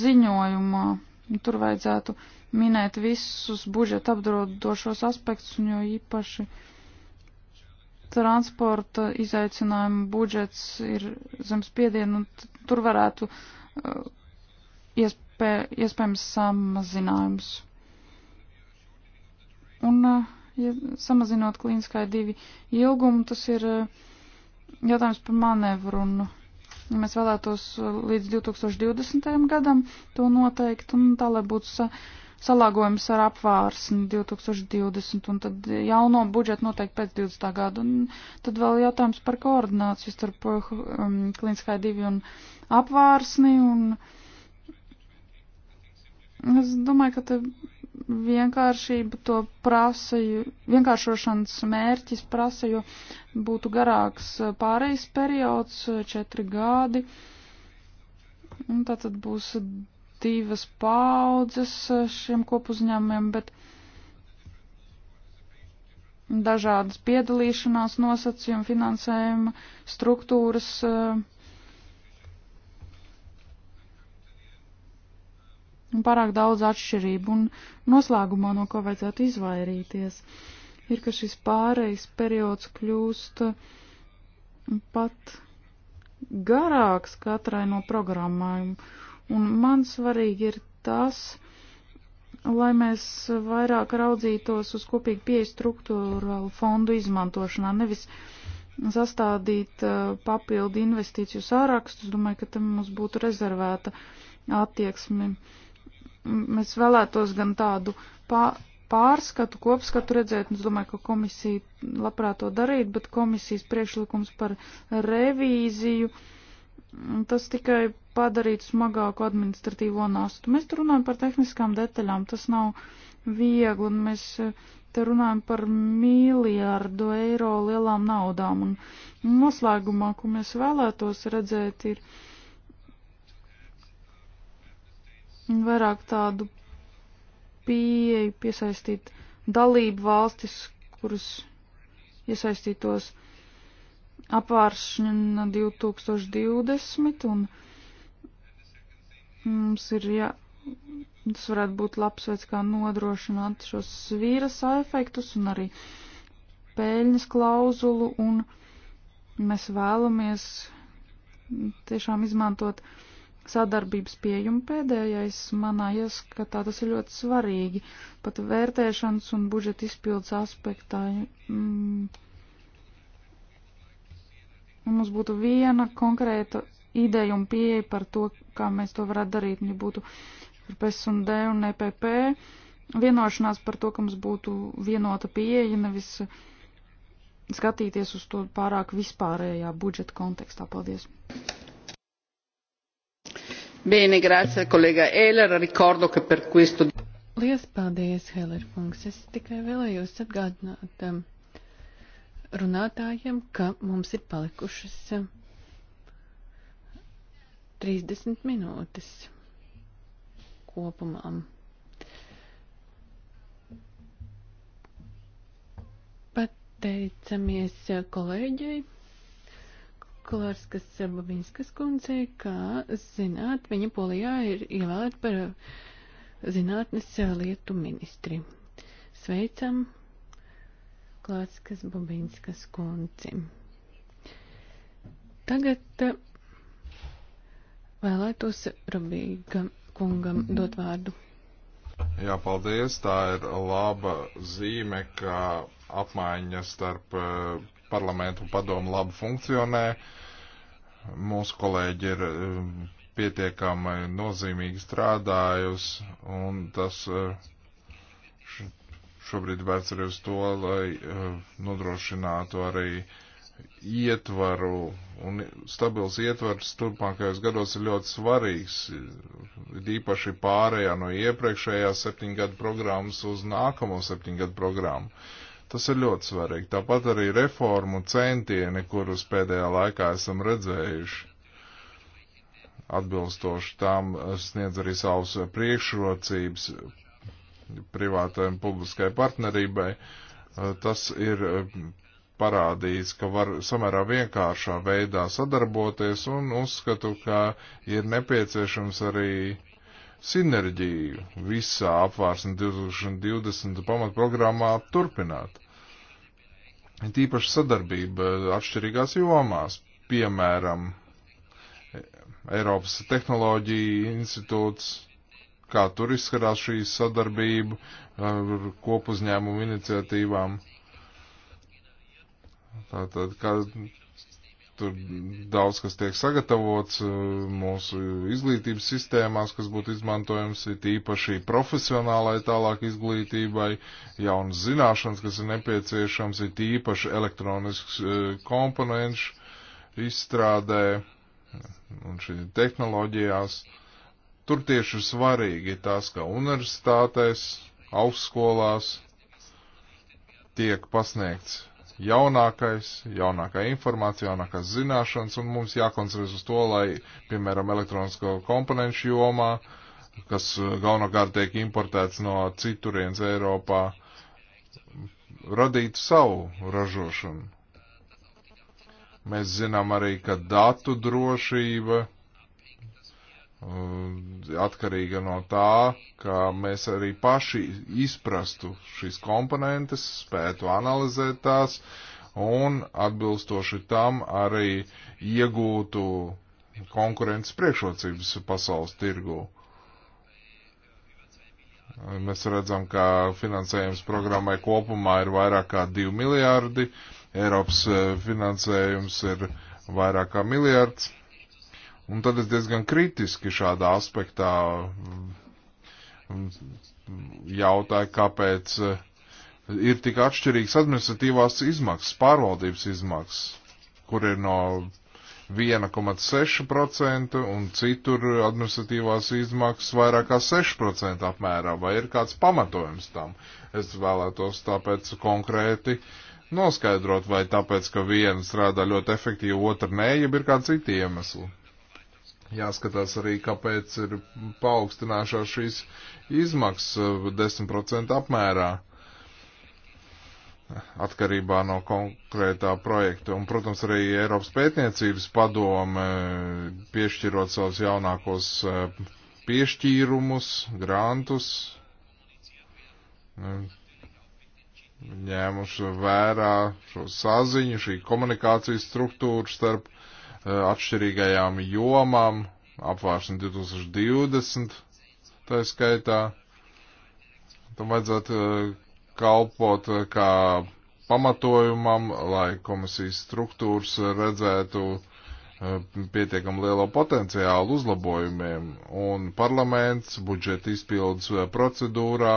ziņojumā. Tur vajadzētu uh, minēt visus budžeta apdraudošos aspektus un jo īpaši transporta izaicinājumu budžets ir zem spiedienu un tur varētu uh, iespē, iespējams samazinājums. Un uh, ja samazinot klīniskai divi ilgumu, tas ir uh, jautājums par manevru un ja mēs vēlētos līdz 2020. gadam to noteikt un tā, lai būtu sa salāgojums ar apvārsni 2020 un tad jauno budžetu noteikti pēc 20. gada. Un tad vēl jautājums par koordināciju starp um, klīniskai divi un apvārsni. Un es domāju, ka te vienkāršība to prasa, vienkāršošanas mērķis prasa, jo būtu garāks pārejas periods, četri gadi. Un tā tad būs divas paudzes e, šiem kopuzņēmumiem, bet dažādas piedalīšanās nosacījuma, finansējuma struktūras. E, un pārāk daudz atšķirību un noslēgumā, no ko vajadzētu izvairīties, ir, ka šis pārejas periods kļūst pat garāks katrai no programmām. Un man svarīgi ir tas, lai mēs vairāk raudzītos uz kopīgu pieeju struktūrālu fondu izmantošanā, nevis sastādīt uh, papildu investīciju sārakstus. Domāju, ka tam mums būtu rezervēta attieksme. Mēs vēlētos gan tādu pā, pārskatu, kopskatu redzēt. Es domāju, ka komisija labprāt to darīt, bet komisijas priekšlikums par revīziju uh, Tas tikai padarītu smagāku administratīvo nastu. Mēs tur runājam par tehniskām detaļām, tas nav viegli, un mēs eh, te runājam par miljārdu eiro lielām naudām, un noslēgumā, ko mēs vēlētos redzēt, ir vairāk tādu pieeju piesaistīt dalību valstis, kuras iesaistītos. Ja apvāršņa 2020 un mums ir, jā, tas varētu būt labs veids, kā nodrošināt šos svīras efektus un arī pēļņas klauzulu un mēs vēlamies tiešām izmantot sadarbības pieejumu pēdējais manā ieskatā tas ir ļoti svarīgi, pat vērtēšanas un budžeta izpildes aspektā. Mm, mums būtu viena konkrēta ideja un pieeja par to, kā mēs to varētu darīt. Ja būtu ar PSD un EPP vienošanās par to, ka mums būtu vienota pieeja, nevis skatīties uz to pārāk vispārējā budžeta kontekstā. Paldies! Bene, grazie, kolēga Eiler. Ricordo, ka per questo. Lies paldies, Heller kungs. Es tikai vēlējos atgādināt. Um, runātājiem, ka mums ir palikušas 30 eh, minūtes kopumā. Pateicamies eh, kolēģei Kolārskas eh, Babinskas kundzei, kā zināt, viņa polijā ir ievēlēta par zinātnes lietu ministri. Sveicam! Klātskas Bubinskas kundzim. Tagad eh, vēlētos Robīga kungam dot vārdu. Jā, paldies. Tā ir laba zīme, ka apmaiņa starp eh, parlamentu un padomu labi funkcionē. Mūsu kolēģi ir eh, pietiekami nozīmīgi strādājusi, un tas šobrīd vērts arī uz to, lai eh, nodrošinātu arī ietvaru un stabils ietvars turpmākajos gados ir ļoti svarīgs, īpaši pārējā no iepriekšējā septiņgada programmas uz nākamo septiņgada programmu. Tas ir ļoti svarīgi. Tāpat arī reformu centieni, kurus pēdējā laikā esam redzējuši, atbilstoši tam sniedz arī savus priekšrocības privātai un publiskai partnerībai, eh, tas ir eh, parādījis, ka var samērā vienkāršā veidā sadarboties un uzskatu, ka ir nepieciešams arī sinerģiju visā apvārsni 2020 pamatprogrammā turpināt. Tīpaši sadarbība atšķirīgās jomās, piemēram, Eiropas tehnoloģija institūts, kā tur izskatās šī sadarbība eh, ar kopuzņēmumu iniciatīvām. Tātad, kā tur daudz kas tiek sagatavots eh, mūsu izglītības sistēmās, kas būtu izmantojams, ir īpaši profesionālai tālāk izglītībai, jaunas zināšanas, kas ir nepieciešams, ir īpaši elektronisks eh, komponents izstrādē un šī tehnoloģijās. Uh, Tur tieši ir svarīgi tas, ka universitātēs, augstskolās tiek pasniegts jaunākais, jaunākā informācija, jaunākās zināšanas, un mums jākoncentrēs uz to, lai, piemēram, elektronisko komponentu jomā, kas galvenokārt tiek importēts no citurienes Eiropā, radītu savu ražošanu. Mēs zinām arī, ka datu drošība Uh, atkarīga no tā, ka mēs arī paši izprastu šīs komponentes, spētu analizēt tās un atbilstoši tam arī iegūtu konkurences priekšrocības pasaules tirgū. Mēs redzam, ka finansējums programmai kopumā ir vairāk kā 2 miljārdi, Eiropas eh, finansējums ir vairāk kā miljards Un tad es diezgan kritiski šādā aspektā mm, mm, jautāju, kāpēc eh, ir tik atšķirīgas administratīvās izmaksas, pārvaldības izmaksas, kur ir no 1,6% un citur administratīvās izmaksas vairāk kā 6% apmērā, vai ir kāds pamatojums tam. Es vēlētos tāpēc konkrēti noskaidrot, vai tāpēc, ka viena strādā ļoti efektīvi, otra nē, ja ir kādi citi iemesli. Jāskatās arī, kāpēc ir paaugstināšās šīs izmaksas 10% uh, apmērā atkarībā no konkrētā projekta. Un, protams, arī Eiropas pētniecības padome uh, piešķirot savus jaunākos uh, piešķīrumus, grantus, ņēmuši vērā šo saziņu, šī komunikācijas struktūru starp Eh, atšķirīgajām jomām, apvāršana 2020, tā skaitā. Tam vajadzētu eh, kalpot eh, kā pamatojumam, lai komisijas struktūras redzētu pietiekam lielo potenciālu uzlabojumiem, un parlaments budžeta izpildes procedūrā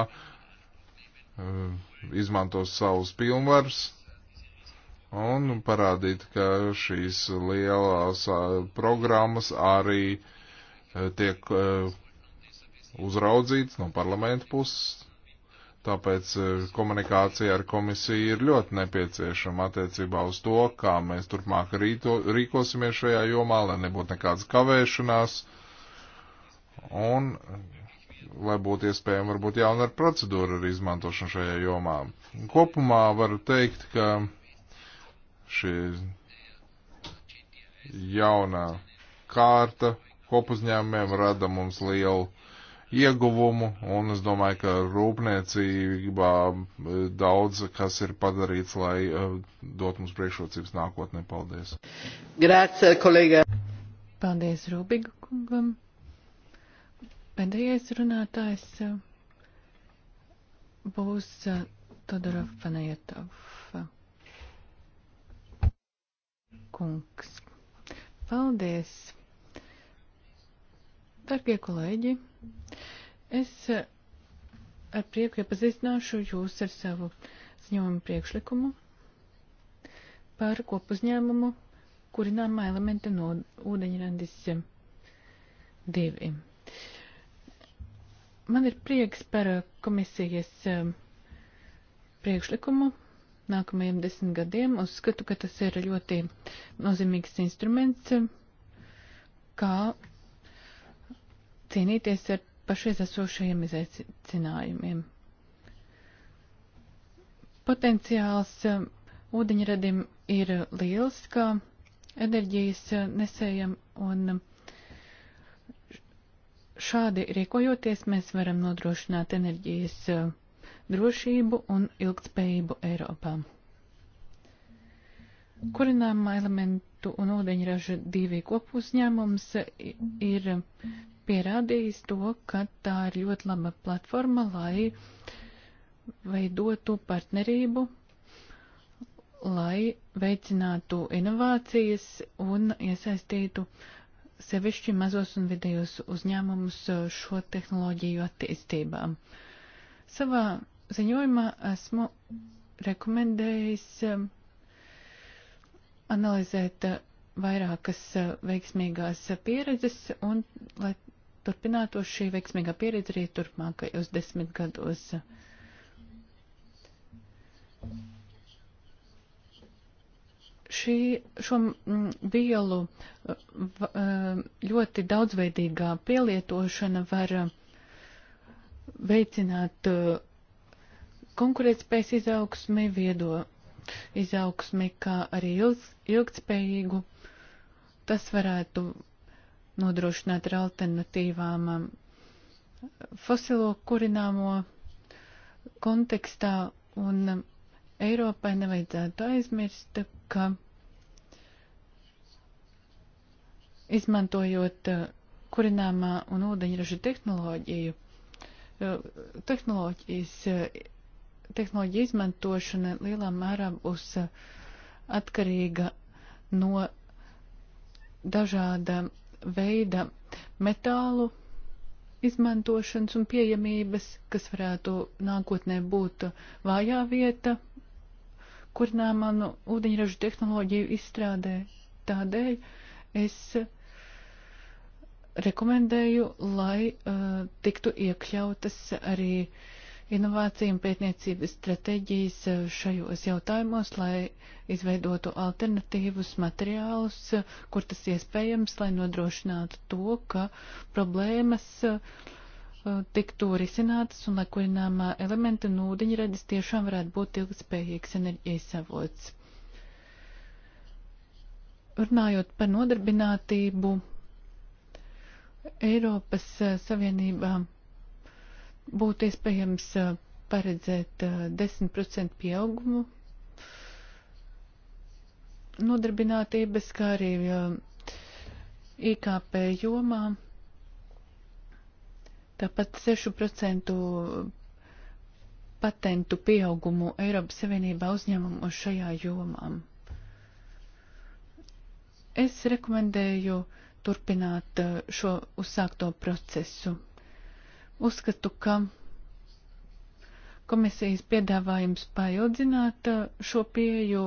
izmantos savus pilnvars, un parādīt, ka šīs lielās programmas arī tiek uzraudzīts no parlamenta puses. Tāpēc komunikācija ar komisiju ir ļoti nepieciešama attiecībā uz to, kā mēs turpmāk rīto, rīkosimies šajā jomā, lai nebūtu nekādas kavēšanās un lai būtu iespējama varbūt jauna ar procedūru arī izmantošanu šajā jomā. Kopumā varu teikt, ka šī jaunā kārta kopuzņēmumiem rada mums lielu ieguvumu, un es domāju, ka rūpniecībā e, daudz kas ir padarīts, lai e, dot mums priekšrocības nākotnē. Paldies! Grāce, kolēģi! Paldies Rūbiga kungam! Pēdējais runātājs e, būs Todorov Panajotov. kungs. Paldies! Darbie kolēģi, es eh, ar prieku iepazīstināšu jūs ar savu ziņojumu priekšlikumu par kopuzņēmumu kurināmā elementa no ūdeņrandis divi. Man ir prieks par eh, komisijas eh, priekšlikumu nākamajiem desmit gadiem. Uzskatu, ka tas ir ļoti nozīmīgs instruments, kā cīnīties ar pašreiz esošajiem izaicinājumiem. Potenciāls eh, ūdeņradim ir liels, kā enerģijas eh, nesējam, un šādi rīkojoties mēs varam nodrošināt enerģijas uh, drošību un ilgtspējību Eiropā. Kurināmā elementu un ūdeņraža divi kopuzņēmums ir pierādījis to, ka tā ir ļoti laba platforma, lai veidotu partnerību, lai veicinātu inovācijas un iesaistītu sevišķi mazos un vidējos uzņēmumus šo tehnoloģiju attīstībām. Savā ziņojumā esmu rekomendējis um, analizēt uh, vairākas uh, veiksmīgās uh, pieredzes un, lai turpinātu šī veiksmīgā pieredze arī turpmākajos desmit gados. Šī, šo mm, vielu ļoti daudzveidīgā pielietošana var veicināt uh, konkurētspējas izaugsmi, viedo izaugsmi, kā arī ilg, ilgtspējīgu. Tas varētu nodrošināt ar alternatīvām um, fosilo kurināmo kontekstā, un um, Eiropai nevajadzētu aizmirst, ka izmantojot uh, kurināmā un ūdeņraža tehnoloģiju, uh, tehnoloģijas uh, tehnoloģija izmantošana lielā mērā būs eh, atkarīga no dažāda veida metālu izmantošanas un pieejamības, kas varētu nākotnē būt vājā vieta kurināmām no ūdeņražu tehnoloģiju izstrādē. Tādēļ es rekomendēju, lai uh, tiktu iekļautas arī uh, inovāciju un pētniecības stratēģijas eh, šajos jautājumos, lai izveidotu alternatīvus materiālus, eh, kur tas iespējams, lai nodrošinātu to, ka problēmas eh, tiktu risinātas un lai kurināmā elementa un ūdeņradis tiešām varētu būt ilgspējīgs enerģijas avots. Runājot par nodarbinātību, Eiropas Savienībām būtu iespējams eh, paredzēt 10% eh, pieaugumu nodarbinātības, kā arī eh, IKP jomā, tāpat 6% patentu pieaugumu Eiropas Savienībā uzņēmumu šajā jomā. Es rekomendēju turpināt šo uzsākto procesu. Uzskatu, ka komisijas piedāvājums paildzināt uh, šo pieju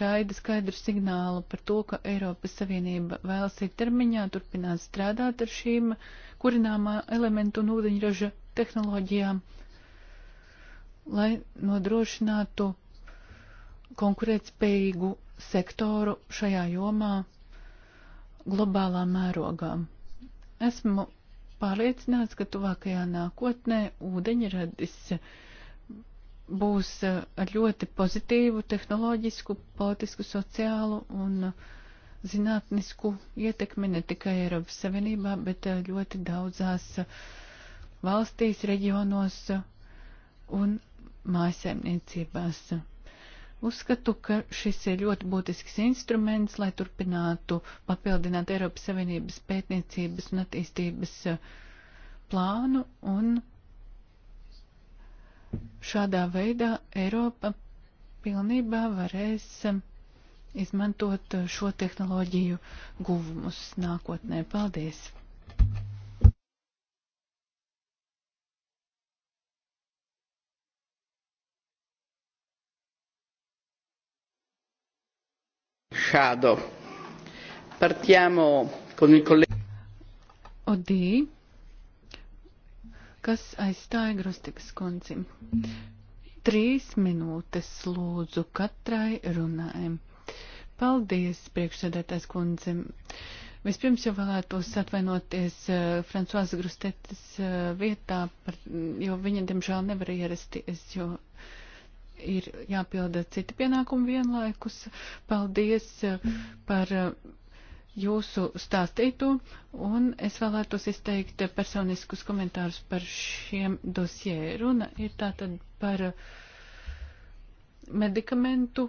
raida skaidru signālu par to, ka Eiropas Savienība vēlas ilgtermiņā turpināt strādāt ar šīm kurināmā elementu un ūdeņraža tehnoloģijām, lai nodrošinātu konkurētspējīgu sektoru šajā jomā globālā mērogā. Esmu pārliecināts, ka tuvākajā nākotnē ūdeņradis būs ar eh, ļoti pozitīvu tehnoloģisku, politisku, sociālu un eh, zinātnisku ietekmi ne tikai Eiropas Savienībā, bet eh, ļoti daudzās valstīs, reģionos un mājasēmniecībās. Uzskatu, ka šis ir ļoti būtisks instruments, lai turpinātu papildināt Eiropas Savienības pētniecības un attīstības eh, plānu, un šādā veidā Eiropa pilnībā varēs eh, izmantot eh, šo tehnoloģiju guvumus nākotnē. Paldies! Šādu. Partiamo con il collega. Odī, kas aizstāja Grustikas kundzi. Trīs minūtes lūdzu katrai runājam. Paldies, priekšsēdētājs kundze. Vispirms jau vēlētos atvainoties uh, eh, Francoza Grustetes uh, vietā, par, jo viņa, diemžēl, nevar ierasties, jo ir jāpilda citi pienākumi vienlaikus. Paldies eh, par eh, jūsu stāstīto, un es vēlētos izteikt personiskus komentārus par šiem dosjē. Runa ir tātad par eh, medikamentu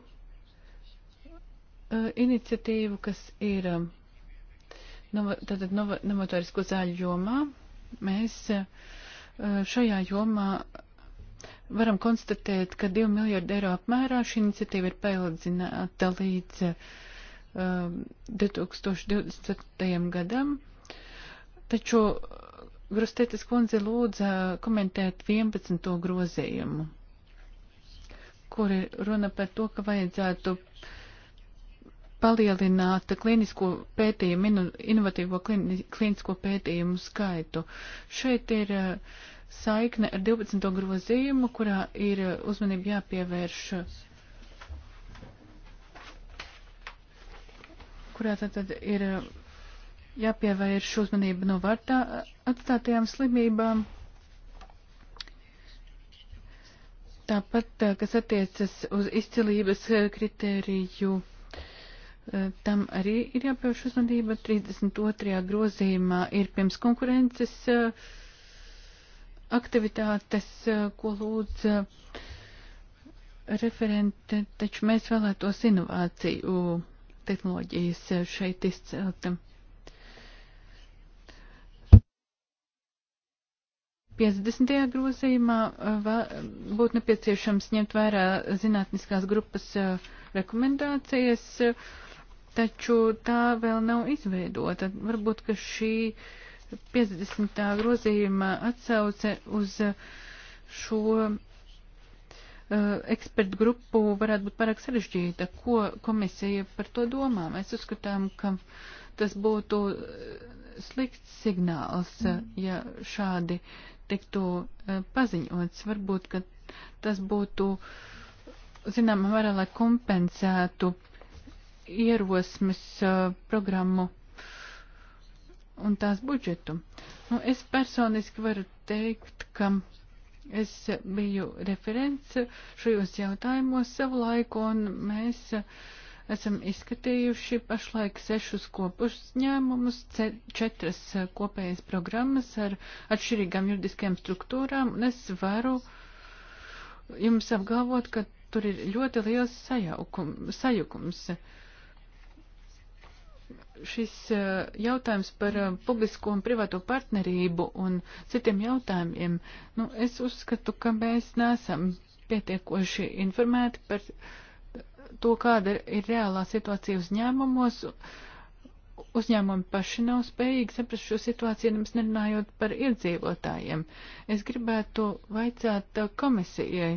iniciatīvu, kas ir tātad novatorisko zāļu jomā. Mēs šajā jomā varam konstatēt, ka 2 miljardu eiro apmērā šī iniciatīva ir paildzināta līdz uh, um, 2024. gadam, taču Grustētas kundze lūdza komentēt 11. grozījumu, kur ir runa par to, ka vajadzētu palielināt klinisko pētījumu, inovatīvo klinisko pētījumu skaitu. Šeit ir uh, saikne ar 12. grozījumu, kurā ir uzmanība jāpievērš, kurā tātad ir jāpievērš uzmanība no vārtā atstātajām slimībām. Tāpat, kas attiecas uz izcilības kritēriju, tam arī ir jāpievērš uzmanība. 32. grozījumā ir pirms konkurences uh, aktivitātes, eh, ko lūdz eh, referente, taču mēs vēlētos inovāciju tehnoloģijas eh, šeit izcelt. 50. grozījumā būtu nepieciešams ņemt vērā zinātniskās grupas rekomendācijas, taču tā vēl nav izveidota. Varbūt, ka šī 50. grozījuma atsauce uz šo uh, ekspertu grupu varētu būt pārāk sarežģīta. Ko komisija par to domā? Mēs uzskatām, ka tas būtu uh, slikts signāls, uh, ja šādi tiktu paziņots. Varbūt, ka tas būtu, zināmā mērā, lai kompensētu ierosmes programmu un tās budžetu. Nu, es personiski varu teikt, ka es biju referents šajos jautājumos savu laiku, un mēs esam izskatījuši pašlaik sešus kopus ņēmumus, četras kopējas programmas ar atšķirīgām juridiskajām struktūrām, un es varu jums apgalvot, ka tur ir ļoti liels sajaukums. sajukums. sajukums šis eh, jautājums par eh, publisko un privāto partnerību un citiem jautājumiem, nu, es uzskatu, ka mēs nesam pietiekoši informēti par to, kāda ir reālā situācija uzņēmumos. Uzņēmumi paši nav spējīgi saprast šo situāciju, nemaz nerunājot par iedzīvotājiem. Es gribētu vaicāt eh, komisijai.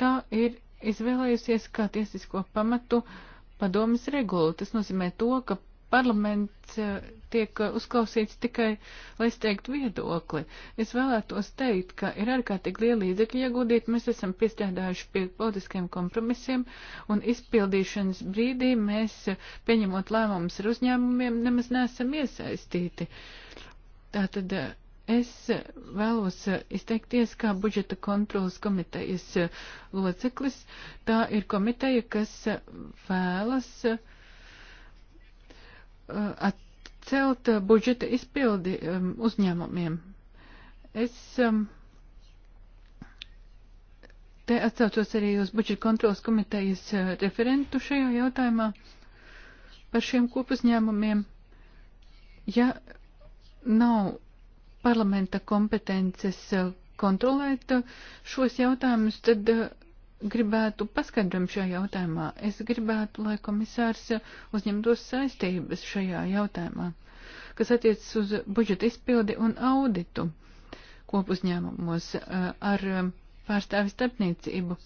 Tā ir izvēlējusies kā tiesisko pamatu padomas regulu. Tas nozīmē to, ka parlaments eh, tiek eh, uzklausīts tikai, lai steigtu viedokli. Es vēlētos teikt, ka ir ārkārtīgi liela līdzekļa ieguldīt, mēs esam piestrādājuši pie politiskiem kompromisiem, un izpildīšanas brīdī mēs, eh, pieņemot lēmumus ar uzņēmumiem, nemaz neesam iesaistīti. Tātad es vēlos izteikties kā budžeta kontrolas komitejas loceklis. Tā ir komiteja, kas vēlas. Uh, Uh, atcelt uh, budžeta izpildi um, uzņēmumiem. Es um, te atcaucos arī uz budžeta kontrolas komitejas uh, referentu šajā jautājumā par šiem kopuzņēmumiem. Ja nav parlamenta kompetences kontrolēt šos jautājumus, tad gribētu paskaidrojumu šajā jautājumā. Es gribētu, lai komisārs uzņemtos saistības šajā jautājumā, kas attiecas uz budžeta izpildi un auditu kopuzņēmumos eh, ar pārstāvi starpniecību.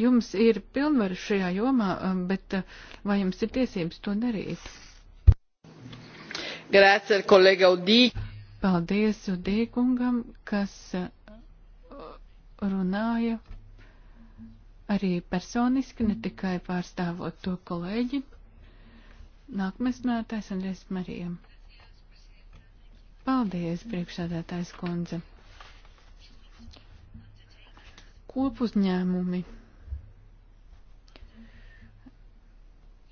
Jums ir pilnvaru šajā jomā, eh, bet eh, vai jums ir tiesības to darīt? Grācer, kolēga Udī. Paldies Udī kungam, kas runāja arī personiski, ne tikai pārstāvot to kolēģi. Nākamais runātājs Andrēs Marijam. Paldies, priekšsādātājs kundze. Kopuzņēmumi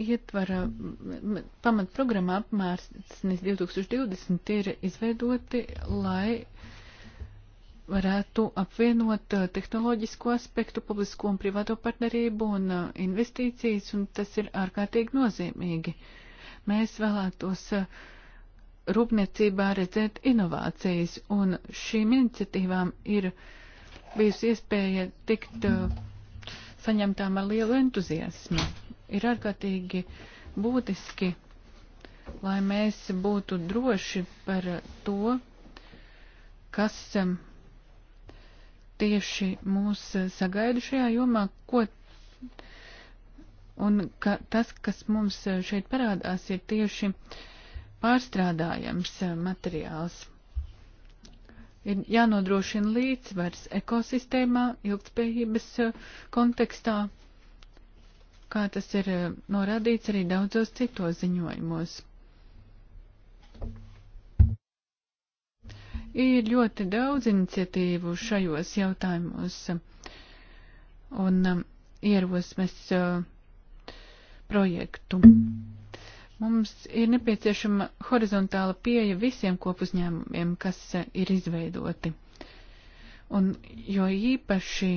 ietvara pamatprogramma apmērsnes 2020 ir izveidoti, lai varētu apvienot eh, tehnoloģisko aspektu, publisko un privāto partnerību un eh, investīcijas, un tas ir ārkārtīgi nozīmīgi. Mēs vēlētos eh, rūpniecībā redzēt inovācijas, un šīm iniciatīvām ir bijusi iespēja tikt saņemtām ar lielu entuziasmu. Ir ārkārtīgi būtiski, lai mēs būtu droši par to, kas tieši mūs eh, sagaida šajā jomā, ko, un ka tas, kas mums eh, šeit parādās, ir tieši pārstrādājams eh, materiāls. Ir jānodrošina līdzsvars ekosistēmā, ilgspējības kontekstā, kā tas ir norādīts arī daudzos citos ziņojumos. Ir ļoti daudz iniciatīvu šajos jautājumos, un um, ierosmes uh, projektu. Mums ir nepieciešama horizontāla pieeja visiem kopuzņēmumiem, kas uh, ir izveidoti. Un jo īpaši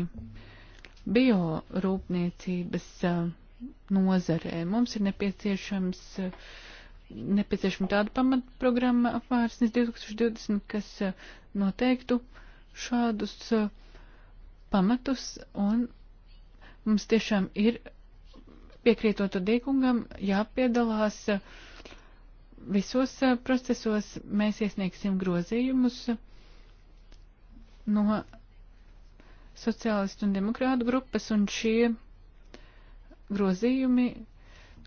biorūpniecības uh, nozarē mums ir nepieciešams uh, nepieciešama tāda pamatprogramma apvārsnes 2020, kas eh, noteiktu šādus eh, pamatus, un mums tiešām ir, piekrītot Odīkungam, jāpiedalās eh, visos procesos, mēs iesniegsim grozījumus no sociālistu un demokrātu grupas, un šie grozījumi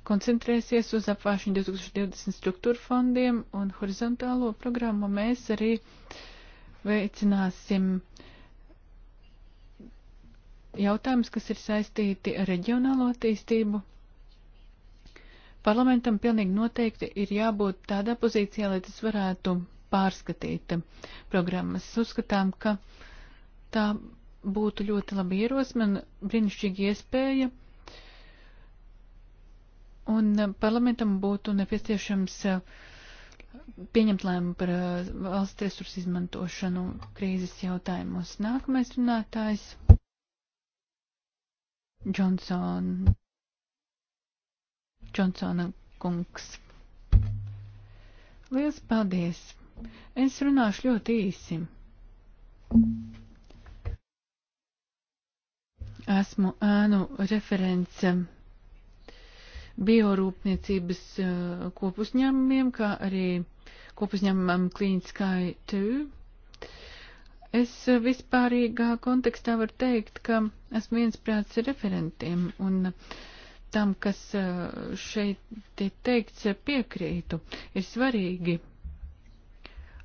koncentrēsies uz apvāršņu 2020 struktūru fondiem un horizontālo programmu. Mēs arī veicināsim jautājumus, kas ir saistīti ar reģionālo attīstību. Parlamentam pilnīgi noteikti ir jābūt tādā pozīcijā, lai tas varētu pārskatīt programmas. Uzskatām, ka tā būtu ļoti labi ierosmen, brīnišķīga iespēja Un eh, parlamentam būtu nepieciešams eh, pieņemt lēmumu par eh, valsts resursu izmantošanu krīzes jautājumos. Nākamais runātājs - Johnson. Johnsona kungs. Liels paldies! Es runāšu ļoti īsi. Esmu ēnu reference biorūpniecības eh, kopuzņēmumiem, kā arī kopuzņēmumam klīniskai TU. Es vispārīgā kontekstā varu teikt, ka esmu viensprāts referentiem un tam, kas eh, šeit ir teikts, piekrītu. Ir svarīgi,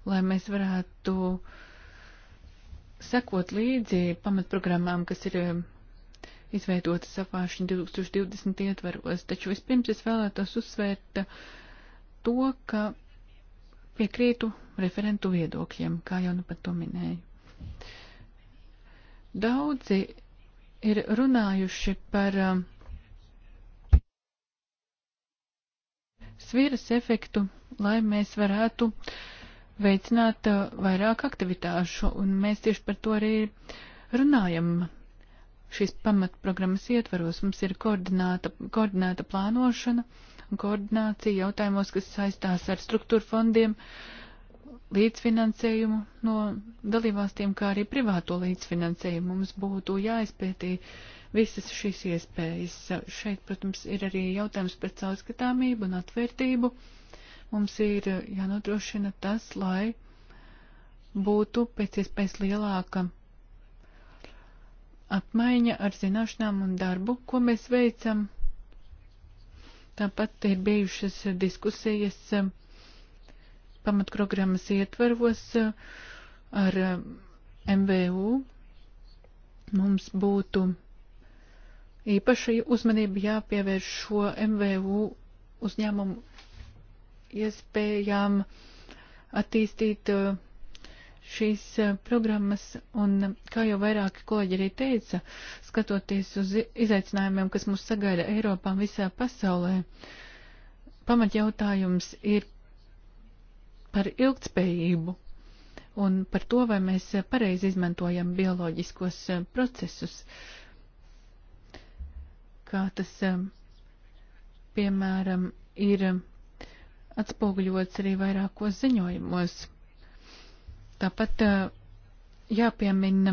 lai mēs varētu sekot līdzi pamatprogrammām, kas ir eh, izveidotas apvāršņa 2020 ietvaros, taču vispirms es vēlētos uzsvērt eh, to, ka piekrītu referentu viedokļiem, kā jau nu pat to minēju. Daudzi ir runājuši par eh, sviras efektu, lai mēs varētu veicināt eh, vairāk aktivitāšu, un mēs tieši par to arī runājam šīs pamatprogrammas ietvaros mums ir koordināta, koordināta plānošana un koordinācija jautājumos, kas saistās ar struktūra fondiem, līdzfinansējumu no dalībvalstīm, kā arī privāto līdzfinansējumu. Mums būtu jāizpētī visas šīs iespējas. Šeit, protams, ir arī jautājums par caurskatāmību un atvērtību. Mums ir jānodrošina tas, lai būtu pēc iespējas lielāka apmaiņa ar zināšanām un darbu, ko mēs veicam. Tāpat ir bijušas diskusijas um, pamatprogrammas ietvaros uh, ar MVU. Um, Mums būtu īpaši uzmanība jāpievērš šo MVU uzņēmumu iespējām attīstīt uh, šīs eh, programmas, un eh, kā jau vairāki kolēģi arī teica, skatoties uz izaicinājumiem, kas mūs sagaida Eiropā un visā pasaulē, pamatjautājums ir par ilgtspējību un par to, vai mēs eh, pareizi izmantojam bioloģiskos procesus, kā tas, piemēram, ir atspoguļots arī vairākos ziņojumos Tāpat jāpiemina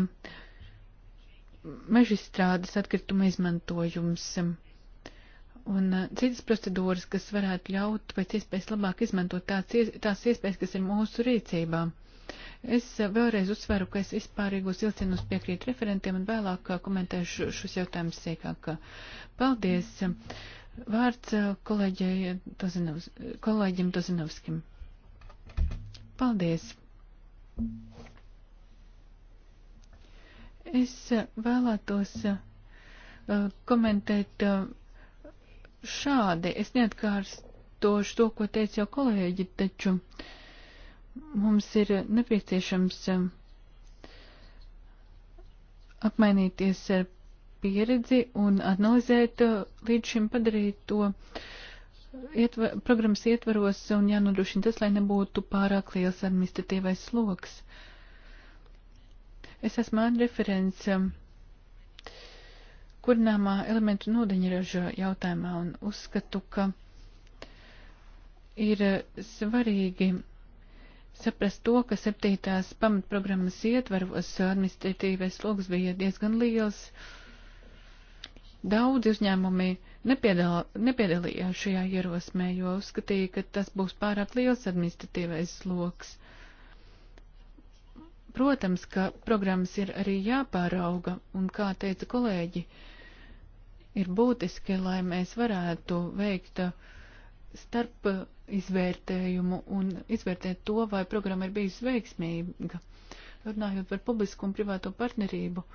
mežstrādes atkrituma izmantojums un citas procedūras, kas varētu ļaut pēc iespējas labāk izmantot tās, tās iespējas, kas ir mūsu rīcībā. Es vēlreiz uzsveru, ka es vispārīgos ilcienos piekrītu referentiem un vēlāk komentēšu šos jautājumus sīkāk. Paldies! Vārds kolēģiem Tozinovskim. Paldies! Es eh, vēlētos eh, eh, komentēt šādi. Es neatkārtošu to, ko teica jau kolēģi, taču mums ir nepieciešams apmainīties ar pieredzi un analizēt līdz šim padarīto. to ietva, programmas ietvaros un jānodrošina tas, lai nebūtu pārāk liels administratīvais sloks. Es esmu referents um, kurināmā elementu nodeņraža jautājumā un uzskatu, ka ir uh, svarīgi saprast to, ka septītās pamatprogrammas ietvaros administratīvais sloks bija diezgan liels. Daudz uzņēmumi uh, nepiedal, nepiedalījās šajā ierosmē, jo uzskatīja, ka tas būs pārāk liels administratīvais sloks. Protams, ka programmas ir arī jāpārauga, un, kā teica kolēģi, ir būtiski, lai mēs varētu veikt uh, starp uh, izvērtējumu un izvērtēt to, vai programma ir bijusi veiksmīga. Runājot par publisku un privāto partnerību,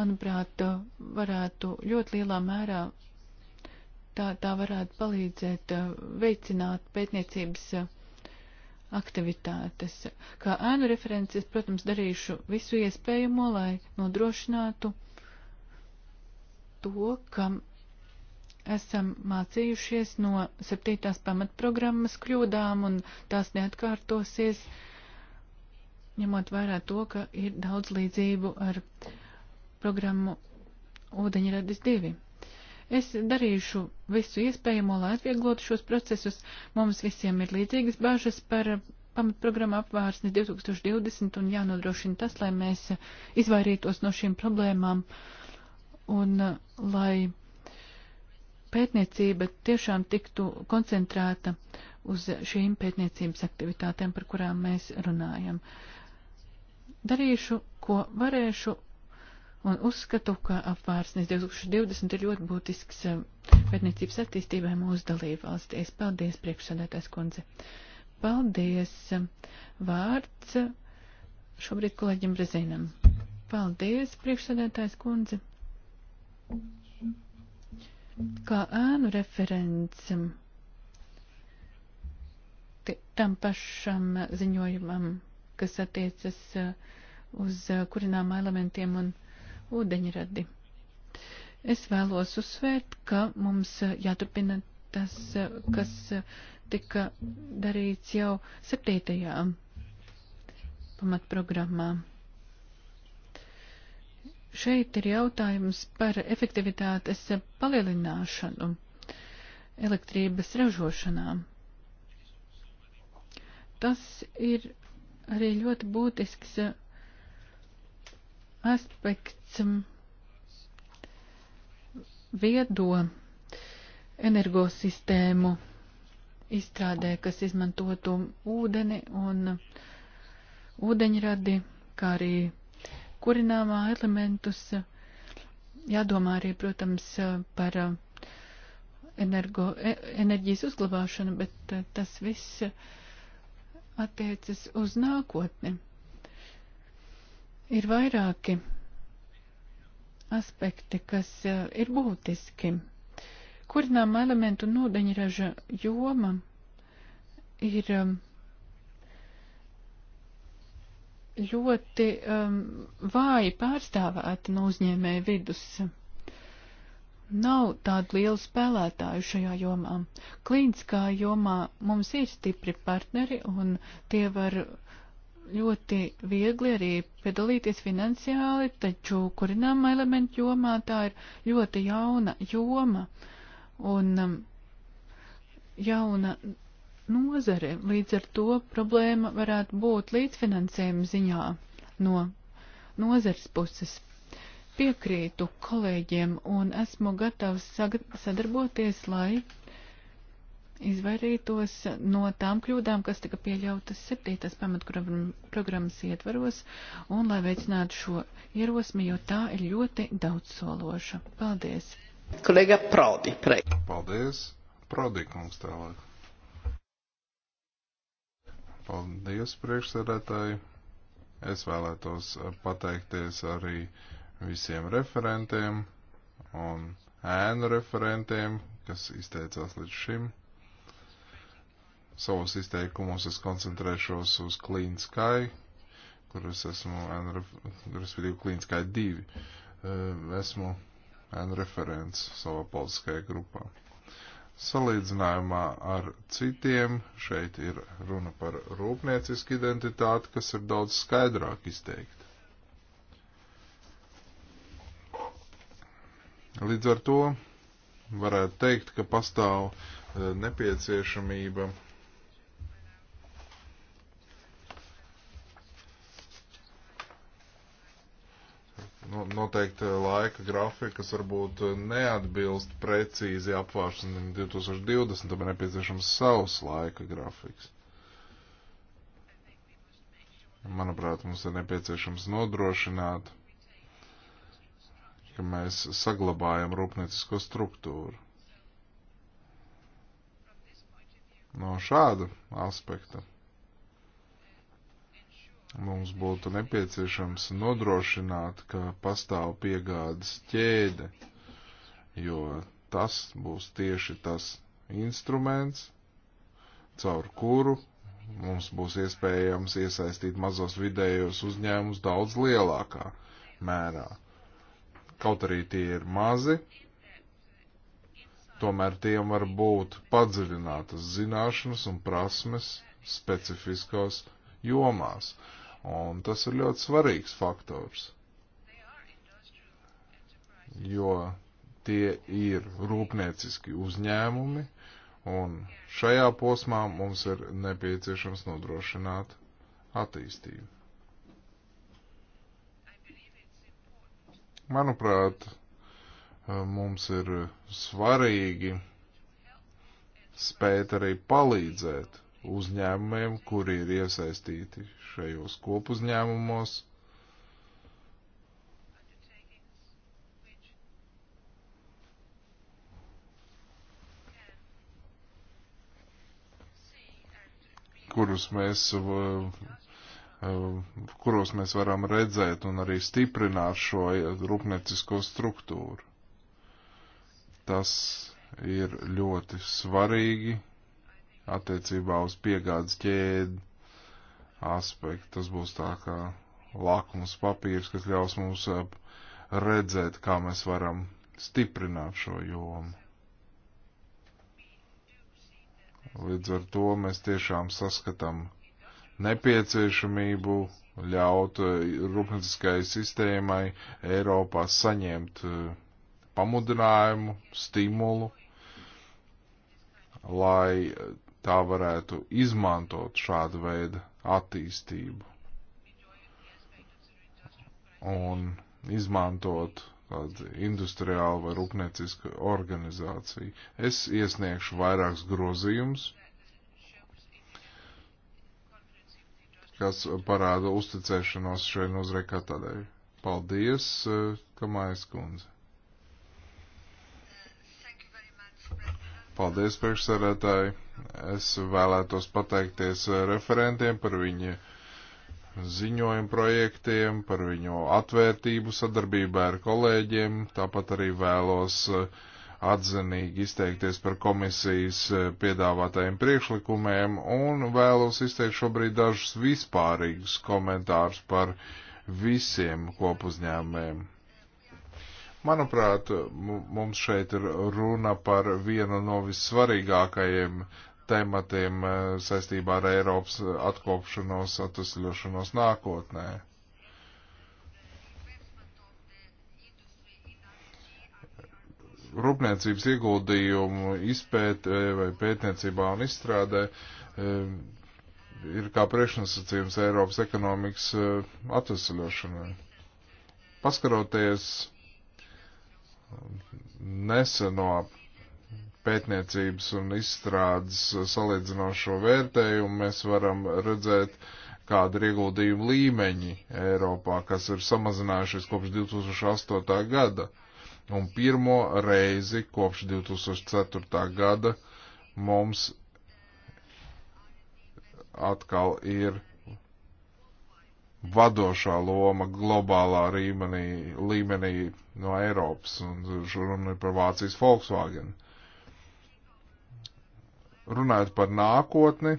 manuprāt, uh, varētu ļoti lielā mērā tā, tā varētu palīdzēt uh, veicināt pētniecības uh, aktivitātes. Kā ēnu references, protams, darīšu visu iespējamo, lai nodrošinātu to, kam esam mācījušies no septītās pamatprogrammas kļūdām un tās neatkārtosies, ņemot vērā to, ka ir daudz līdzību ar programmu Ūdeņradis 2. Es darīšu visu iespējamo, lai atvieglotu šos procesus. Mums visiem ir līdzīgas bažas par pamatprogrammu apvārsni 2020 un jānodrošina tas, lai mēs izvairītos no šīm problēmām un uh, lai pētniecība tiešām tiktu koncentrēta uz šīm pētniecības aktivitātēm, par kurām mēs runājam. Darīšu, ko varēšu, un uzskatu, ka apvārsnes 2020 ir ļoti būtisks eh, pētniecības attīstībai mūsu dalību valstīs. Paldies, priekšsādātājs kundze. Paldies. Eh, vārds eh, šobrīd kolēģim Brezinam. Paldies, priekšsādātājs kundze. Kā ēnu referents tam pašam ziņojumam, kas attiecas uz kurināmā elementiem un ūdeņradi. Es vēlos uzsvērt, ka mums eh, jāturpina tas, eh, kas eh, tika darīts jau septītajā pamatprogrammā. Šeit ir jautājums par efektivitātes palielināšanu elektrības ražošanā. Tas ir arī ļoti būtisks aspekts mm, viedo energosistēmu izstrādē, kas izmantotu ūdeni un ūdeņradi, kā arī kurināmā elementus. Jādomā arī, protams, par uh, energo, e, enerģijas uzglabāšanu, bet uh, tas viss attiecas uz nākotni. Ir vairāki aspekti, kas eh, ir būtiski. Kurinām elementu un ūdeņraža joma ir ehm, ļoti um, vāji pārstāvēta no uzņēmēja vidus. Nav tādu lielu spēlētāju šajā jomā. Klīniskā jomā mums ir stipri partneri, un tie var uh, ļoti viegli arī piedalīties finansiāli, taču kurināmā elementu jomā tā ir ļoti jauna joma un um, jauna nozare. Līdz ar to problēma varētu būt līdzfinansējuma ziņā no nozares puses. Piekrītu kolēģiem un esmu gatavs sadarboties, lai izvairītos no tām kļūdām, kas tika pieļautas septītās pamatprogrammas ietvaros, un lai veicinātu šo ierosmi, jo tā ir ļoti daudzsološa. Paldies! Kolēģa Prodi, prei. Paldies! Prodi, kungs, tālāk. Paldies, priekšsēdētāji! Es vēlētos pateikties arī visiem referentiem un ēnu referentiem, kas izteicās līdz šim savos izteikumos es koncentrēšos uz Clean Sky, kur es esmu, respektīvi Clean Sky 2, ehm, esmu referents savā politiskajā grupā. Salīdzinājumā ar citiem šeit ir runa par rūpniecisku identitāti, kas ir daudz skaidrāk izteikta. Līdz ar to varētu teikt, ka pastāv eh, nepieciešamība Nu, noteikti laika grafika, kas varbūt neatbilst precīzi apvāršanai 2020, tam ir nepieciešams savs laika grafiks. Manuprāt, mums ir nepieciešams nodrošināt, ka mēs saglabājam rūpniecisko struktūru. No šāda aspekta Mums būtu nepieciešams nodrošināt, ka pastāv piegādes ķēde, jo tas būs tieši tas instruments, caur kuru mums būs iespējams iesaistīt mazos vidējos uzņēmumus daudz lielākā mērā. Kaut arī tie ir mazi, tomēr tiem var būt padziļinātas zināšanas un prasmes specifiskos jomās. Uh, un tas ir ļoti svarīgs faktors, jo tie ir rūpnieciski uzņēmumi, un šajā posmā mums ir nepieciešams nodrošināt attīstību. Manuprāt, mums ir svarīgi spēt arī palīdzēt uzņēmumiem, kuri ir iesaistīti šajos kopuzņēmumos. kurus mēs, kuros mēs varam redzēt un arī stiprināt šo rūpniecisko struktūru. Tas ir ļoti svarīgi attiecībā uz piegādes ķēdi aspektu. Tas būs tā kā lakums papīrs, kas ļaus mums eh, redzēt, kā mēs varam stiprināt šo jomu. Līdz ar to mēs tiešām saskatām nepieciešamību ļaut eh, rūpnieciskai sistēmai Eiropā saņemt eh, pamudinājumu, stimulu, lai tā varētu izmantot šādu veidu attīstību un izmantot tādu industriālu vai rūpniecisku organizāciju. Es iesniegšu vairākus grozījumus, kas parāda uzticēšanos šai nozarei kā tādai. Paldies, eh, Kamājas kundze! Paldies, priekšsarētāji. Es vēlētos pateikties eh, referentiem par viņu ziņojumu projektiem, par viņu atvērtību sadarbībā ar kolēģiem. Tāpat arī vēlos eh, atzinīgi izteikties par komisijas eh, piedāvātajiem priekšlikumiem un vēlos izteikt šobrīd dažus vispārīgus komentārus par visiem kopuzņēmumiem. Manuprāt, mums šeit ir runa par vienu no vissvarīgākajiem tematiem eh, saistībā ar Eiropas atkopšanos, atvesļošanos nākotnē. Rūpniecības ieguldījumu izpētē vai pētniecībā un izstrādē eh, ir kā priekšnosacījums Eiropas ekonomikas eh, atvesļošanai. Paskaroties neseno pētniecības un izstrādes salīdzinošo vērtējumu mēs varam redzēt, kāda ir ieguldījuma līmeņi Eiropā, kas ir samazinājušies kopš 2008. gada. Un pirmo reizi kopš 2004. gada mums atkal ir vadošā loma globālā līmenī, līmenī no Eiropas, un runa ir par Vācijas Volkswagen. Runājot par nākotni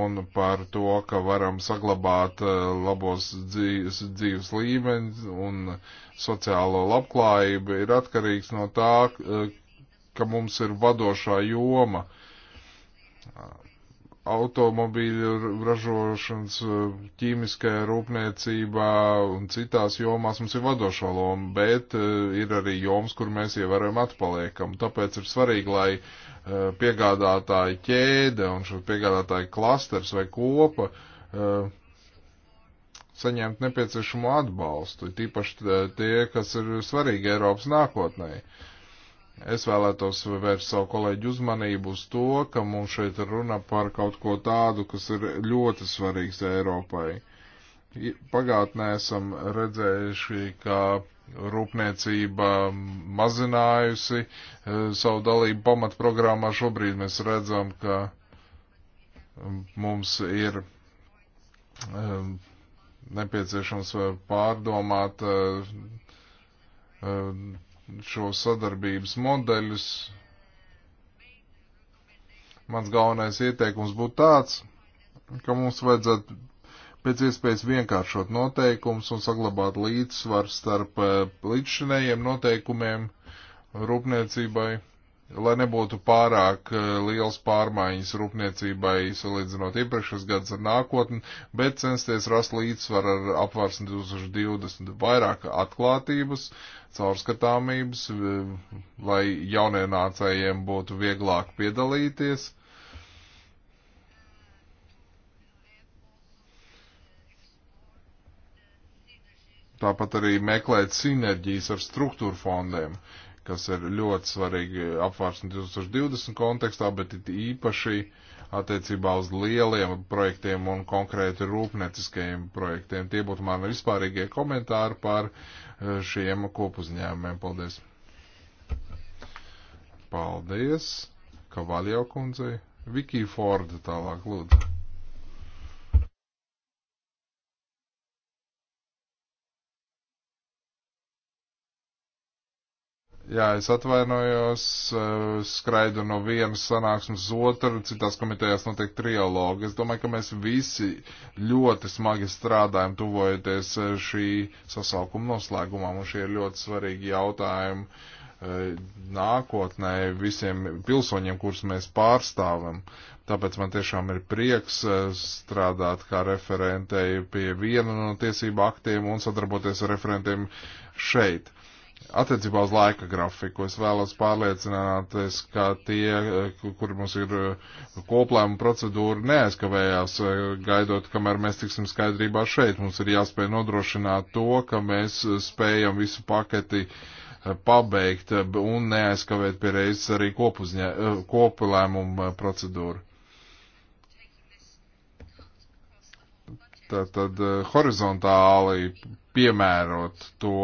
un par to, ka varam saglabāt eh, labos dzīves, dzīves līmeņus un sociālo labklājību, ir atkarīgs no tā, eh, ka mums ir vadošā joma uh, automobīļu ražošanas, e, ķīmiskajā rūpniecībā un citās jomās mums ir vadošo loma, bet e, ir arī joms, kur mēs ievērojam atpaliekam. Tāpēc ir svarīgi, lai e, piegādātāji ķēde un šo piegādātāju klasters vai kopa saņemt nepieciešamo atbalstu, tīpaši tie, kas ir svarīgi Eiropas nākotnēji. Es vēlētos vērst savu kolēģu uzmanību uz to, ka mums šeit runa par kaut ko tādu, kas ir ļoti svarīgs Eiropai. Pagātnē esam redzējuši, ka rūpniecība mazinājusi e, savu dalību pamatprogrammā. Šobrīd mēs redzam, ka mums ir e, nepieciešams pārdomāt e, šo sadarbības modeļus. Mans galvenais ieteikums būtu tāds, ka mums vajadzētu pēc iespējas vienkāršot noteikumus un saglabāt līdzsvaru starp eh, līdzšinējiem noteikumiem rūpniecībai lai nebūtu pārāk eh, liels pārmaiņas rūpniecībai, salīdzinot iepriekšējos gadus ar nākotni, bet censties rast līdzsvaru ar apvārsni 2020 vairāk atklātības, caurskatāmības, eh, lai jaunienācējiem būtu vieglāk piedalīties. Tāpat arī meklēt sinerģijas ar struktūru fondiem. Uh, kas ir ļoti svarīgi apvārsni 2020 kontekstā, bet it īpaši attiecībā uz lieliem projektiem un konkrēti rūpnieciskajiem projektiem. Tie būtu mani vispārīgie komentāri par eh, šiem kopuzņēmumiem. Paldies! Paldies! Kavaļo kundzei! Viki Forda tālāk lūdzu. Jā, es atvainojos, eh, skraidu no vienas sanāksmes uz otru, citās komitejās notiek trialogi. Es domāju, ka mēs visi ļoti smagi strādājam, tuvojoties eh, šī sasaukuma noslēgumam, un šie ir ļoti svarīgi jautājumi eh, nākotnē visiem pilsoņiem, kurus mēs pārstāvam. Tāpēc man tiešām ir prieks strādāt kā referentei pie viena no tiesību aktiem un sadarboties ar referentiem šeit. Attiecībā uz laika grafiku es vēlos pārliecināties, ka tie, kur mums ir uh, koplēma procedūra, neaizkavējās uh, gaidot, kamēr mēs tiksim skaidrībā šeit. Mums ir jāspēj nodrošināt to, ka mēs uh, spējam visu paketi pabeigt un neaizkavēt pie reizes arī koplēmuma procedūru. Tātad horizontāli piemērot to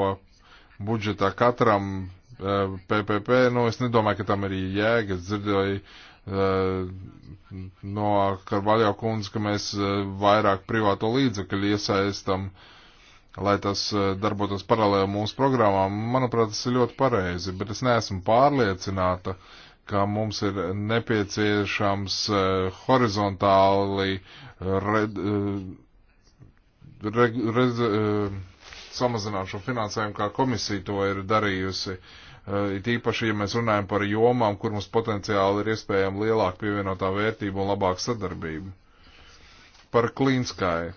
budžetā katram PPP, eh, nu es nedomāju, ka tam ir jēga. Es dzirdēju eh, no Karvaļo kundze, ka mēs eh, vairāk privāto līdzekļu iesaistam, lai tas darbotos paralēli mūsu programmām. Manuprāt, tas ir ļoti pareizi, bet es neesmu pārliecināta, ka mums ir nepieciešams horizontāli re, re, re, samazināt šo finansējumu, kā komisija to ir darījusi. Eh, it īpaši, ja mēs runājam par jomām, kur mums potenciāli ir iespējama lielāka pievienotā vērtība un labāka sadarbība. Par klīnskai.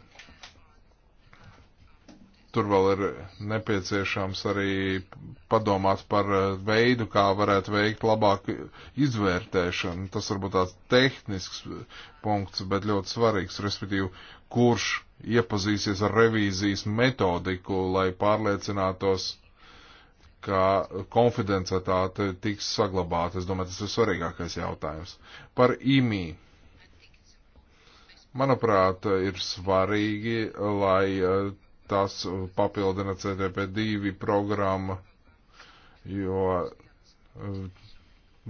Tur vēl ir nepieciešams arī padomāt par eh, veidu, kā varētu veikt labāku izvērtēšanu. Tas varbūt tāds tehnisks eh, punkts, bet ļoti svarīgs, respektīvi, kurš iepazīsies ar revīzijas metodiku, lai pārliecinātos, ka konfidenciatāte tiks saglabāta. Es domāju, tas ir svarīgākais jautājums. Par IMI. Manuprāt, ir svarīgi, lai eh, tas papildina CTP2 programmu, jo eh,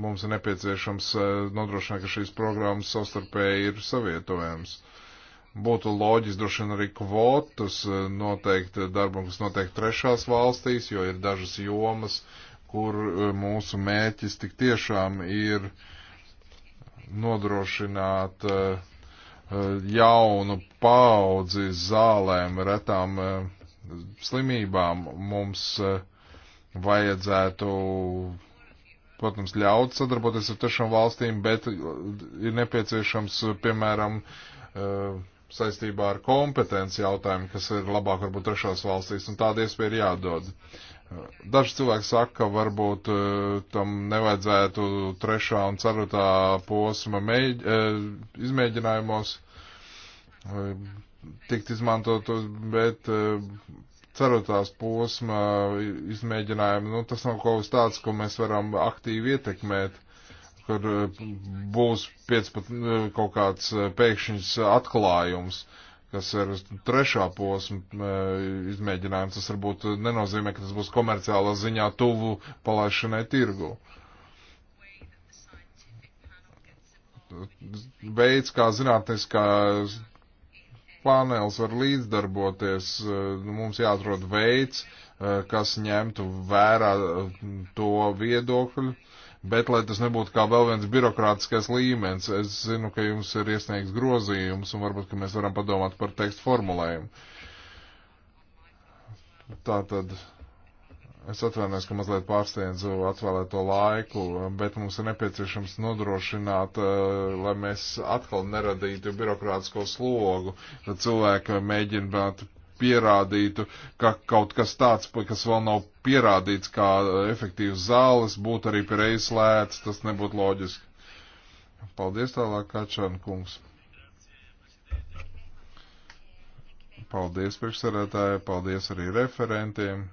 mums ir nepieciešams eh, nodrošināt, ka šīs programmas savstarpēji ir savietojams. Uh, būtu loģiski droši vien arī kvotas e, noteikt e, darbam, kas notiek trešās valstīs, jo ir dažas jomas, kur e, mūsu mēķis tik tiešām ir nodrošināt jaunu paudzi zālēm, retām slimībām. Mums vajadzētu, protams, ļaut sadarboties ar trešām valstīm, bet ir nepieciešams, piemēram, uh, saistībā ar kompetenci jautājumu, kas ir labāk varbūt trešās valstīs, un tāda iespēja ir jādod. Daži cilvēki saka, ka varbūt eh, tam nevajadzētu trešā un ceturtā posma mēģ, eh, izmēģinājumos eh, tikt izmantot, bet ceturtās posma izmēģinājumi, nu, tas nav kaut kas tāds, ko mēs varam aktīvi ietekmēt kur eh, būs 15, eh, kaut kāds eh, pēkšņs atklājums, kas ir trešā posma izmēģinājums. Tas varbūt nenozīmē, ka tas būs komerciālā ziņā tuvu palaišanai tirgu. Veids, kā zinātniskā panelis var līdzdarboties, nu, mums jāatrod veids, kas ņemtu vērā to viedokļu bet lai tas nebūtu kā vēl viens birokrātiskais līmenis, es zinu, ka jums ir iesniegts grozījums un varbūt, ka mēs varam padomāt par tekstu formulējumu. Tā tad es atvainojos, ka mazliet pārsteidzu atvēlēto laiku, bet mums ir nepieciešams nodrošināt, eh, lai mēs atkal neradītu birokrātisko slogu, tad cilvēki mēģināt pierādītu, ka kaut kas tāds, kas vēl nav pierādīts kā efektīvs zāles, būtu arī pareiz lēts, tas nebūtu loģiski. Paldies tālāk, Kačan kungs. Paldies priekšsarētāji, paldies arī referentiem.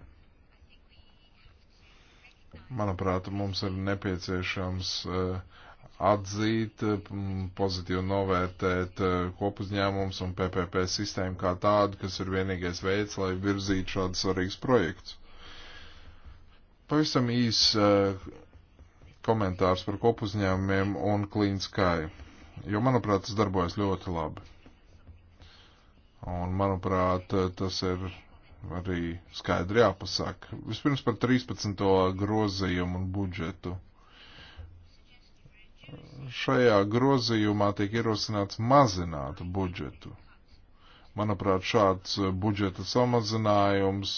Manuprāt, mums ir nepieciešams uh, atzīt, mm, pozitīvi novērtēt eh, kopuzņēmums un PPP sistēmu kā tādu, kas ir vienīgais veids, lai virzītu šādus svarīgus projektus. Pavisam īs eh, komentārs par kopuzņēmumiem un Clean Sky, jo, manuprāt, tas darbojas ļoti labi. Un, manuprāt, eh, tas ir arī skaidri jāpasaka. Vispirms par 13. grozījumu un budžetu šajā grozījumā tiek ierosināts mazināt budžetu. Manuprāt, šāds budžeta samazinājums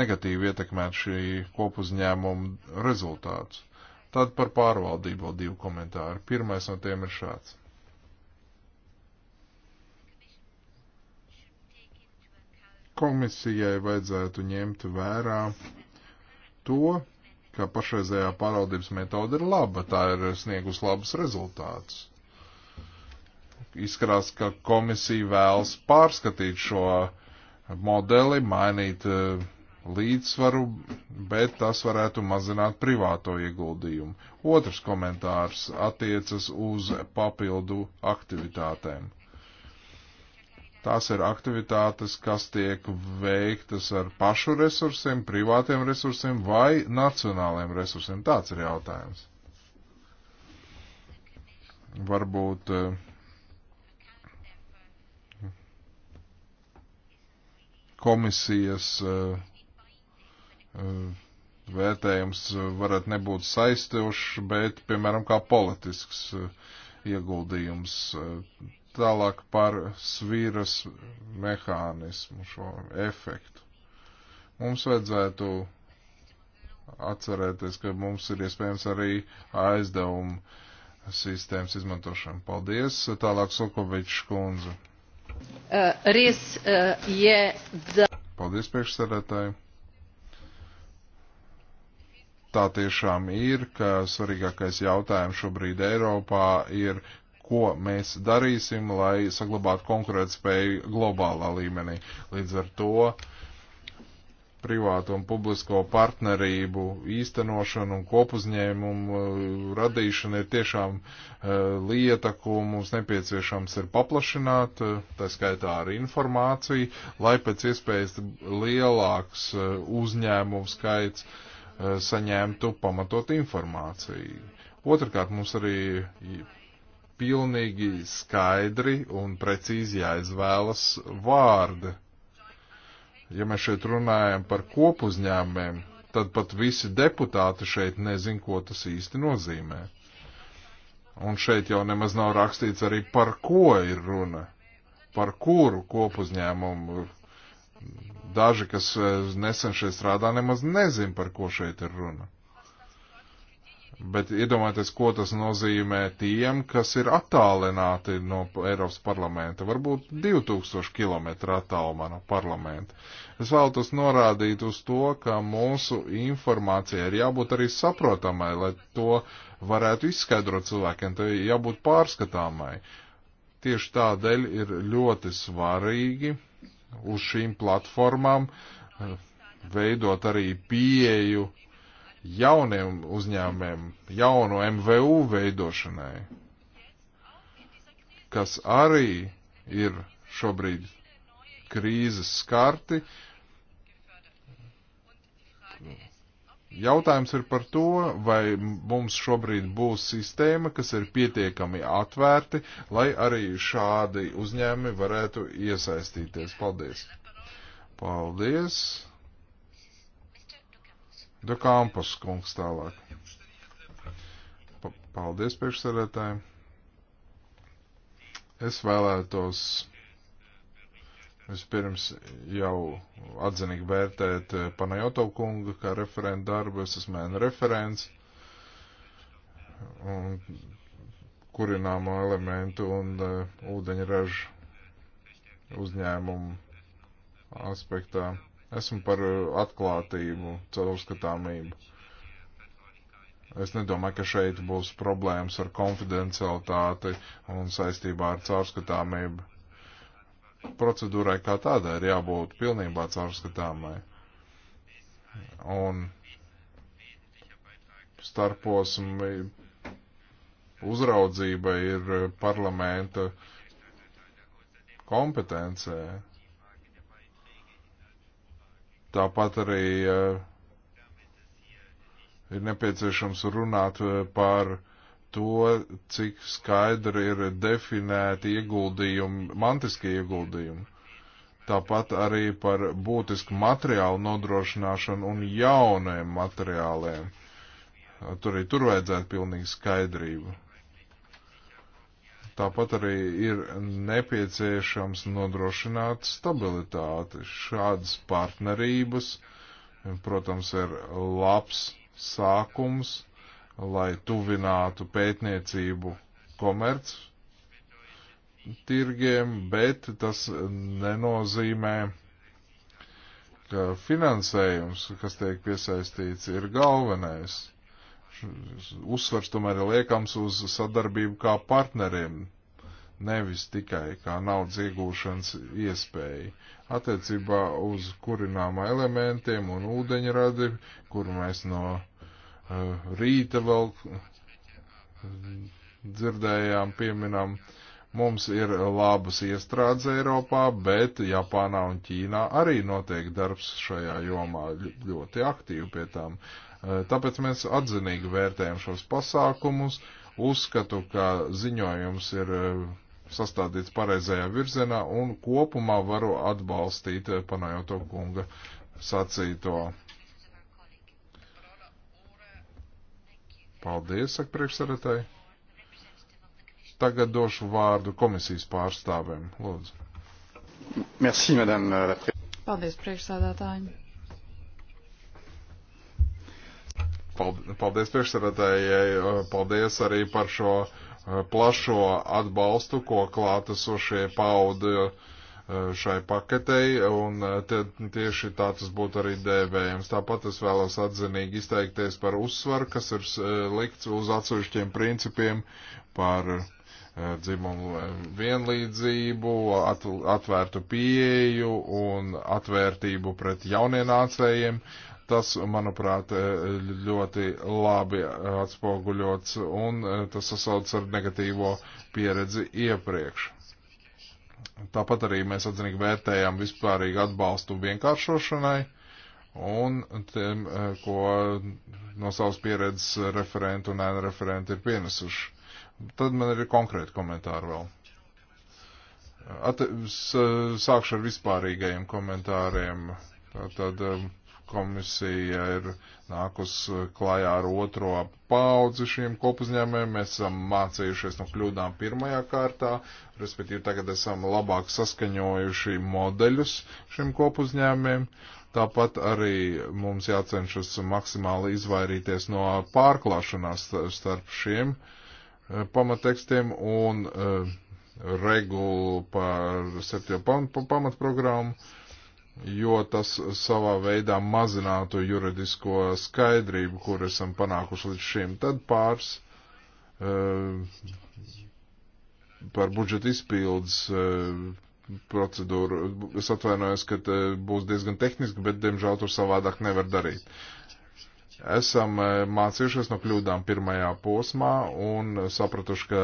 negatīvi ietekmētu šī kopuzņēmuma rezultātus. Tad par pārvaldību vēl divi komentāri. Pirmais no tiem ir šāds. Komisijai vajadzētu ņemt vērā to, ka pašreizējā pārvaldības metode ir laba, tā ir sniegus labus rezultātus. Izskatās, ka komisija vēlas pārskatīt šo modeli, mainīt eh, līdzsvaru, bet tas varētu mazināt privāto ieguldījumu. Otrs komentārs attiecas uz papildu aktivitātēm. Tās ir aktivitātes, kas tiek veiktas ar pašu resursiem, privātiem resursiem vai nacionāliem resursiem. Tāds ir jautājums. Varbūt eh, komisijas eh, eh, vērtējums varat nebūt saistošs, bet, piemēram, kā politisks ieguldījums Tālāk par svīras mehānismu, šo efektu. Mums vajadzētu atcerēties, ka mums ir iespējams arī aizdevumu sistēmas izmantošana. Paldies. Tālāk Sokovičs kundze. Uh, ries uh, je da. Paldies priekšsēdētāji. Tā tiešām ir, ka svarīgākais jautājums šobrīd Eiropā ir ko mēs darīsim, lai saglabātu konkurētspēju globālā līmenī. Līdz ar to privātu un publisko partnerību īstenošanu un kopuzņēmumu uh, radīšana ir tiešām uh, lieta, ko mums nepieciešams ir paplašināt, uh, tā skaitā ar informāciju, lai pēc iespējas lielāks uzņēmumu skaits saņemtu pamatot informāciju. Otrakārt, mums arī pilnīgi skaidri un precīzi jāizvēlas vārdi. Ja mēs šeit runājam par kopuzņēmumiem, tad pat visi deputāti šeit nezin, ko tas īsti nozīmē. Un šeit jau nemaz nav rakstīts arī par ko ir runa, par kuru kopuzņēmumu. Daži, kas eh, nesen šeit strādā, nemaz nezin, par ko šeit ir runa. Bet iedomājieties, ko tas nozīmē tiem, kas ir attālināti no Eiropas parlamenta, varbūt 2000 km attālumā no parlamenta. Es vēlos norādīt uz to, ka mūsu informācija ir jābūt arī saprotamai, lai to varētu izskaidrot cilvēkiem, tai jābūt pārskatāmai. Tieši tādēļ ir ļoti svarīgi uz šīm platformām eh, veidot arī pieeju jauniem uzņēmumiem, jaunu MVU veidošanai, kas arī ir šobrīd krīzes skarti. Jautājums ir par to, vai mums šobrīd būs sistēma, kas ir pietiekami atvērti, lai arī šādi uzņēmumi varētu iesaistīties. Paldies! Paldies! Da Kampus kungs tālāk. Paldies priekšsarētājiem. Es vēlētos vispirms jau atzinīgi vērtēt eh, Panajoto kungu kā referentu darbu. Es esmu ēna referents un kurināmo elementu un uh, ūdeņražu uzņēmumu aspektā. Esmu par uh, atklātību, caurskatāmību. Es nedomāju, ka šeit būs problēmas ar konfidencialitāti un saistībā ar caurskatāmību. Procedūrai kā tādai ir jābūt pilnībā caurskatāmai. Un starposmi uzraudzība ir uh, parlamenta kompetencē Tāpat arī eh, ir nepieciešams runāt eh, par to, cik skaidri ir definēti ieguldījumi, mantiskie ieguldījumi. Tāpat arī par būtisku materiālu nodrošināšanu un jauniem materiāliem. Tur arī tur vajadzētu pilnīgi skaidrību. Tāpat arī ir nepieciešams nodrošināt stabilitāti. Šādas partnerības, protams, ir labs sākums, lai tuvinātu pētniecību komerc tirgiem, bet tas nenozīmē, ka finansējums, kas tiek piesaistīts, ir galvenais uzsvars tomēr ir liekams uz sadarbību kā partneriem, nevis tikai kā naudas iegūšanas iespēju. Attiecībā uz kurināmā elementiem un ūdeņradi, kur mēs no uh, rīta vēl eh, dzirdējām, pieminām, mums ir labas iestrādes Eiropā, bet Japānā un Ķīnā arī notiek darbs šajā jomā ļoti aktīvi pie tām Eh, tāpēc mēs atzinīgi vērtējam šos pasākumus. Uzskatu, ka ziņojums ir eh, sastādīts pareizajā virzienā un kopumā varu atbalstīt eh, Panajoto kunga sacīto. Paldies, saka priekšsaratai. Tagad došu vārdu komisijas pārstāvēm. Lūdzu. Merci, madame. Paldies, priekšsādātāji. Paldies priekšsēdētājai, paldies arī par šo plašo atbalstu, ko klātesošie pauda šai paketei, un te, tieši tā tas būtu arī dēvējams. Tāpat es vēlos atzinīgi izteikties par uzsvaru, kas ir likts uz atsevišķiem principiem par dzimumu vienlīdzību, at, atvērtu pieeju un atvērtību pret jaunienācējiem. Uh, Tas, manuprāt, e, ļoti labi atspoguļots un e, tas sasauc ar negatīvo pieredzi iepriekš. Tāpat arī mēs atzinīgi vērtējām vispārīgu atbalstu vienkāršošanai un tiem, e, ko no savas pieredzes referenti un ēna referenti ir pienesuši. Tad man ir konkrēti komentāri vēl. At, sākšu ar vispārīgajiem komentāriem. Tātad. Um, komisija ir nākus klājā ar otro paudzi šiem kopuzņēmumiem. Mēs esam mācījušies no kļūdām pirmajā kārtā, respektīvi tagad esam labāk saskaņojuši modeļus šiem kopuzņēmumiem. Tāpat arī mums jācenšas maksimāli izvairīties no pārklāšanās starp šiem e, pamatekstiem un e, regulu par septiņu pamatprogrammu. Pamat jo tas savā veidā mazinātu juridisko skaidrību, kur esam panākuši līdz šim. Tad pāris uh, par budžeta izpildes uh, procedūru. Es atvainojos, ka uh, būs diezgan tehniski, bet diemžēl tur savādāk nevar darīt. Esam mācījušies no kļūdām pirmajā posmā un sapratuši, ka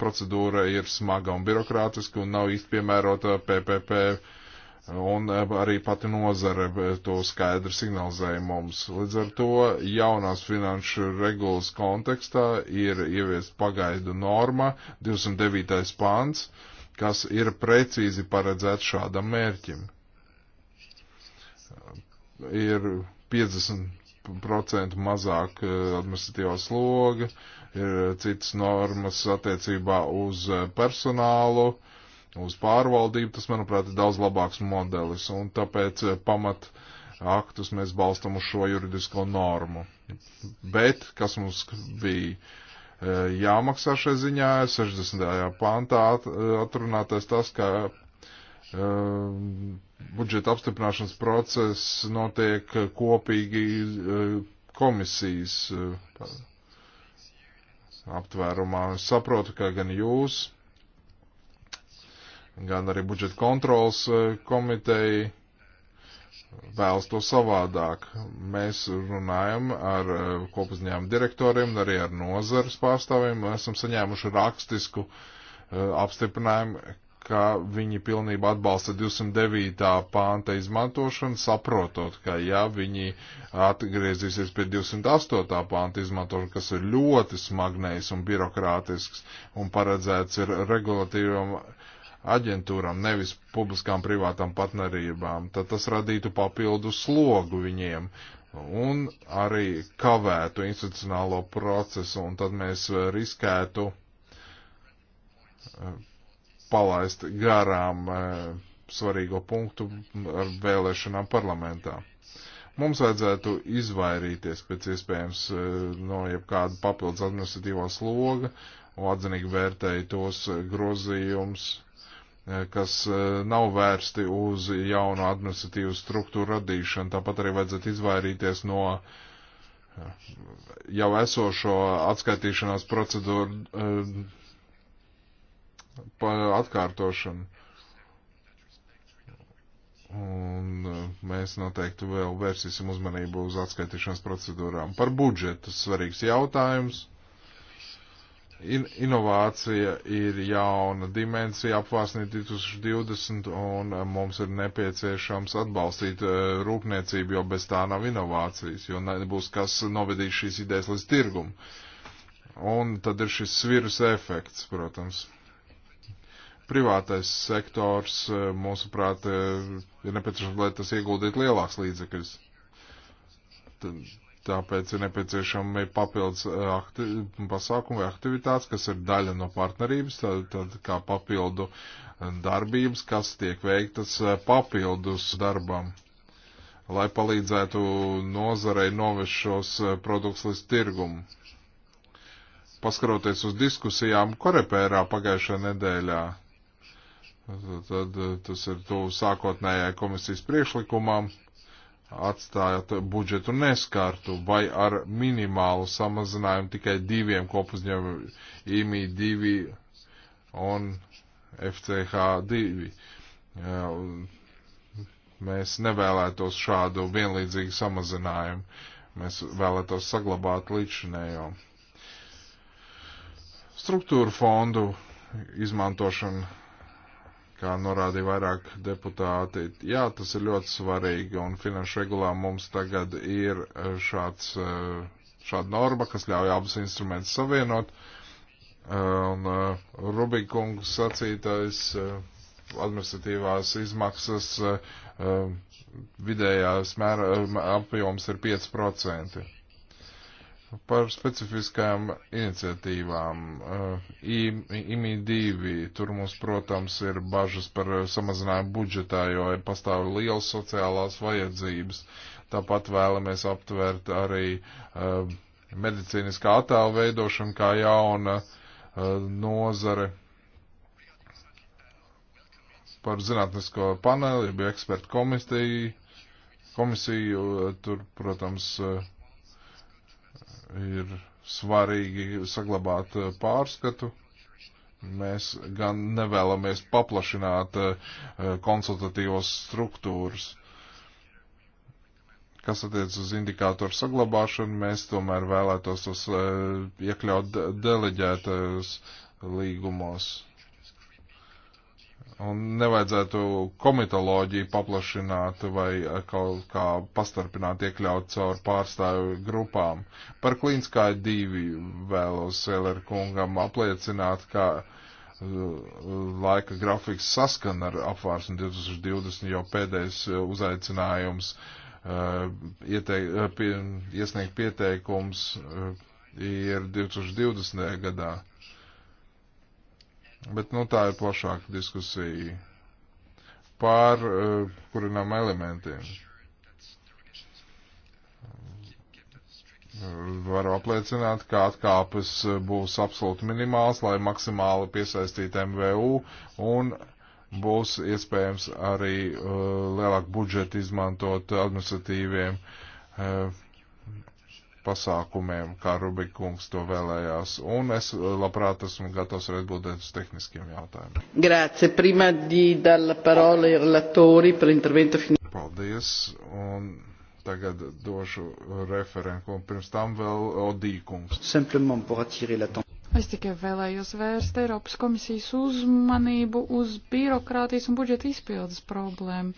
procedūra ir smaga un birokrātiska un nav īsti piemērota PPP uh, Un e, arī pati nozare e, to skaidri signalizēja mums. Līdz ar to jaunās finanšu regulas kontekstā ir ieviest pagaidu norma 209. pāns, kas ir precīzi paredzēts šādam mērķim. Ir 50% mazāk e, administratīvā sloga, ir citas normas attiecībā uz personālu, uh, uz pārvaldību, tas, manuprāt, ir daudz labāks modelis, un tāpēc eh, pamat aktus mēs balstam uz šo juridisko normu. Bet, kas mums bija eh, jāmaksā šai ziņā, 60. pāntā eh, atrunātais tas, ka budžeta apstiprināšanas process notiek kopīgi komisijas aptvērumā. Es saprotu, ka gan jūs, gan arī budžeta kontrols e, komiteja vēlas to savādāk. Mēs runājam ar e, kopuzņēmumu direktoriem, arī ar nozares pārstāvjiem, esam saņēmuši rakstisku e, apstiprinājumu, ka viņi pilnībā atbalsta 209. pānta izmantošanu, saprotot, ka ja viņi atgriezīsies pie 208. pānta izmantošanu, kas ir ļoti smagnējs un birokrātisks un paredzēts ir regulatīvam aģentūram, nevis publiskām privātām partnerībām, tad tas radītu papildu slogu viņiem un arī kavētu institucionālo procesu, un tad mēs riskētu eh, palaist garām eh, svarīgo punktu ar vēlēšanām parlamentā. Mums vajadzētu izvairīties pēc iespējams eh, no jebkāda papildus administratīvā sloga, un atzinīgi vērtēju tos grozījums, Eh, kas eh, nav vērsti uz jaunu administratīvu struktūru radīšanu. Tāpat arī vajadzētu izvairīties no eh, jau esošo atskaitīšanās procedūru atkārtošanu. Un mēs noteikti vēl vērsīsim uzmanību uz atskaitīšanās procedūrām. Par budžetu svarīgs jautājums in inovācija ir jauna dimensija apvārsnī 2020 un eh, mums ir nepieciešams atbalstīt eh, rūpniecību, jo bez tā nav inovācijas, jo nebūs kas novedīs šīs idejas līdz tirgumu. Un tad ir šis svirus efekts, protams. Privātais sektors, eh, mūsuprāt, ir nepieciešams, lai tas ieguldītu lielāks līdzekļus. Tad Tāpēc ir nepieciešami papildus eh, akti, pasākumi vai aktivitātes, kas ir daļa no partnerības, tad, tad kā papildu eh, darbības, kas tiek veiktas eh, papildus darbam, lai palīdzētu nozarei novest šos produktus līdz tirgumu. Paskaroties uz diskusijām Korepērā pagājušajā nedēļā, tad tas ir tuvu sākotnējai komisijas priekšlikumam atstājot budžetu neskārtu vai ar minimālu samazinājumu tikai diviem kopuzņēmumiem IMI 2 un FCH 2. Mēs nevēlētos šādu vienlīdzīgu samazinājumu. Mēs vēlētos saglabāt līdzinējo. Struktūra fondu izmantošana kā norādīja vairāk deputāti. Jā, tas ir ļoti svarīgi, un finanšu regulā mums tagad ir eh, šāds, eh, šāda norma, kas ļauj abus instrumentus savienot. Eh, un Rubikungs sacītais administratīvās izmaksas vidējās mēra, apjoms ir 5% par specifiskām iniciatīvām. IMI 2, tur mums, protams, ir bažas par samazinājumu budžetā, jo pastāv liels sociālās vajadzības. Tāpat vēlamies aptvert arī medicīniskā attēlu veidošanu kā jauna nozare par zinātnisko paneli, bija ekspertu komisiju, komisiju, tur, protams, uh, ir svarīgi saglabāt eh, pārskatu. Mēs gan nevēlamies paplašināt eh, konsultatīvos struktūras. Kas attiec uz indikātoru saglabāšanu, mēs tomēr vēlētos tos eh, iekļaut deleģētajos līgumos. Un nevajadzētu komitoloģiju paplašināt vai kaut kā pastarpināt iekļaut caur pārstāvju grupām. Par klīnskai divi vēlos Eler kungam apliecināt, ka uh, laika grafiks saskan ar apvārsni 2020, jo pēdējais uzaicinājums uh, ieteik, uh, pie, iesniegt pieteikums ir 2020. gadā. Bet nu, tā ir plašāka diskusija par uh, kurinām elementiem. Varu apliecināt, ka atkāpes būs absolūti minimāls, lai maksimāli piesaistītu MVU un būs iespējams arī uh, lielāku budžetu izmantot administratīviem uh, pasākumiem, kā Rubikungs to vēlējās, un es eh, labprāt esmu gatavs arī atbildēt uz tehniskiem jautājumiem. Grazie, prima di dalla parola ai relatori par intervento finale. Paldies, un tagad došu referentu, un pirms tam vēl Odīkungs. Simplement pour attirer l'attention. Es tikai vēlējos vērst Eiropas komisijas uzmanību uz birokrātijas un budžeta izpildes problēmu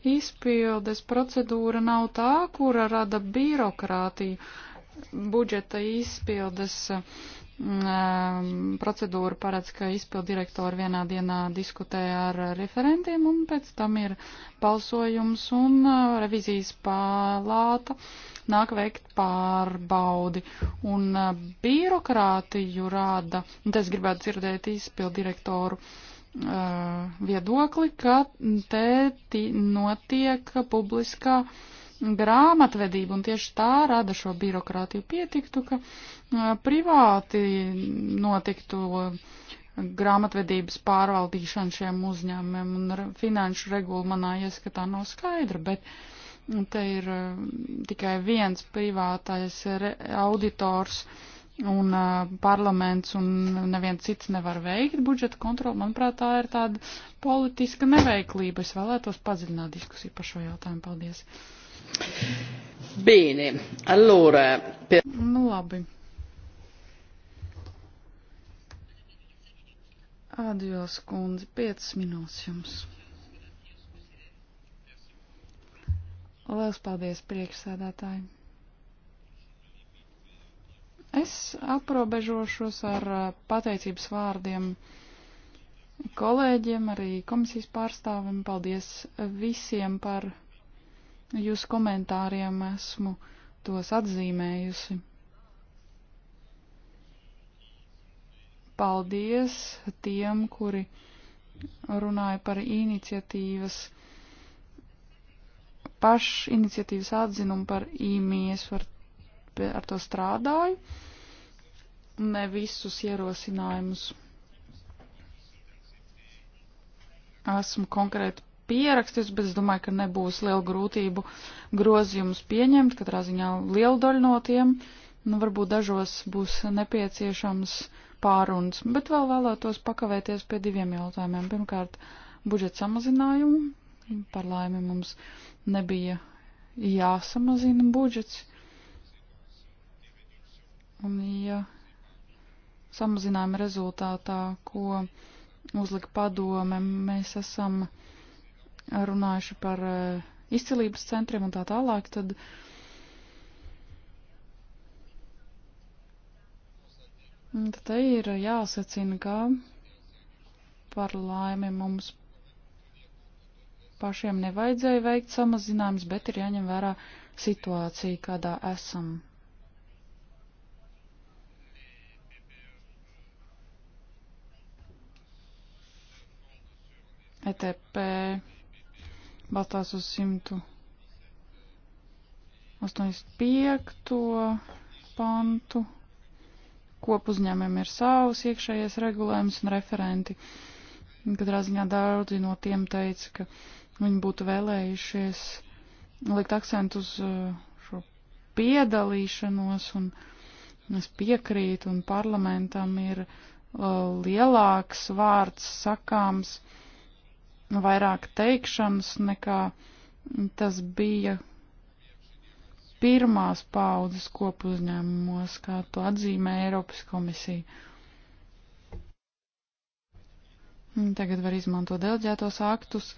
izpildes procedūra nav tā, kura rada birokrātiju, budžeta izpildes mm, procedūra paredz, ka izpildu direktori vienā dienā diskutē ar referentiem un pēc tam ir balsojums un eh, revizijas palāta nāk veikt pārbaudi un eh, birokrātiju rāda, un es gribētu dzirdēt izpildu direktoru eh, viedokli, ka te notiek publiskā uh, grāmatvedību, un tieši tā rada šo birokrātiju pietiktu, ka privāti notiktu grāmatvedības pārvaldīšana šiem uzņēmumiem, un finanšu regula manā ieskatā nav skaidra, bet te ir tikai viens privātais auditors un uh, parlaments un neviens cits nevar veikt budžeta kontroli. Manuprāt, tā ir tāda politiska neveiklība. Es vēlētos padziļināt diskusiju par šo jautājumu. Paldies! Bene, allora. Per... Nu, labi. Adjos, kundze, 5 minūtes jums. Lielas paldies, priekšsēdētāji. Es aprobežošos ar uh, pateicības vārdiem kolēģiem, arī komisijas pārstāvim. Paldies visiem par Jūsu komentāriem esmu tos atzīmējusi. Paldies tiem, kuri runāja par iniciatīvas, pašiniciatīvas atzinumu par īmiju. Es var, ar to strādāju. Ne visus ierosinājumus esmu konkrēti pierakstus, bet es domāju, ka nebūs liela grūtību grozījumus pieņemt, katrā ziņā lielu daļu no tiem. Nu, varbūt dažos būs nepieciešams pārunas, bet vēl vēlētos pakavēties pie diviem jautājumiem. Pirmkārt, budžeta samazinājumu. Par laimi mums nebija jāsamazina budžets. Un, ja samazinājuma rezultātā, ko uzlika padome, mēs esam uh, runājuši par eh, izcilības centriem un tā tālāk, tad mm, Tad te ir jāsacina, ka par laimi mums pašiem nevajadzēja veikt samazinājumus, bet ir jāņem vērā situācija, kādā esam. ETP balstās uz 185. pantu. Kopuzņēmiem ir savs iekšējais regulējums un referenti. Katrā ziņā daudzi no tiem teica, ka viņi būtu vēlējušies likt akcentu uz uh, šo piedalīšanos, un es piekrītu, un parlamentam ir uh, lielāks vārds sakāms uh, vairāk teikšanas nekā tas bija pirmās paudzes kopuzņēmumos, kā to atzīmē Eiropas komisija. Tagad var izmantot delģētos aktus.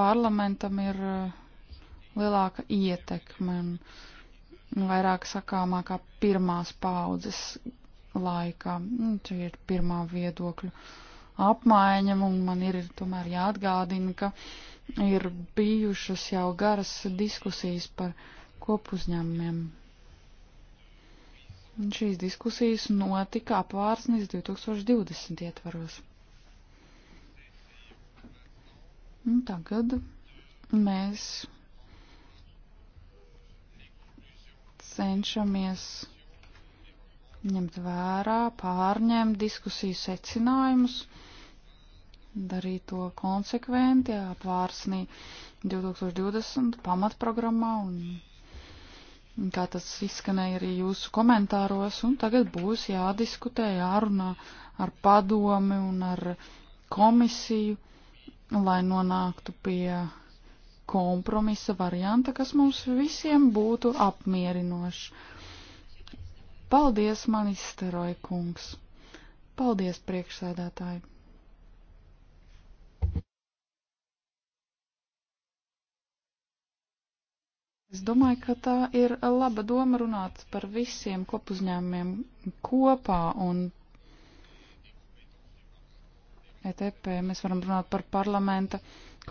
Parlamentam ir uh, lielāka ietekme un vairāk sakāmākā pirmās paudzes laikā. Šī nu, ir pirmā viedokļa apmaiņam, un man ir tomēr jāatgādina, ka ir bijušas jau garas diskusijas par kopuzņēmumiem. Un šīs diskusijas notika apvārsnis 2020 ietvaros. Un tagad mēs cenšamies ņemt vērā, pārņemt diskusiju secinājumus, darīt to konsekventi, apvārsnī 2020 pamatprogrammā un kā tas izskanēja arī jūsu komentāros, un tagad būs jādiskutē, jārunā ar padomi un ar komisiju, lai nonāktu pie kompromisa varianta, kas mums visiem būtu apmierinošs Paldies, man izstaroja kungs. Paldies, priekšsēdētāji. Es domāju, ka tā ir laba doma runāt par visiem kopuzņēmumiem kopā un ETP. Mēs varam runāt par parlamenta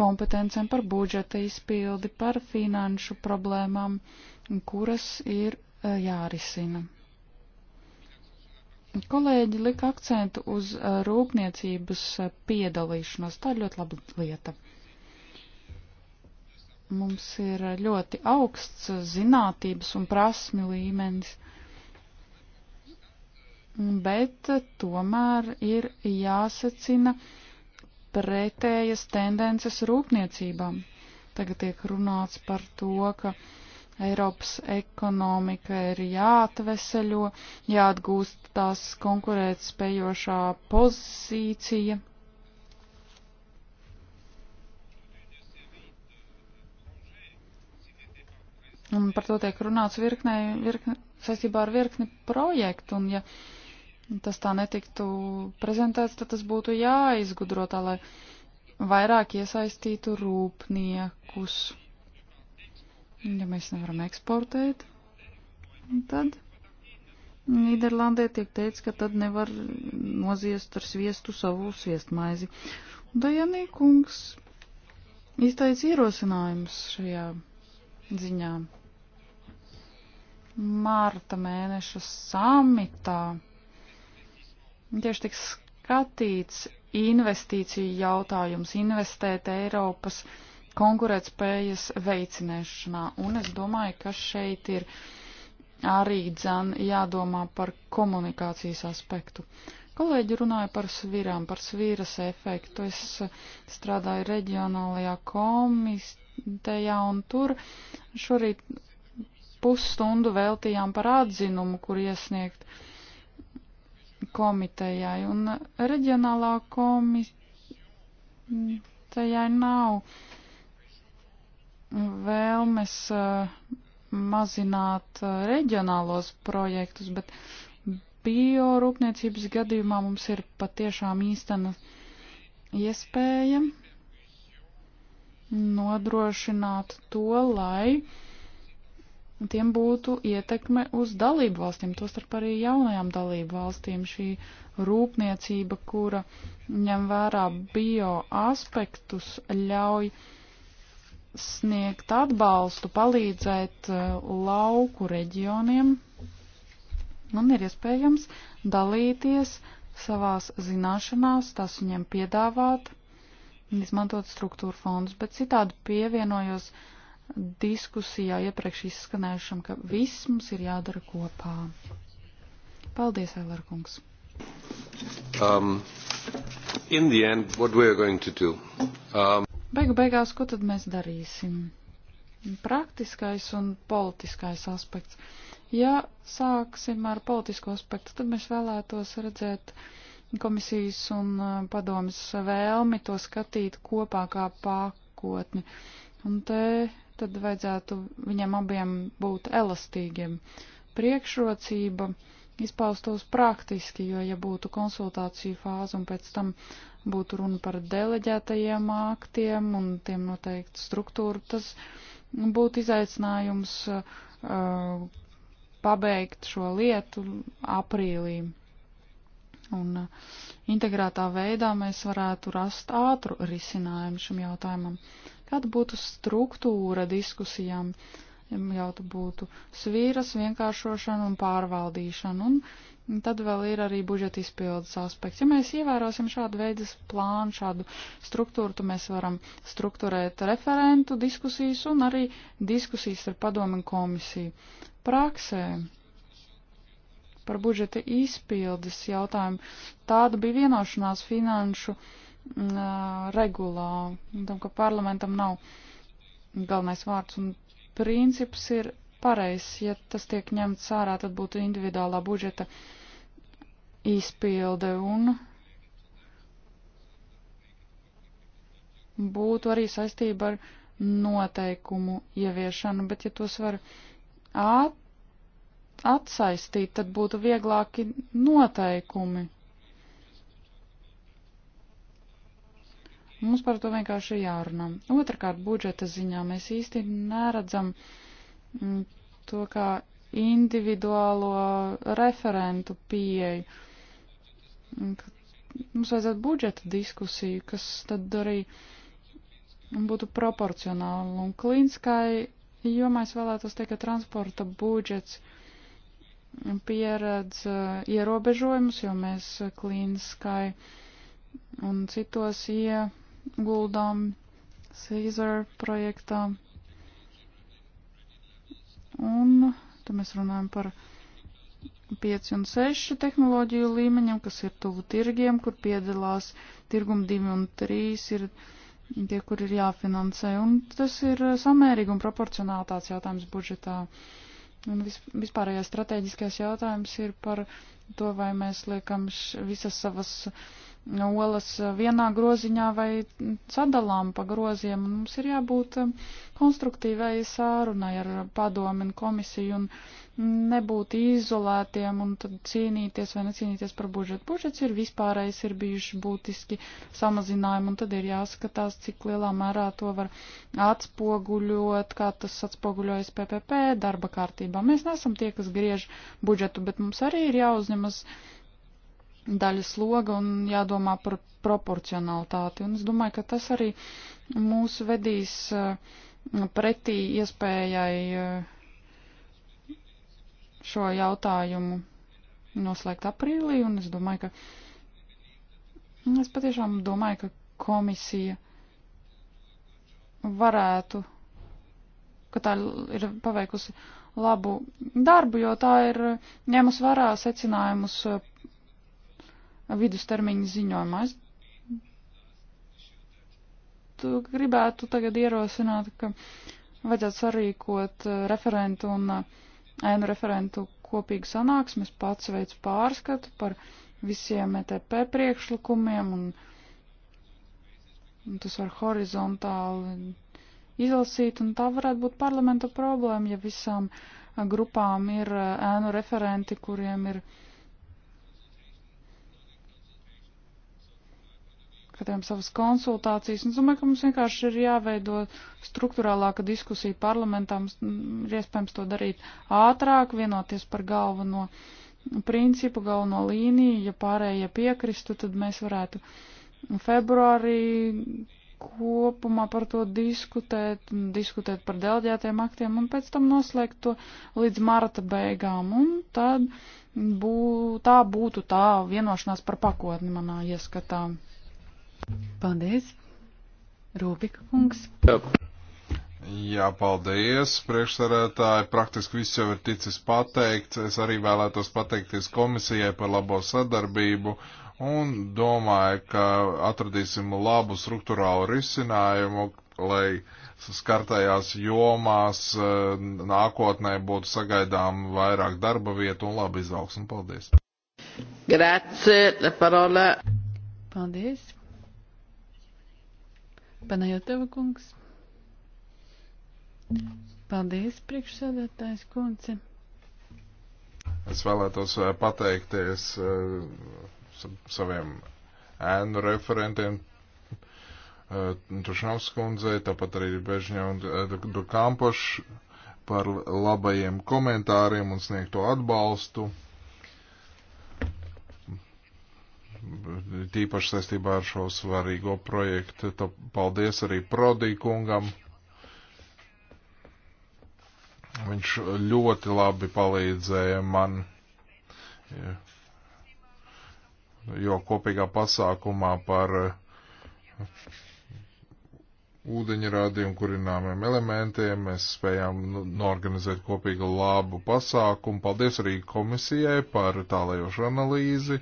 kompetencēm, par budžeta izpildi, par finanšu problēmām, kuras ir e, jārisina. Kolēģi lika akcentu uz uh, rūpniecības uh, piedalīšanos. Tā ir ļoti laba lieta. Mums ir uh, ļoti augsts zinātības un prasmi līmenis, bet tomēr ir jāsacina pretējas tendences rūpniecībām. Tagad tiek runāts par to, ka uh, Eiropas ekonomika ir jāatveseļo, jāatgūst tās konkurētspējošā pozīcija. Un par to tiek runāts virknē, virkne, saistībā ar virkni projektu, un ja tas tā netiktu prezentēts, tad tas būtu jāizgudro tā, lai vairāk iesaistītu rūpniekus. Ja mēs nevaram eksportēt, tad Nīderlandē tiek teikts, ka tad nevar noziest ar sviestu savu sviestmaizi. Dajanī kungs izteica ierosinājums šajā ziņā. Mārta mēneša samitā tieši tiks skatīts investīciju jautājums, investēt Eiropas uh, konkurētspējas veicināšanā. Un es domāju, ka šeit ir arī dzan jādomā par komunikācijas aspektu. Kolēģi runāja par svirām, par svīras efektu. Es strādāju reģionālajā komistejā un tur šorīt pusstundu veltījām par atzinumu, kur iesniegt komitejai. Un reģionālā komitejai nav vēlmes eh, mazināt eh, reģionālos projektus, bet biorūpniecības gadījumā mums ir patiešām īstena iespēja nodrošināt to, lai tiem būtu ietekme uz dalību valstīm, tostarp arī jaunajām dalību valstīm. Šī rūpniecība, kura ņem vērā bio aspektus, ļauj uh, sniegt atbalstu, palīdzēt eh, lauku reģioniem un ir iespējams dalīties savās zināšanās, tās viņiem piedāvāt, izmantot struktūra fondus, bet citādi pievienojos diskusijā iepriekš izskanējušam, ka viss mums ir jādara kopā. Paldies, Elerkungs! Um, in the end, what we are going to do? Um, Beigu beigās, ko tad mēs darīsim? Praktiskais un politiskais aspekts. Ja sāksim ar politisko aspektu, tad mēs vēlētos redzēt komisijas un uh, padomas vēlmi to skatīt kopā kā pakotni. Un te tad vajadzētu viņiem abiem būt elastīgiem. Priekšrocība uh, izpaustos praktiski, jo ja būtu konsultāciju fāze un pēc tam būtu runa par deleģētajiem aktiem un tiem noteikti struktūru, tas būtu izaicinājums uh, pabeigt šo lietu aprīlī. Un uh, integrētā veidā mēs varētu rast ātru risinājumu šim jautājumam. Kāda būtu struktūra diskusijām? Uh, jātu būtu svīras vienkāršošana un pārvaldīšana. Un tad vēl ir arī budžeta izpildes aspekts. Ja mēs ievērosim šādu veidu plānu, šādu struktūru, tad mēs varam struktūrēt referentu diskusijas un arī diskusijas ar padomu un komisiju. Praksē par budžeta izpildes jautājumu tāda bija vienošanās finanšu mm, regulā, tam, ka parlamentam nav galvenais vārds, un princips ir pareizs. Ja tas tiek ņemts ārā, tad būtu individuālā budžeta izpilde un būtu arī saistība ar noteikumu ieviešanu, bet ja tos var at atsaistīt, tad būtu vieglāki noteikumi Mums par to vienkārši jārunā. Otrakārt, budžeta ziņā mēs īsti neredzam mm, to kā individuālo referentu pieeju. Mm, mums vajadzētu budžeta diskusiju, kas tad arī būtu proporcionāli. Un klīniskai jomā es vēlētos teikt, ka transporta budžets pieredz ierobežojumus, jo mēs klīniskai un citos ierobežojumus guldām Caesar projektā. Un tad mēs runājam par 5 un 6 tehnoloģiju līmeņiem, kas ir tuvu tirgiem, kur piedalās tirgum 2 un 3 ir tie, kur ir jāfinansē. Un tas ir samērīgi un proporcionāli tāds jautājums budžetā. Un vispārējais strateģiskais jautājums ir par to, vai mēs liekam visas savas uh, olas vienā groziņā vai sadalām pa groziem. Mums ir jābūt um, konstruktīvai sārunai ar padomu un komisiju un nebūt izolētiem un tad cīnīties vai necīnīties par budžetu. Budžets ir vispārējais, ir bijuši būtiski samazinājumi un tad ir jāskatās, cik lielā mērā to var atspoguļot, kā tas atspoguļojas PPP darba kārtībā. Mēs nesam tie, kas griež budžetu, bet mums arī ir jāuzņemas. Uh, daļa sloga un jādomā par proporcionalitāti. Un es domāju, ka tas arī mūs vedīs uh, pretī iespējai uh, šo jautājumu noslēgt aprīlī, un es domāju, ka nu, es patiešām domāju, ka komisija varētu, ka tā ir paveikusi labu darbu, jo tā ir ņemus vērā secinājumus uh, vidustermiņa ziņojumā. Es gribētu tagad ierosināt, ka vajadzētu sarīkot eh, referentu un eh, ēnu referentu kopīgu sanāksmi. Es pats veicu pārskatu par visiem ETP priekšlikumiem un, un tas var horizontāli izlasīt, un tā varētu būt parlamenta problēma, ja visām eh, grupām ir ēnu referenti, kuriem ir uh, pārskatām savas konsultācijas. Es domāju, ka mums vienkārši ir jāveido struktūrālāka diskusija parlamentā, mums mm, ir iespējams to darīt ātrāk, vienoties par galveno principu, galveno līniju. Ja pārējie piekristu, tad mēs varētu februārī kopumā par to diskutēt, diskutēt par delģētiem aktiem un pēc tam noslēgt to līdz marta beigām. Un tad bū, tā būtu tā vienošanās par pakotni manā ieskatām. Paldies, Rūpika kungs. Jā. Jā, paldies, priekšsarētāji. Praktiski viss jau ir ticis pateikts. Es arī vēlētos pateikties komisijai par labo sadarbību un domāju, ka atradīsim labu struktūrālu risinājumu, lai skartajās jomās eh, nākotnē būtu sagaidām vairāk darba vietu un labi izaugsmu. Paldies! Grazie, parola! Paldies! Panajotava kungs. Paldies, priekšsēdētājs kundze. Es vēlētos eh, pateikties eh, saviem ēnu referentiem, eh, Tušanovs kundzei, tāpat arī Bežņa un Dukampoš par labajiem komentāriem un sniegto atbalstu. tīpaši saistībā ar šo svarīgo projektu. To paldies arī Prodī kungam. Viņš ļoti labi palīdzēja man, jo kopīgā pasākumā par ūdeņradi un kurināmiem elementiem. Mēs spējām nu, norganizēt kopīgu labu pasākumu. Paldies arī komisijai par tālējošu analīzi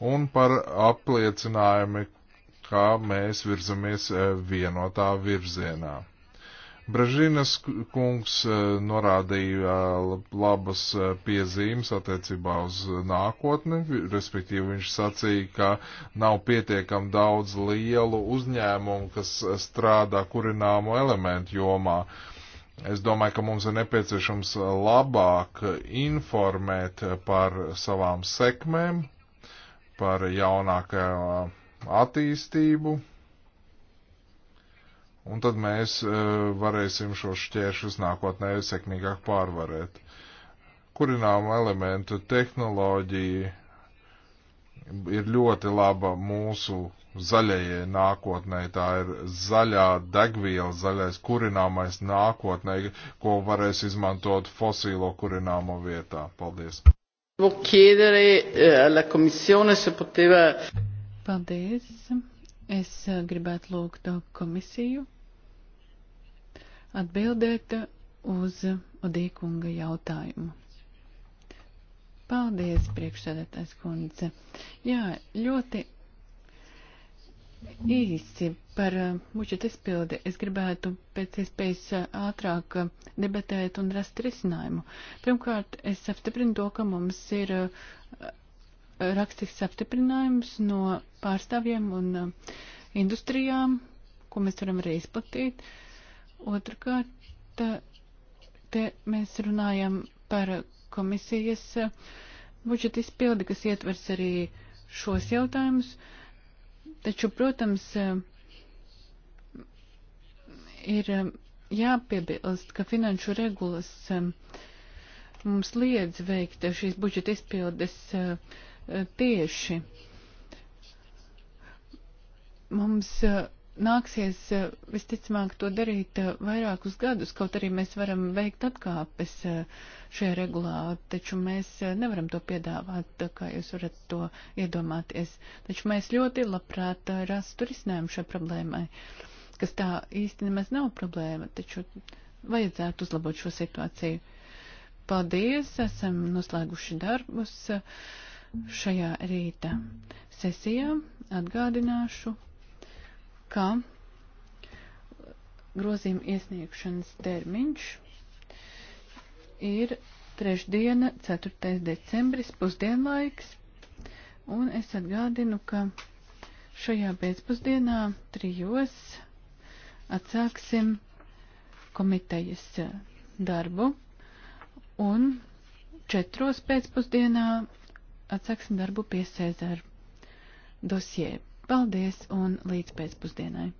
un par apliecinājumi, kā mēs virzamies e, vienotā virzienā. Bražīnas kungs e, norādīja labas e, piezīmes attiecībā uz nākotni, respektīvi viņš sacīja, ka nav pietiekam daudz lielu uzņēmumu, kas strādā kurināmo elementu jomā. Es domāju, ka mums ir nepieciešams labāk informēt par savām sekmēm, par jaunākā uh, attīstību, un tad mēs uh, varēsim šos šķēršus nākotnē sekmīgāk pārvarēt. Kurināma elementu tehnoloģija ir ļoti laba mūsu zaļajai nākotnē. Tā ir zaļā degviela, zaļais kurināmais nākotnē, ko varēs izmantot fosīlo kurināmo vietā. Paldies! Devo chiedere eh, alla Commissione se poteva. Paldies. Es eh, gribētu lūgt komisiju atbildēt uz Odīkunga jautājumu. Paldies, priekšsēdētājs kundze. Jā, ļoti Īsi par uh, mušķet izpildi. Es gribētu pēc iespējas uh, ātrāk uh, debatēt un rast risinājumu. Pirmkārt, es apstiprinu to, ka mums ir rakstisks apstiprinājums no pārstāvjiem un industrijām, ko mēs varam arī izplatīt. Otrakārt, te mēs runājam par komisijas budžeta izpildi, kas ietvers arī šos jautājumus. Uh, Taču, protams, ir jāpiebilst, ka finanšu regulas um, mums liedz veikt šīs budžeta izpildes uh, tieši. Mums uh, nāksies eh, visticamāk to darīt eh, vairākus gadus, kaut arī mēs varam veikt atkāpes eh, šajā regulā, taču mēs nevaram to piedāvāt, kā jūs varat to iedomāties. Taču mēs ļoti labprāt rastu risinājumu šai problēmai, kas tā īsti nemaz nav problēma, taču vajadzētu uzlabot šo situāciju. Paldies, esam noslēguši darbus šajā rīta sesijā. Atgādināšu, ka grozījuma iesniegšanas termiņš ir trešdiena, 4. decembris, pusdienlaiks, un es atgādinu, ka šajā pēcpusdienā trijos atsāksim komitejas darbu, un četros pēcpusdienā atsāksim darbu pie Cēzara dosjē. Paldies un līdz pēcpusdienai!